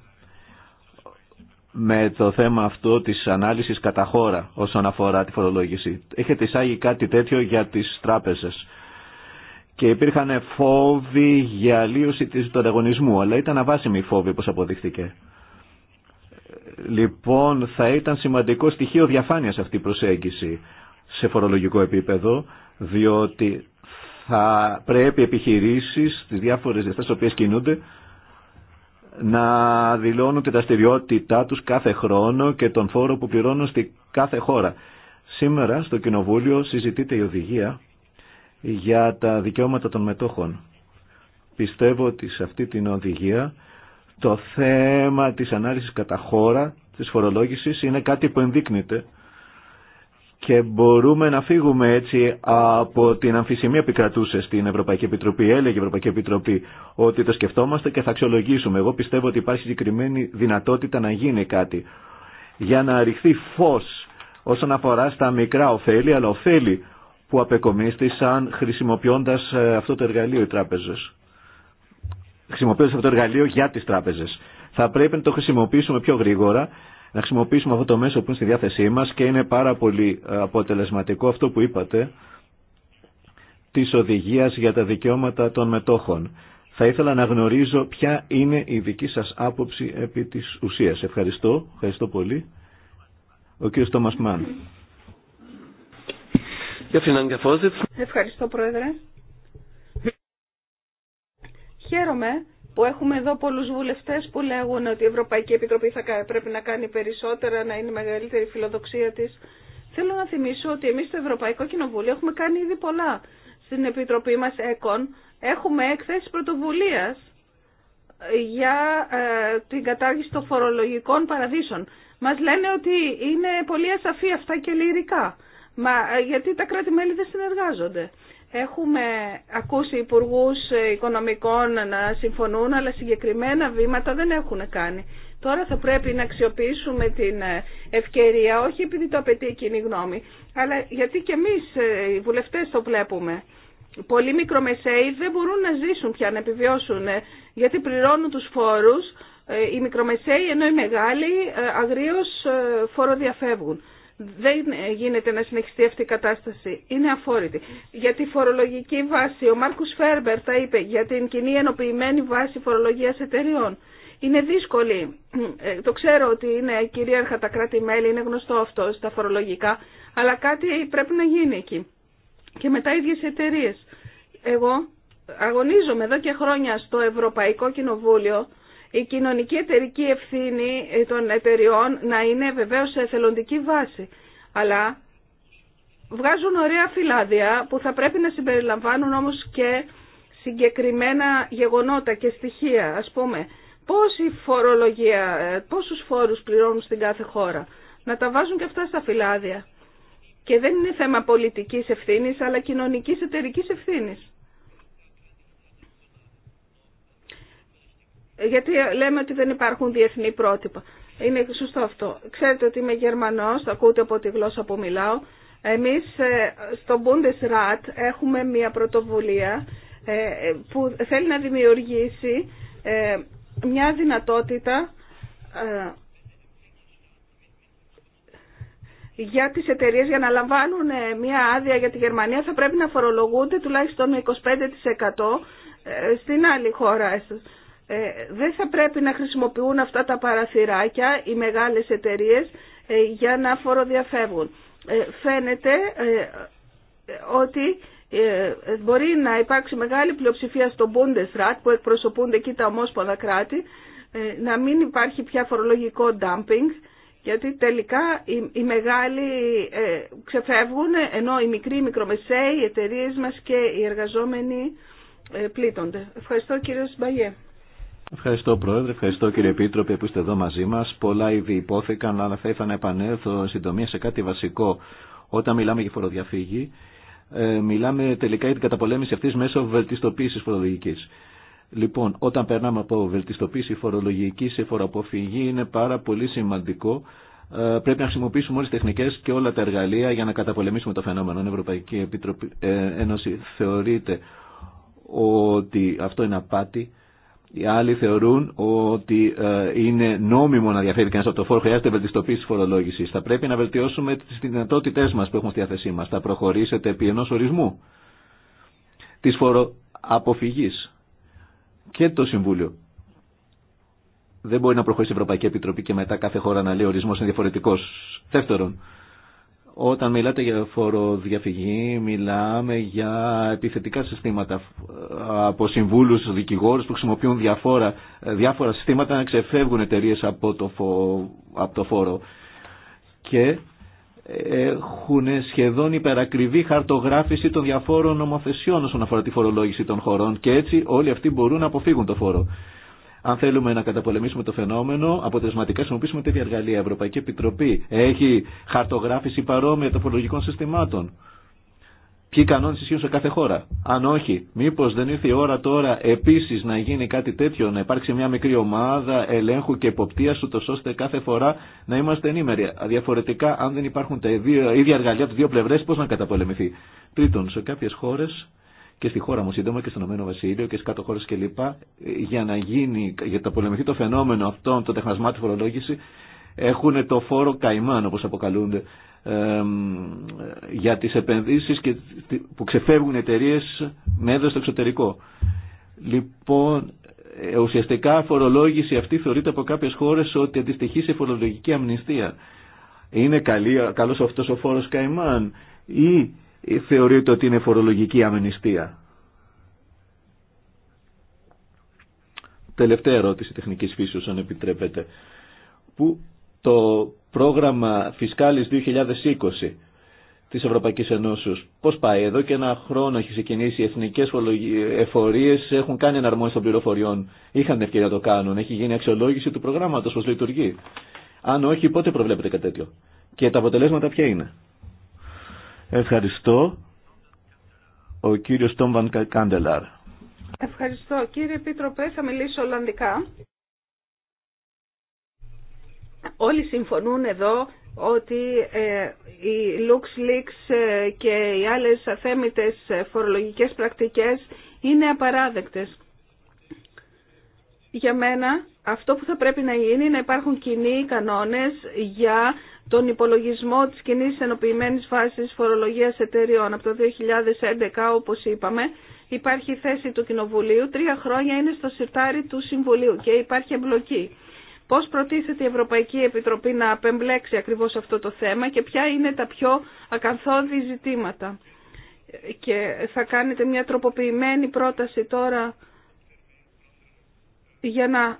Speaker 1: με το θέμα αυτό της ανάλυσης κατά χώρα όσον αφορά τη φορολόγηση. Έχετε εισάγει κάτι τέτοιο για τις τράπεζες και υπήρχαν φόβοι για αλλίωση του ανταγωνισμού, αλλά ήταν αβάσιμη η φόβη όπως αποδείχθηκε. Λοιπόν, θα ήταν σημαντικό στοιχείο διαφάνειας αυτή η προσέγγιση σε φορολογικό επίπεδο, διότι θα πρέπει επιχειρήσεις στις διάφορες διαστάσεις οποίες κινούνται να δηλώνουν την δραστηριότητά τους κάθε χρόνο και τον φόρο που πληρώνουν στη κάθε χώρα. Σήμερα στο Κοινοβούλιο συζητείται η οδηγία για τα δικαιώματα των μετόχων. Πιστεύω ότι σε αυτή την οδηγία το θέμα της ανάλυσης κατά χώρα της φορολόγησης είναι κάτι που ενδείκνεται και μπορούμε να φύγουμε έτσι από την αμφισημία που κρατούσε στην Ευρωπαϊκή Επιτροπή. Έλεγε η Ευρωπαϊκή Επιτροπή ότι το σκεφτόμαστε και θα αξιολογήσουμε. Εγώ πιστεύω ότι υπάρχει συγκεκριμένη δυνατότητα να γίνει κάτι για να ρηχθεί φω όσον αφορά στα μικρά ωφέλη, αλλά ωφέλη που απεκομίστησαν χρησιμοποιώντα ε, αυτό το εργαλείο οι τράπεζε. χρησιμοποιώντα αυτό το εργαλείο για τι τράπεζε. Θα πρέπει να το χρησιμοποιήσουμε πιο γρήγορα να χρησιμοποιήσουμε αυτό το μέσο που είναι στη διάθεσή μας και είναι πάρα πολύ ε, αποτελεσματικό αυτό που είπατε της οδηγίας για τα δικαιώματα των μετόχων. Θα ήθελα να γνωρίζω ποια είναι η δική σας άποψη επί της ουσίας. Ευχαριστώ, ευχαριστώ πολύ. Ο κύριος Τόμας Μάν.
Speaker 2: Ευχαριστώ Πρόεδρε. Χαίρομαι που έχουμε εδώ πολλούς βουλευτές που λέγουν ότι η Ευρωπαϊκή Επιτροπή θα πρέπει να κάνει περισσότερα, να είναι η μεγαλύτερη φιλοδοξία της. Θέλω να θυμίσω ότι εμείς στο Ευρωπαϊκό Κοινοβούλιο έχουμε κάνει ήδη πολλά. Στην Επιτροπή μας ΕΚΟΝ έχουμε έκθεση πρωτοβουλίας για ε, την κατάργηση των φορολογικών παραδείσων. Μας λένε ότι είναι πολύ ασαφή αυτά και λυρικά. Μα ε, γιατί τα κράτη-μέλη δεν συνεργάζονται. Έχουμε ακούσει υπουργού οικονομικών να συμφωνούν, αλλά συγκεκριμένα βήματα δεν έχουν κάνει. Τώρα θα πρέπει να αξιοποιήσουμε την ευκαιρία, όχι επειδή το απαιτεί η κοινή γνώμη, αλλά γιατί και εμεί, ε, οι βουλευτές το βλέπουμε. Πολλοί μικρομεσαίοι δεν μπορούν να ζήσουν πια, να επιβιώσουν, ε, γιατί πληρώνουν τους φόρους ε, οι μικρομεσαίοι, ενώ οι μεγάλοι αγρίως φοροδιαφεύγουν. Δεν γίνεται να συνεχιστεί αυτή η κατάσταση. Είναι αφόρητη. Για τη φορολογική βάση, ο Μάρκους Φέρμπερ τα είπε, για την κοινή ενοποιημένη βάση φορολογίας εταιριών. Είναι δύσκολη. Ε, το ξέρω ότι είναι κυρίαρχα τα κράτη-μέλη, είναι γνωστό αυτό στα φορολογικά, αλλά κάτι πρέπει να γίνει εκεί. Και μετά οι ίδιες εταιρείε. Εγώ αγωνίζομαι εδώ και χρόνια στο Ευρωπαϊκό Κοινοβούλιο η κοινωνική εταιρική ευθύνη των εταιριών να είναι βεβαίως σε εθελοντική βάση. Αλλά βγάζουν ωραία φυλάδια που θα πρέπει να συμπεριλαμβάνουν όμως και συγκεκριμένα γεγονότα και στοιχεία. Ας πούμε, πόση φορολογία, ε, πόσους φόρους πληρώνουν στην κάθε χώρα. Να τα βάζουν και αυτά στα φυλάδια. Και δεν είναι θέμα πολιτικής ευθύνης, αλλά κοινωνικής εταιρικής ευθύνης. γιατί λέμε ότι δεν υπάρχουν διεθνή πρότυπα. Είναι σωστό αυτό. Ξέρετε ότι είμαι Γερμανός, το ακούτε από τη γλώσσα που μιλάω. Εμείς ε, στο Bundesrat έχουμε μια πρωτοβουλία ε, που θέλει να δημιουργήσει ε, μια δυνατότητα για τις εταιρείες για να λαμβάνουν μια άδεια για τη Γερμανία θα πρέπει να φορολογούνται τουλάχιστον 25% στην άλλη χώρα. Ε, δεν θα πρέπει να χρησιμοποιούν αυτά τα παραθυράκια οι μεγάλες εταιρείες ε, για να φοροδιαφεύγουν. Ε, φαίνεται ότι μπορεί να υπάρξει μεγάλη πλειοψηφία στο Bundesrat που εκπροσωπούνται εκεί τα ομόσποδα κράτη να μην υπάρχει πια φορολογικό dumping γιατί τελικά οι μεγάλοι ξεφεύγουν ενώ οι μικροί, οι μικρομεσαίοι, οι εταιρείε μας και οι εργαζόμενοι πλήττονται. Ευχαριστώ κύριε Μπαγιέ.
Speaker 1: Ευχαριστώ Πρόεδρε, ευχαριστώ κύριε Επίτροπε που είστε εδώ μαζί μας. Πολλά ήδη υπόθηκαν, αλλά θα ήθελα να επανέλθω συντομία σε κάτι βασικό. Όταν μιλάμε για φοροδιαφύγη, ε, μιλάμε τελικά για την καταπολέμηση αυτή μέσω βελτιστοποίηση φορολογική. Λοιπόν, όταν περνάμε από βελτιστοποίηση φορολογική σε φοροαποφυγή είναι πάρα πολύ σημαντικό. Ε, πρέπει να χρησιμοποιήσουμε όλε τι τεχνικέ και όλα τα εργαλεία για να καταπολεμήσουμε το φαινόμενο. Η Ευρωπαϊκή Επιτροπή, ε, Ένωση θεωρείται ότι αυτό είναι απάτη οι άλλοι θεωρούν ότι ε, είναι νόμιμο να διαφέρει κανεί από το φόρο, χρειάζεται βελτιστοποίηση τη φορολόγηση. Θα πρέπει να βελτιώσουμε τι δυνατότητέ μα που έχουμε στη διάθεσή μα. Θα προχωρήσετε επί ενό ορισμού τη φοροαποφυγή και το Συμβούλιο. Δεν μπορεί να προχωρήσει η Ευρωπαϊκή Επιτροπή και μετά κάθε χώρα να λέει ορισμό είναι διαφορετικό. Δεύτερον, όταν μιλάτε για φοροδιαφυγή, μιλάμε για επιθετικά συστήματα ε, από συμβούλους, δικηγόρους που χρησιμοποιούν διάφορα, ε, διάφορα συστήματα να ξεφεύγουν εταιρείε από, το από το φόρο. Και έχουν σχεδόν υπερακριβή χαρτογράφηση των διαφόρων νομοθεσιών όσον αφορά τη φορολόγηση των χωρών και έτσι όλοι αυτοί μπορούν να αποφύγουν το φόρο. Αν θέλουμε να καταπολεμήσουμε το φαινόμενο, αποτελεσματικά χρησιμοποιήσουμε τέτοια εργαλεία. Η Ευρωπαϊκή Επιτροπή έχει χαρτογράφηση παρόμοια τοπολογικών συστημάτων. Ποιοι κανόνε ισχύουν σε κάθε χώρα. Αν όχι, μήπω δεν ήρθε η ώρα τώρα επίση να γίνει κάτι τέτοιο, να υπάρξει μια μικρή ομάδα ελέγχου και υποπτία, ούτω ώστε κάθε φορά να είμαστε ενήμεροι. Διαφορετικά, αν δεν υπάρχουν τα ίδια εργαλεία από δύο πλευρέ, πώ να καταπολεμηθεί. Τρίτον, σε κάποιε χώρε και στη χώρα μου σύντομα και στον Ηνωμένο Βασίλειο και στι κάτω χώρε κλπ. Για να γίνει, για να πολεμηθεί το φαινόμενο αυτό, το τεχνασμάτι φορολόγηση, έχουν το φόρο καημάν όπω αποκαλούνται για τι επενδύσει που ξεφεύγουν εταιρείε με έδρα στο εξωτερικό. Λοιπόν, ε, ουσιαστικά φορολόγηση αυτή θεωρείται από κάποιε χώρε ότι αντιστοιχεί σε φορολογική αμνηστία. Είναι καλό αυτό ο φόρο Καϊμάν ή ή θεωρείτε ότι είναι φορολογική αμενιστία. Τελευταία ερώτηση τεχνικής φύσεως, αν επιτρέπετε. Που το πρόγραμμα Φισκάλης 2020 της Ευρωπαϊκής Ενώσεως, πώς πάει εδώ και ένα χρόνο έχει ξεκινήσει, οι εθνικές εφορίες έχουν κάνει εναρμόνες των πληροφοριών, είχαν την ευκαιρία να το κάνουν, έχει γίνει αξιολόγηση του προγράμματος, πώς λειτουργεί. Αν όχι, πότε προβλέπετε κάτι τέτοιο. Και τα αποτελέσματα ποια είναι. Ευχαριστώ. Ο κύριος Τόμβαν Κάντελαρ.
Speaker 2: Ευχαριστώ. Κύριε Επίτροπε, θα μιλήσω Ολλανδικά. Όλοι συμφωνούν εδώ ότι ε, οι LuxLeaks ε, και οι άλλες αθέμητες ε, φορολογικές πρακτικές είναι απαράδεκτες. Για μένα αυτό που θα πρέπει να γίνει είναι να υπάρχουν κοινοί κανόνες για τον υπολογισμό της κοινή ενοποιημένης φάσης φορολογίας εταιριών. Από το 2011, όπως είπαμε, υπάρχει θέση του Κοινοβουλίου, τρία χρόνια είναι στο σιρτάρι του Συμβουλίου και υπάρχει εμπλοκή. Πώς προτίθεται η Ευρωπαϊκή Επιτροπή να απεμπλέξει ακριβώς αυτό το θέμα και ποια είναι τα πιο ακαθόδη ζητήματα. Και θα κάνετε μια τροποποιημένη πρόταση τώρα για να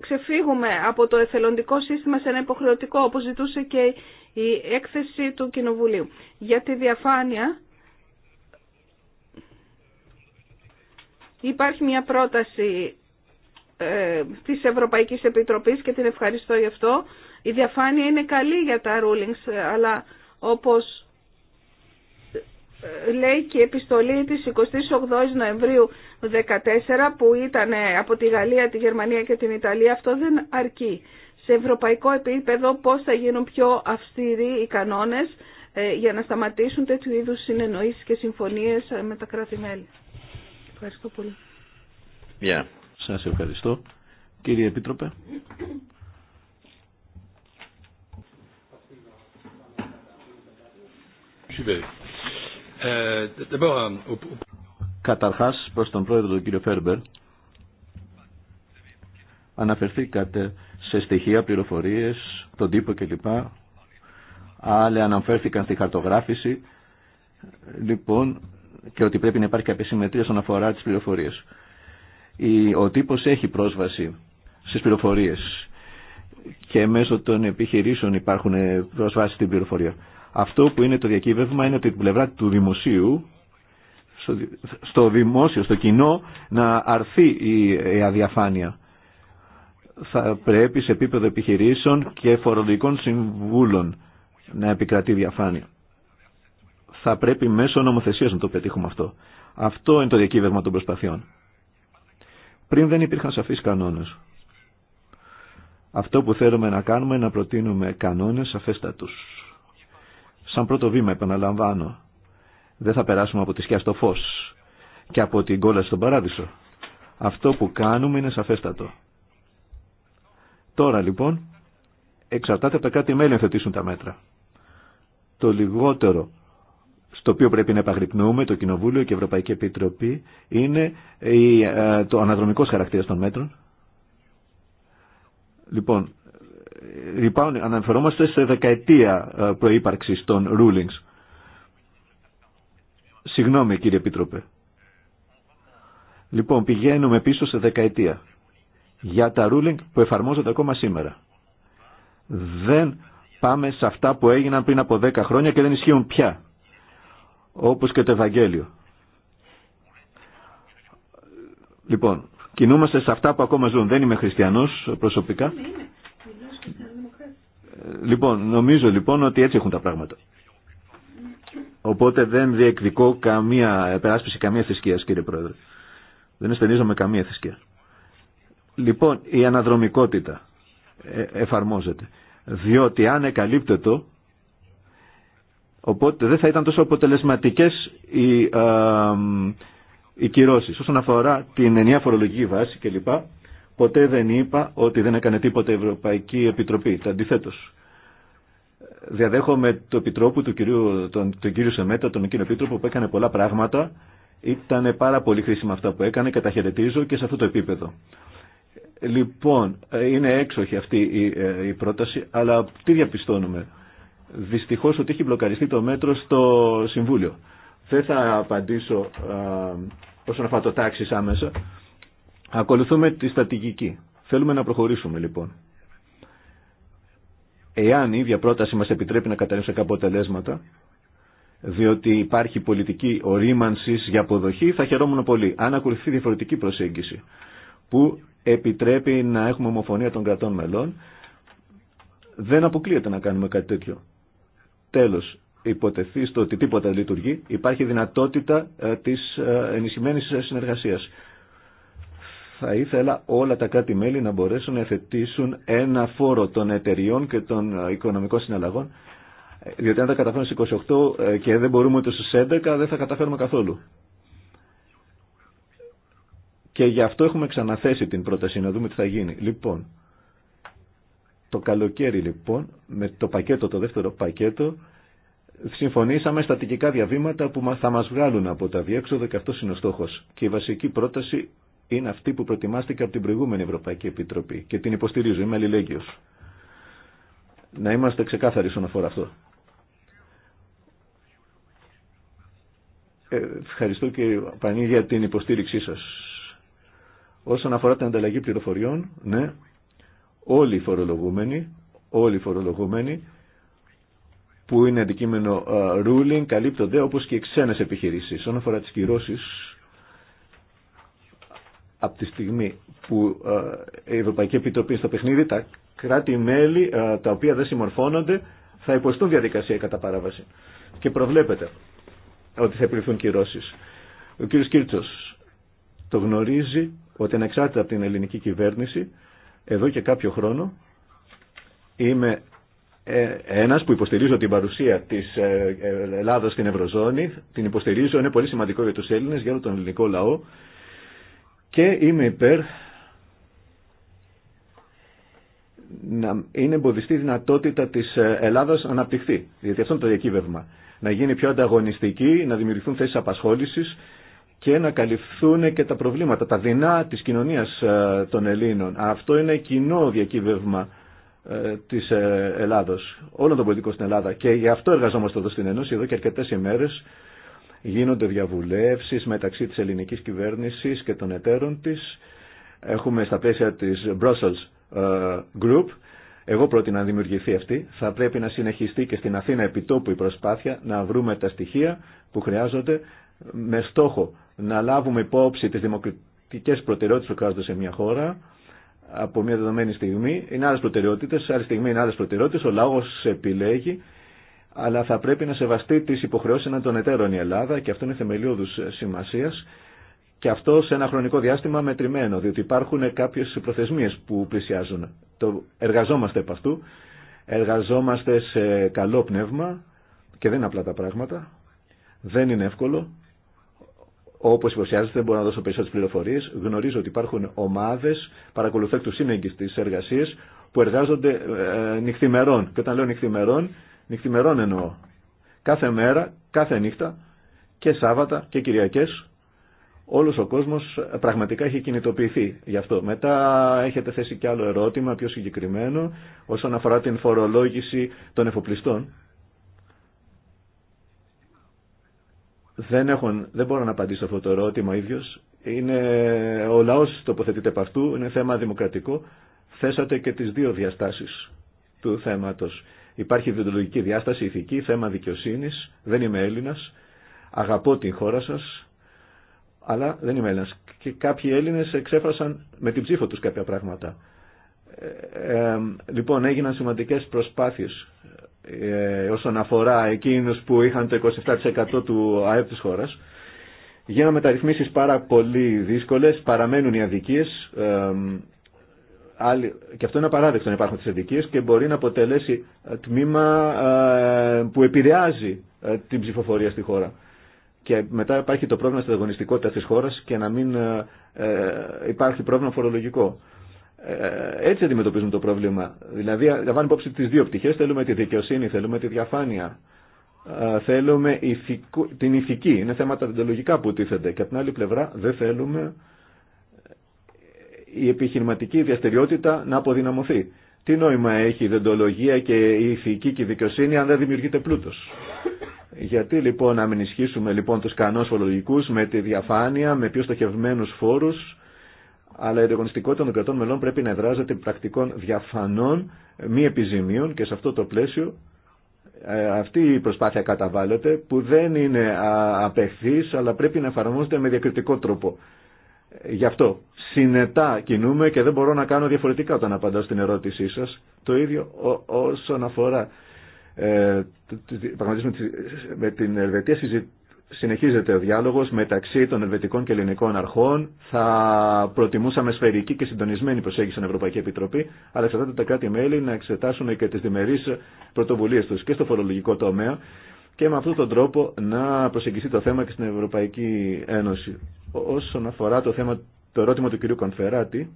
Speaker 2: ξεφύγουμε από το εθελοντικό σύστημα σε ένα υποχρεωτικό, όπως ζητούσε και η έκθεση του Κοινοβουλίου. Για τη διαφάνεια υπάρχει μια πρόταση ε, της Ευρωπαϊκής Επιτροπής και την ευχαριστώ γι' αυτό. Η διαφάνεια είναι καλή για τα rulings, ε, αλλά όπως λέει και η επιστολή της 28 Νοεμβρίου 2014 που ήταν από τη Γαλλία, τη Γερμανία και την Ιταλία, αυτό δεν αρκεί. Σε ευρωπαϊκό επίπεδο πώς θα γίνουν πιο αυστηροί οι κανόνες ε, για να σταματήσουν τέτοιου είδους συνεννοήσεις και συμφωνίες ε, με τα κράτη-μέλη. Ευχαριστώ πολύ.
Speaker 1: Γεια. Σας ευχαριστώ. Κύριε Επίτροπε. Ευχαριστώ. Ε, euh, Καταρχάς προς τον πρόεδρο τον κύριο Φέρμπερ αναφερθήκατε σε στοιχεία, πληροφορίες, τον τύπο κλπ. Άλλοι αναφέρθηκαν στη χαρτογράφηση λοιπόν και ότι πρέπει να υπάρχει κάποια συμμετρία στον αφορά τις πληροφορίες. Ο τύπος έχει πρόσβαση στις πληροφορίες και μέσω των επιχειρήσεων υπάρχουν ε, πρόσβαση στην πληροφορία. Αυτό που είναι το διακύβευμα είναι ότι την πλευρά του δημοσίου, στο δημόσιο, στο κοινό, να αρθεί η αδιαφάνεια. Θα πρέπει σε επίπεδο επιχειρήσεων και φορολογικών συμβούλων να επικρατεί διαφάνεια. Θα πρέπει μέσω νομοθεσίας να το πετύχουμε αυτό. Αυτό είναι το διακύβευμα των προσπαθειών. Πριν δεν υπήρχαν σαφείς κανόνες. Αυτό που θέλουμε να κάνουμε είναι να προτείνουμε κανόνες σαφέστατους σαν πρώτο βήμα επαναλαμβάνω. Δεν θα περάσουμε από τη σκιά στο φως και από την κόλαση στον παράδεισο. Αυτό που κάνουμε είναι σαφέστατο. Τώρα λοιπόν εξαρτάται από τα κάτι μέλη να θετήσουν τα μέτρα. Το λιγότερο στο οποίο πρέπει να επαγρυπνούμε το Κοινοβούλιο και η Ευρωπαϊκή Επιτροπή είναι ε, το αναδρομικός χαρακτήρας των μέτρων. Λοιπόν, λοιπόν, αναφερόμαστε σε δεκαετία ε, προύπαρξη των rulings. Συγγνώμη κύριε Επίτροπε. Λοιπόν, πηγαίνουμε πίσω σε δεκαετία για τα ruling που εφαρμόζονται ακόμα σήμερα. Δεν πάμε σε αυτά που έγιναν πριν από δέκα χρόνια και δεν ισχύουν πια. Όπως και το Ευαγγέλιο. Λοιπόν, κινούμαστε σε αυτά που ακόμα ζουν. Δεν είμαι χριστιανός προσωπικά. Ναι, Λοιπόν, νομίζω λοιπόν ότι έτσι έχουν τα πράγματα. Οπότε δεν διεκδικώ καμία επεράσπιση, καμία θρησκεία, κύριε Πρόεδρε. Δεν με καμία θρησκεία. Λοιπόν, η αναδρομικότητα ε, εφαρμόζεται. Διότι αν εκαλύπτετο, οπότε δεν θα ήταν τόσο αποτελεσματικές οι, κυρώσει. οι κυρώσεις. Όσον αφορά την ενιαία φορολογική βάση κλπ, Ποτέ δεν είπα ότι δεν έκανε τίποτα η Ευρωπαϊκή Επιτροπή. Αντιθέτω. Διαδέχομαι το επιτρόπου του κυρίου, τον, τον κύριο Σεμέτα, τον κύριο Επίτροπο που έκανε πολλά πράγματα. Ήταν πάρα πολύ χρήσιμα αυτά που έκανε και τα χαιρετίζω και σε αυτό το επίπεδο. Λοιπόν, είναι έξοχη αυτή η, ε, πρόταση, αλλά τι διαπιστώνουμε. Δυστυχώ ότι έχει μπλοκαριστεί το μέτρο στο Συμβούλιο. Δεν θα απαντήσω όσον αφορά το τάξη άμεσα. Ακολουθούμε τη στρατηγική. Θέλουμε να προχωρήσουμε λοιπόν. Εάν η ίδια πρόταση μας επιτρέπει να καταλήξουμε κάποια αποτελέσματα, διότι υπάρχει πολιτική ορίμανση για αποδοχή, θα χαιρόμουν πολύ. Αν ακολουθεί διαφορετική προσέγγιση, που επιτρέπει να έχουμε ομοφωνία των κρατών μελών, δεν αποκλείεται να κάνουμε κάτι τέτοιο. Τέλος, υποτεθεί στο ότι τίποτα λειτουργεί, υπάρχει δυνατότητα ε, της ε, ενισχυμένης συνεργασίας θα ήθελα όλα τα κράτη-μέλη να μπορέσουν να εθετήσουν ένα φόρο των εταιριών και των ε, οικονομικών συναλλαγών, ε, διότι αν τα καταφέρουμε στις 28 ε, και δεν μπορούμε ούτε στους 11, δεν θα καταφέρουμε καθόλου. Και γι' αυτό έχουμε ξαναθέσει την πρόταση, να δούμε τι θα γίνει. Λοιπόν, το καλοκαίρι λοιπόν, με το πακέτο, το δεύτερο πακέτο, συμφωνήσαμε στατικικά διαβήματα που θα μας βγάλουν από τα διέξοδο και αυτός είναι ο στόχος. Και η βασική πρόταση είναι αυτή που προτιμάστηκε από την προηγούμενη Ευρωπαϊκή Επιτροπή και την υποστηρίζω, είμαι αλληλέγγυος. Να είμαστε ξεκάθαροι στον αφορά αυτό. Ε, ευχαριστώ και Πανή για την υποστήριξή σας. Όσον αφορά την ανταλλαγή πληροφοριών, ναι, όλοι οι φορολογούμενοι, όλοι οι φορολογούμενοι που είναι αντικείμενο ε, ruling καλύπτονται όπως και οι ξένες επιχειρήσεις. Όσον αφορά τις κυρώσεις, από τη στιγμή που ε, η Ευρωπαϊκή Επιτροπή στο παιχνίδι, τα κράτη-μέλη ε, τα οποία δεν συμμορφώνονται θα υποστούν διαδικασία κατά παράβαση. Και προβλέπεται ότι θα επιβληθούν κυρώσεις. Ο κύριος Κίρτσος το γνωρίζει ότι ανεξάρτητα από την ελληνική κυβέρνηση, εδώ και κάποιο χρόνο είμαι ε, ένας που υποστηρίζω την παρουσία της Ελλάδας στην Ευρωζώνη, την υποστηρίζω, είναι πολύ σημαντικό για τους Έλληνες, για τον ελληνικό λαό και είμαι υπέρ να είναι εμποδιστή η δυνατότητα της Ελλάδας να αναπτυχθεί. Γιατί αυτό είναι το διακύβευμα. Να γίνει πιο ανταγωνιστική, να δημιουργηθούν θέσεις απασχόλησης και να καλυφθούν και τα προβλήματα, τα δεινά της κοινωνίας ε, των Ελλήνων. Αυτό είναι κοινό διακύβευμα ε, της ε, Ελλάδος, όλων των πολιτικών στην Ελλάδα. Και γι' αυτό εργαζόμαστε εδώ στην Ενώση εδώ και αρκετές ημέρες Γίνονται διαβουλεύσεις μεταξύ της ελληνικής κυβέρνησης και των εταίρων της. Έχουμε στα πλαίσια της Brussels ε, Group. Εγώ πρότεινα να δημιουργηθεί αυτή. Θα πρέπει να συνεχιστεί και στην Αθήνα επιτόπου η προσπάθεια να βρούμε τα στοιχεία που χρειάζονται με στόχο να λάβουμε υπόψη τις δημοκρατικές προτεραιότητες που χρειάζονται σε μια χώρα από μια δεδομένη στιγμή. Είναι άλλες προτεραιότητες, άλλη στιγμή είναι άλλες προτεραιότητες. Ο λαός επιλέγει αλλά θα πρέπει να σεβαστεί τι υποχρεώσει έναν των εταίρων η Ελλάδα και αυτό είναι θεμελιώδου σημασία. και αυτό σε ένα χρονικό διάστημα μετρημένο, διότι υπάρχουν κάποιε προθεσμίε που πλησιάζουν. Το εργαζόμαστε επ' αυτού, εργαζόμαστε σε καλό πνεύμα και δεν είναι απλά τα πράγματα, δεν είναι εύκολο. Όπω υποσχέζεται δεν μπορώ να δώσω περισσότερε πληροφορίε. Γνωρίζω ότι υπάρχουν ομάδε, παρακολουθώ εκ του σύνεγγυ τη εργασία, που εργάζονται ε, ε, νυχθημερών. Και όταν λέω νυχθημερών, Νυχτημερών εννοώ, κάθε μέρα, κάθε νύχτα και Σάββατα και Κυριακές, όλος ο κόσμος ε, πραγματικά έχει κινητοποιηθεί γι' αυτό. Μετά έχετε θέσει κι άλλο ερώτημα πιο συγκεκριμένο όσον αφορά την φορολόγηση των εφοπλιστών. Δεν, έχουν, δεν μπορώ να απαντήσω αυτό το ερώτημα ίδιος. Είναι, ο λαός τοποθετείται από αυτού, είναι θέμα δημοκρατικό. Θέσατε και τις δύο διαστάσεις του θέματος. Υπάρχει βιολογική διάσταση, ηθική, θέμα δικαιοσύνη. Δεν είμαι Έλληνας. Αγαπώ την χώρα σας. Αλλά δεν είμαι Έλληνας. Και κάποιοι Έλληνες εξέφρασαν με την ψήφο τους κάποια πράγματα. Ε, ε λοιπόν, έγιναν σημαντικές προσπάθειες ε, όσον αφορά εκείνους που είχαν το 27% του ΑΕΠ της χώρας. Γίνανε μεταρρυθμίσεις πάρα πολύ δύσκολε, παραμένουν οι αδικίες, ε, και αυτό είναι απαράδεκτο να υπάρχουν τις ειδικίες και μπορεί να αποτελέσει ε, τμήμα ε, που επηρεάζει ε, την ψηφοφορία στη χώρα. Και μετά υπάρχει το πρόβλημα στην αγωνιστικότητα της χώρας και να μην υπάρχει πρόβλημα φορολογικό. έτσι αντιμετωπίζουμε το πρόβλημα. Δηλαδή, λαμβάνει υπόψη τις δύο πτυχές. Θέλουμε τη δικαιοσύνη, θέλουμε τη διαφάνεια. θέλουμε ηθικο, την ηθική. Είναι θέματα διντολογικά που τίθενται. Και από την άλλη πλευρά δεν θέλουμε η επιχειρηματική διαστηριότητα να αποδυναμωθεί. Τι νόημα έχει η δεντολογία και η ηθική και η δικαιοσύνη αν δεν δημιουργείται πλούτος. Γιατί λοιπόν να μην ισχύσουμε λοιπόν τους κανόνες με τη διαφάνεια, με πιο στοχευμένους φόρους, αλλά η ανταγωνιστικότητα των κρατών μελών πρέπει να εδράζεται πρακτικών διαφανών, μη επιζημίων και σε αυτό το πλαίσιο ε, αυτή η προσπάθεια καταβάλλεται που δεν είναι απεχθής αλλά πρέπει να εφαρμόζεται με διακριτικό τρόπο. Γι' αυτό συνετά κινούμε και δεν μπορώ να κάνω διαφορετικά όταν απαντάω στην ερώτησή σας. Το ίδιο ό, όσον αφορά ε, με την Ελβετία συνεχίζεται ο διάλογος μεταξύ των ελβετικών και ελληνικών αρχών. Θα προτιμούσαμε σφαιρική και συντονισμένη προσέγγιση στην Ευρωπαϊκή Επιτροπή, αλλά εξαρτάται τα κράτη-μέλη να εξετάσουν και τις διμερείς πρωτοβουλίες τους και στο φορολογικό τομέα και με αυτόν τον τρόπο να προσεγγιστεί το θέμα και στην Ευρωπαϊκή Ένωση. Όσον αφορά το, θέμα, το ερώτημα του κυρίου Κονφεράτη,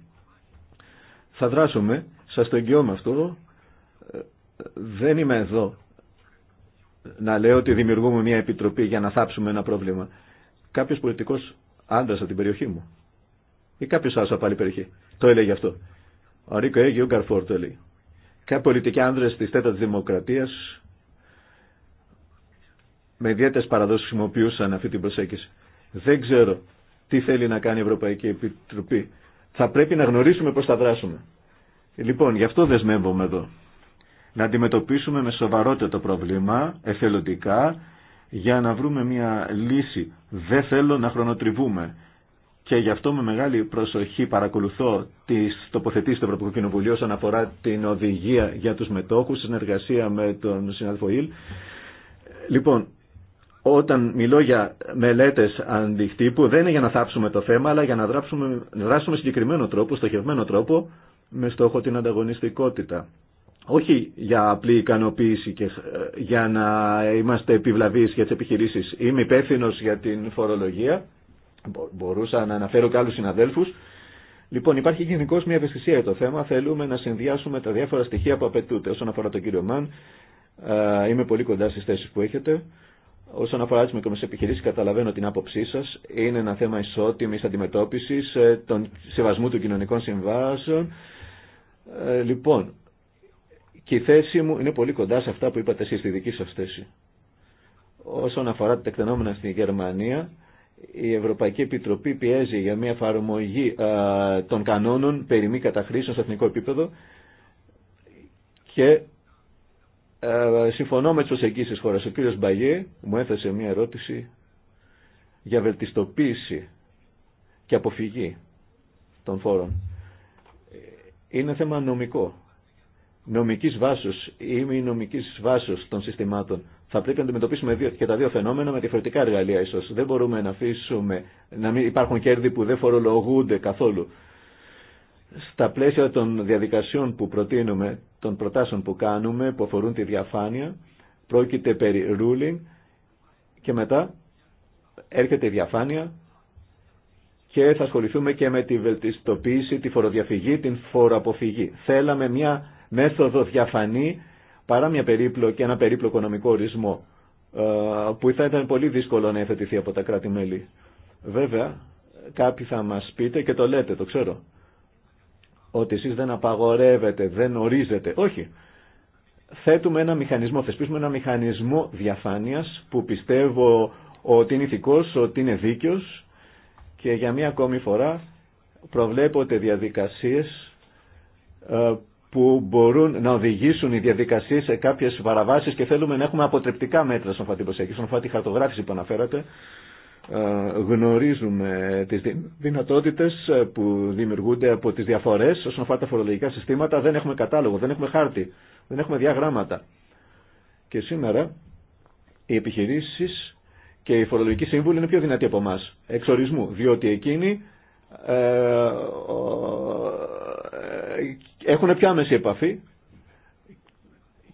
Speaker 1: θα δράσουμε, σα το εγγυώμαι αυτό, ε, δεν είμαι εδώ να λέω ότι δημιουργούμε μια επιτροπή για να θάψουμε ένα πρόβλημα. Κάποιο πολιτικός άντρα από την περιοχή μου ή κάποιο άλλο από άλλη περιοχή το έλεγε αυτό. Ο Ρίκο Έγιο Γκαρφόρ το έλεγε. Κάποιοι πολιτικοί άντρε της δημοκρατίας με ιδιαίτερε παραδόσει χρησιμοποιούσαν αυτή την προσέγγιση. Δεν ξέρω τι θέλει να κάνει η Ευρωπαϊκή Επιτροπή. Θα πρέπει να γνωρίσουμε πώ θα δράσουμε. Λοιπόν, γι' αυτό δεσμεύομαι εδώ. Να αντιμετωπίσουμε με σοβαρότητα το πρόβλημα, εθελοντικά, για να βρούμε μια λύση. Δεν θέλω να χρονοτριβούμε. Και γι' αυτό με μεγάλη προσοχή παρακολουθώ τι τοποθετήσει του Ευρωπαϊκού Κοινοβουλίου όσον αφορά την οδηγία για του μετόχου, συνεργασία με τον συνάδελφο Ιλ. Λοιπόν, όταν μιλώ για μελέτες αντιχτύπου δεν είναι για να θάψουμε το θέμα αλλά για να δράσουμε συγκεκριμένο τρόπο, στοχευμένο τρόπο με στόχο την ανταγωνιστικότητα. Όχι για απλή ικανοποίηση και ε, για να είμαστε επιβλαβείς για τις επιχειρήσεις. Είμαι υπεύθυνο για την φορολογία. Μπορούσα να αναφέρω και άλλους συναδέλφους. Λοιπόν, υπάρχει γενικώ μια ευαισθησία για το θέμα. Θέλουμε να συνδυάσουμε τα διάφορα στοιχεία που απαιτούνται. Όσον αφορά τον κύριο Μαν, ε, είμαι πολύ κοντά στις θέσεις που έχετε. Όσον αφορά τι μικρομεσαίε επιχειρήσει, καταλαβαίνω την άποψή σα. Είναι ένα θέμα ισότιμη αντιμετώπιση, ε, των σεβασμού των κοινωνικών συμβάσεων. Ε, λοιπόν, και η θέση μου είναι πολύ κοντά σε αυτά που είπατε εσεί στη δική σα θέση. Όσον αφορά τα τεκτενόμενα στην Γερμανία, η Ευρωπαϊκή Επιτροπή πιέζει για μια εφαρμογή ε, των κανόνων περί μη καταχρήσεων στο εθνικό επίπεδο και ε, συμφωνώ με τι προσεγγίσεις χώρας. Ο κύριος Μπαγιέ μου έθεσε μια ερώτηση για βελτιστοποίηση και αποφυγή των φόρων. Είναι θέμα νομικό. Νομικής βάσης ή μη νομικής βάσης των συστημάτων. Θα πρέπει να αντιμετωπίσουμε και τα δύο φαινόμενα με διαφορετικά εργαλεία ίσως. Δεν μπορούμε να αφήσουμε να μην υπάρχουν κέρδη που δεν φορολογούνται καθόλου στα πλαίσια των διαδικασιών που προτείνουμε, των προτάσεων που κάνουμε, που αφορούν τη διαφάνεια, πρόκειται περί ruling και μετά έρχεται η διαφάνεια και θα ασχοληθούμε και με τη βελτιστοποίηση, τη φοροδιαφυγή, την φοροαποφυγή. Θέλαμε μια μέθοδο διαφανή παρά μια και ένα περίπλοκο νομικό ορισμό ε, που θα ήταν πολύ δύσκολο να εφετηθεί από τα κράτη-μέλη. Βέβαια, κάποιοι θα μας πείτε και το λέτε, το ξέρω ότι εσείς δεν απαγορεύετε, δεν ορίζετε. Όχι. Θέτουμε ένα μηχανισμό, θεσπίσουμε ένα μηχανισμό διαφάνειας που πιστεύω ότι είναι ηθικός, ότι είναι δίκαιος και για μία ακόμη φορά προβλέπονται διαδικασίες ε, που μπορούν να οδηγήσουν οι διαδικασίες σε κάποιες παραβάσεις και θέλουμε να έχουμε αποτρεπτικά μέτρα στον φάτη προσέγγιση, στον φάτη χαρτογράφηση που αναφέρατε, ε, γνωρίζουμε τις δυνατότητες ε, που δημιουργούνται από τις διαφορές όσον αφορά τα φορολογικά συστήματα δεν έχουμε κατάλογο, δεν έχουμε χάρτη, δεν έχουμε διαγράμματα και σήμερα οι επιχειρήσεις και οι φορολογικοί σύμβουλοι είναι πιο δυνατοί από εμά, εξορισμού, διότι εκείνοι ε, ε, έχουν πιο άμεση επαφή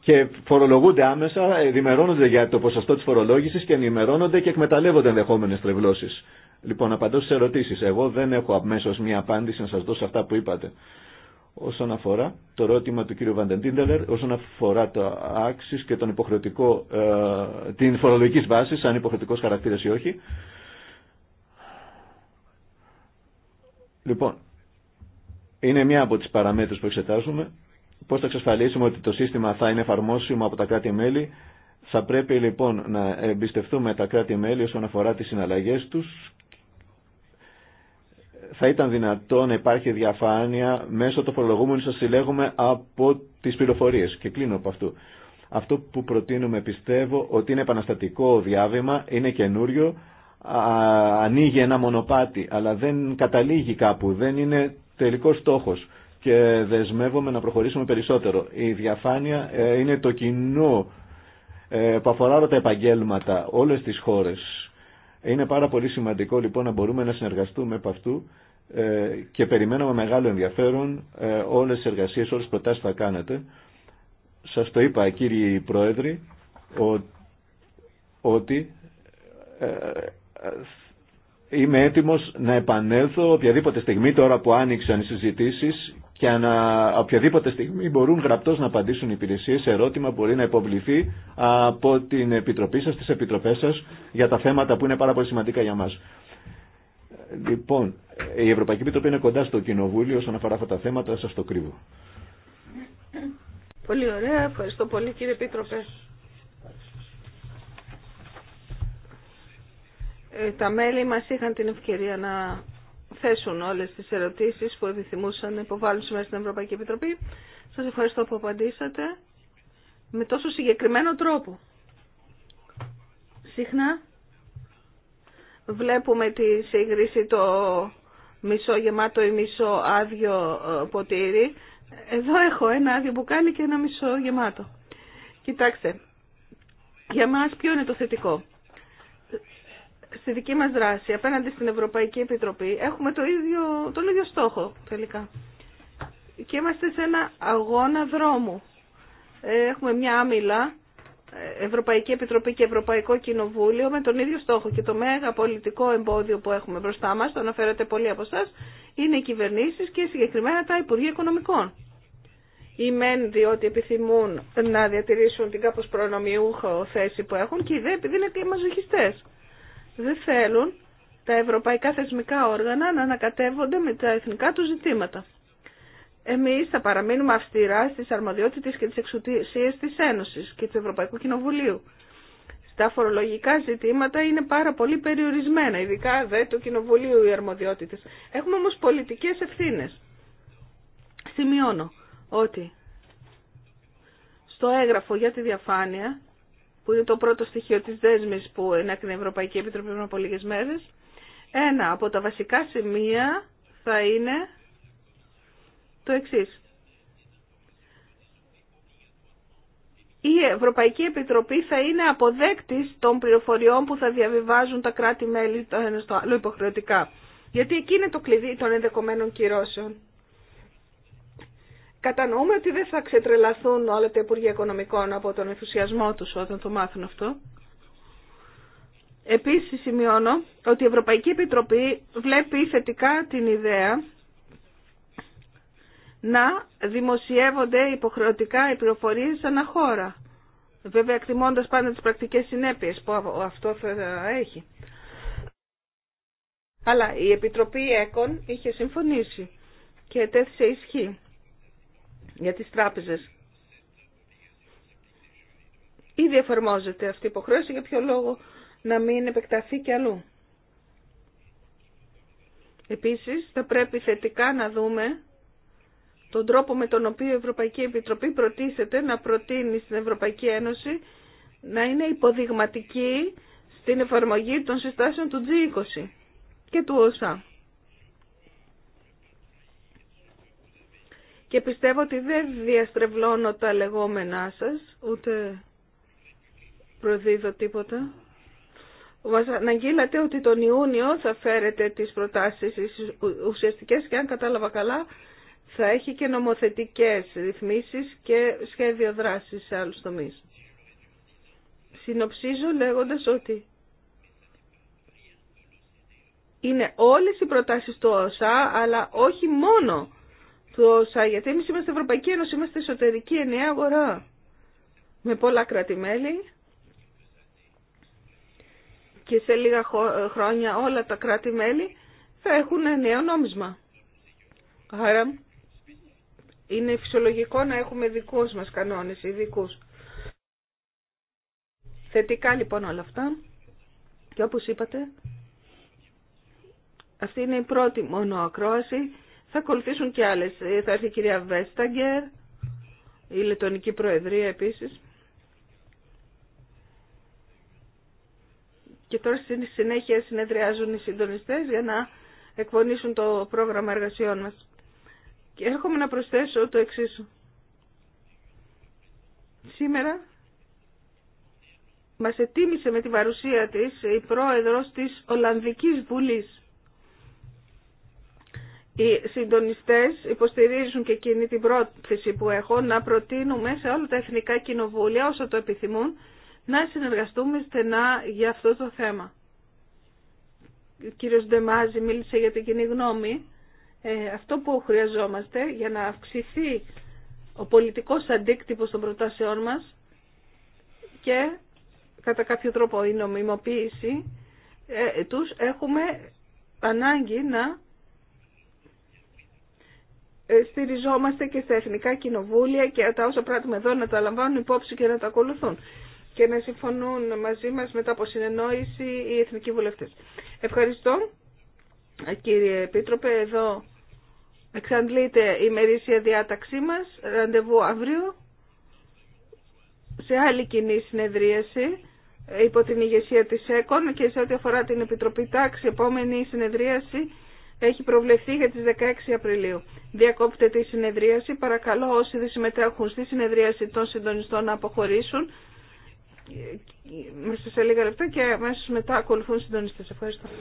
Speaker 1: και φορολογούνται άμεσα, ενημερώνονται για το ποσοστό τη φορολόγηση και ενημερώνονται και εκμεταλλεύονται ενδεχόμενε τρευλώσει. Λοιπόν, απαντώ στι ερωτήσει Εγώ δεν έχω αμέσω μία απάντηση να σα δώσω αυτά που είπατε. Όσον αφορά το ερώτημα του κ. Βαντεντίντελερ, όσον αφορά το αξί και τον ε, την φορολογική βάση, αν υποχρεωτικό χαρακτήρα ή όχι. Λοιπόν, είναι μία από τι παραμέτρου που εξετάζουμε Πώς θα εξασφαλίσουμε ότι το σύστημα θα είναι εφαρμόσιμο από τα κράτη-μέλη. Θα πρέπει λοιπόν να εμπιστευτούμε τα κράτη-μέλη όσον αφορά τις συναλλαγές τους. Θα ήταν δυνατό να υπάρχει διαφάνεια μέσω των φορολογούμενων σας συλλέγουμε από τις πληροφορίες. Και κλείνω από αυτού. Αυτό που προτείνουμε πιστεύω ότι είναι επαναστατικό διάβημα, είναι καινούριο, ανοίγει ένα μονοπάτι, αλλά δεν καταλήγει κάπου, δεν είναι τελικός στόχος και δεσμεύομαι να προχωρήσουμε περισσότερο. Η διαφάνεια ε, είναι το κοινό ε, που αφορά όλα τα επαγγέλματα, όλες τις χώρες. Είναι πάρα πολύ σημαντικό λοιπόν να μπορούμε να συνεργαστούμε από αυτού ε, και περιμένω με μεγάλο ενδιαφέρον όλες τις εργασίες, όλες τις προτάσεις θα κάνετε. Σας το είπα κύριοι Πρόεδροι ότι είμαι έτοιμος να επανέλθω οποιαδήποτε στιγμή τώρα που άνοιξαν οι συζητήσεις και ανα οποιαδήποτε στιγμή μπορούν γραπτώς να απαντήσουν οι υπηρεσίες ερώτημα που μπορεί να υποβληθεί από την Επιτροπή σας, τις Επιτροπές σας για τα θέματα που είναι πάρα πολύ σημαντικά για μας. Λοιπόν, η Ευρωπαϊκή Επιτροπή είναι κοντά στο Κοινοβούλιο όσον αφορά αυτά τα θέματα, σας το κρύβω.
Speaker 2: Πολύ ωραία, ευχαριστώ πολύ κύριε Επίτροπε. Ε, τα μέλη μας είχαν την ευκαιρία να θέσουν όλες τις ερωτήσεις που επιθυμούσαν να υποβάλουν σήμερα στην Ευρωπαϊκή Επιτροπή. Σας ευχαριστώ που απαντήσατε με τόσο συγκεκριμένο τρόπο. Συχνά βλέπουμε τη σύγκριση το μισό γεμάτο ή μισό άδειο ε, ποτήρι. Εδώ έχω ένα άδειο μπουκάλι και ένα μισό γεμάτο. Κοιτάξτε, για μας ποιο είναι το θετικό στη δική μας δράση απέναντι στην Ευρωπαϊκή Επιτροπή έχουμε το ίδιο, τον ίδιο στόχο τελικά. Και είμαστε σε ένα αγώνα δρόμου. Ε, έχουμε μια άμυλα, ε, Ευρωπαϊκή Επιτροπή και Ευρωπαϊκό Κοινοβούλιο με τον ίδιο στόχο και το μέγα πολιτικό εμπόδιο που έχουμε μπροστά μας, το αναφέρατε πολλοί από εσά, είναι οι κυβερνήσεις και συγκεκριμένα τα Υπουργεία Οικονομικών. Οι μεν διότι επιθυμούν να διατηρήσουν την κάπως προνομιούχο θέση που έχουν και οι δε επειδή είναι κλιμαζοχιστές δεν θέλουν τα ευρωπαϊκά θεσμικά όργανα να ανακατεύονται με τα εθνικά του ζητήματα. Εμείς θα παραμείνουμε αυστηρά στις αρμοδιότητες και τις εξουσίες της Ένωσης και του Ευρωπαϊκού Κοινοβουλίου. Στα φορολογικά ζητήματα είναι πάρα πολύ περιορισμένα, ειδικά δε του Κοινοβουλίου οι αρμοδιότητες. Έχουμε όμως πολιτικές ευθύνες. Σημειώνω ότι στο έγγραφο για τη διαφάνεια που είναι το πρώτο στοιχείο της δέσμης που ενέκρινε η Ευρωπαϊκή Επιτροπή πριν από λίγες μέρες, ένα από τα βασικά σημεία θα είναι το εξής. Η Ευρωπαϊκή Επιτροπή θα είναι αποδέκτης των πληροφοριών που θα διαβιβάζουν τα κράτη-μέλη το ένα στο άλλο υποχρεωτικά. Γιατί εκεί είναι το κλειδί των ενδεχομένων κυρώσεων. Κατανοούμε ότι δεν θα ξετρελαθούν όλα τα Υπουργεία Οικονομικών από τον ενθουσιασμό τους όταν το μάθουν αυτό. Επίσης σημειώνω ότι η Ευρωπαϊκή Επιτροπή βλέπει θετικά την ιδέα να δημοσιεύονται υποχρεωτικά οι πληροφορίες ανά χώρα. Βέβαια εκτιμώντας πάντα τις πρακτικές συνέπειες που αυτό θα έχει. Αλλά η Επιτροπή ΕΚΟΝ είχε συμφωνήσει και τέθησε ισχύ για τις τράπεζες. Ήδη εφαρμόζεται αυτή η υποχρέωση, για ποιο λόγο να μην επεκταθεί και αλλού. Επίσης, θα πρέπει θετικά να δούμε τον τρόπο με τον οποίο η Ευρωπαϊκή Επιτροπή προτίθεται να προτείνει στην Ευρωπαϊκή Ένωση να είναι υποδειγματική στην εφαρμογή των συστάσεων του G20 και του όσα. και πιστεύω ότι δεν διαστρεβλώνω τα λεγόμενά σας, ούτε προδίδω τίποτα. Μας αναγγείλατε ότι τον Ιούνιο θα φέρετε τις προτάσεις ουσιαστικές και αν κατάλαβα καλά θα έχει και νομοθετικές ρυθμίσεις και σχέδιο δράσης σε άλλους τομείς. Συνοψίζω λέγοντας ότι είναι όλες οι προτάσεις του ΩΣΑ αλλά όχι μόνο του ΩΣΑ, γιατί εμείς είμαστε Ευρωπαϊκή Ένωση, είμαστε εσωτερική ενιαία αγορά με πολλά κράτη-μέλη και σε λίγα χρόνια όλα τα κράτη-μέλη θα έχουν νέο νόμισμα. Άρα είναι φυσιολογικό να έχουμε δικούς μας κανόνες, ειδικού. Θετικά λοιπόν όλα αυτά και όπως είπατε αυτή είναι η πρώτη μόνο ακρόαση θα ακολουθήσουν και άλλες. Ε, θα έρθει η κυρία Βέσταγκερ, η Λετωνική Προεδρία επίσης. Και τώρα στη συνέχεια συνεδριάζουν οι συντονιστέ για να εκπονήσουν το πρόγραμμα εργασιών μας. Και έρχομαι να προσθέσω το εξίσου. Σήμερα μας ετοίμησε με την παρουσία της η πρόεδρος της Ολλανδικής Βουλής οι συντονιστές υποστηρίζουν και εκείνη την πρόθεση που έχω να προτείνουμε σε όλα τα εθνικά κοινοβούλια όσο το επιθυμούν να συνεργαστούμε στενά για αυτό το θέμα. Ο κύριος Ντεμάζη μίλησε για την κοινή γνώμη. Ε, αυτό που χρειαζόμαστε για να αυξηθεί ο πολιτικός αντίκτυπος των προτάσεών μας και κατά κάποιο τρόπο η νομιμοποίηση ε, τους έχουμε ανάγκη να ε, στηριζόμαστε και στα εθνικά κοινοβούλια και τα όσα πράττουμε εδώ να τα λαμβάνουν υπόψη και να τα ακολουθούν και να συμφωνούν μαζί μας μετά από συνεννόηση οι εθνικοί βουλευτές. Ευχαριστώ. Κύριε Επίτροπε, εδώ εξαντλείται η μερίσια διάταξή μας. Ραντεβού αύριο σε άλλη κοινή συνεδρίαση υπό την ηγεσία της ΕΚΟΝ και σε ό,τι αφορά την Επιτροπή Τάξη, επόμενη συνεδρίαση έχει προβλεφθεί για τις 16 Απριλίου. Διακόπτεται η συνεδρίαση. Παρακαλώ όσοι δεν συμμετέχουν στη συνεδρίαση των συντονιστών να αποχωρήσουν. Μέσα σε λίγα λεπτά και αμέσω μετά ακολουθούν συντονιστές. Ευχαριστώ.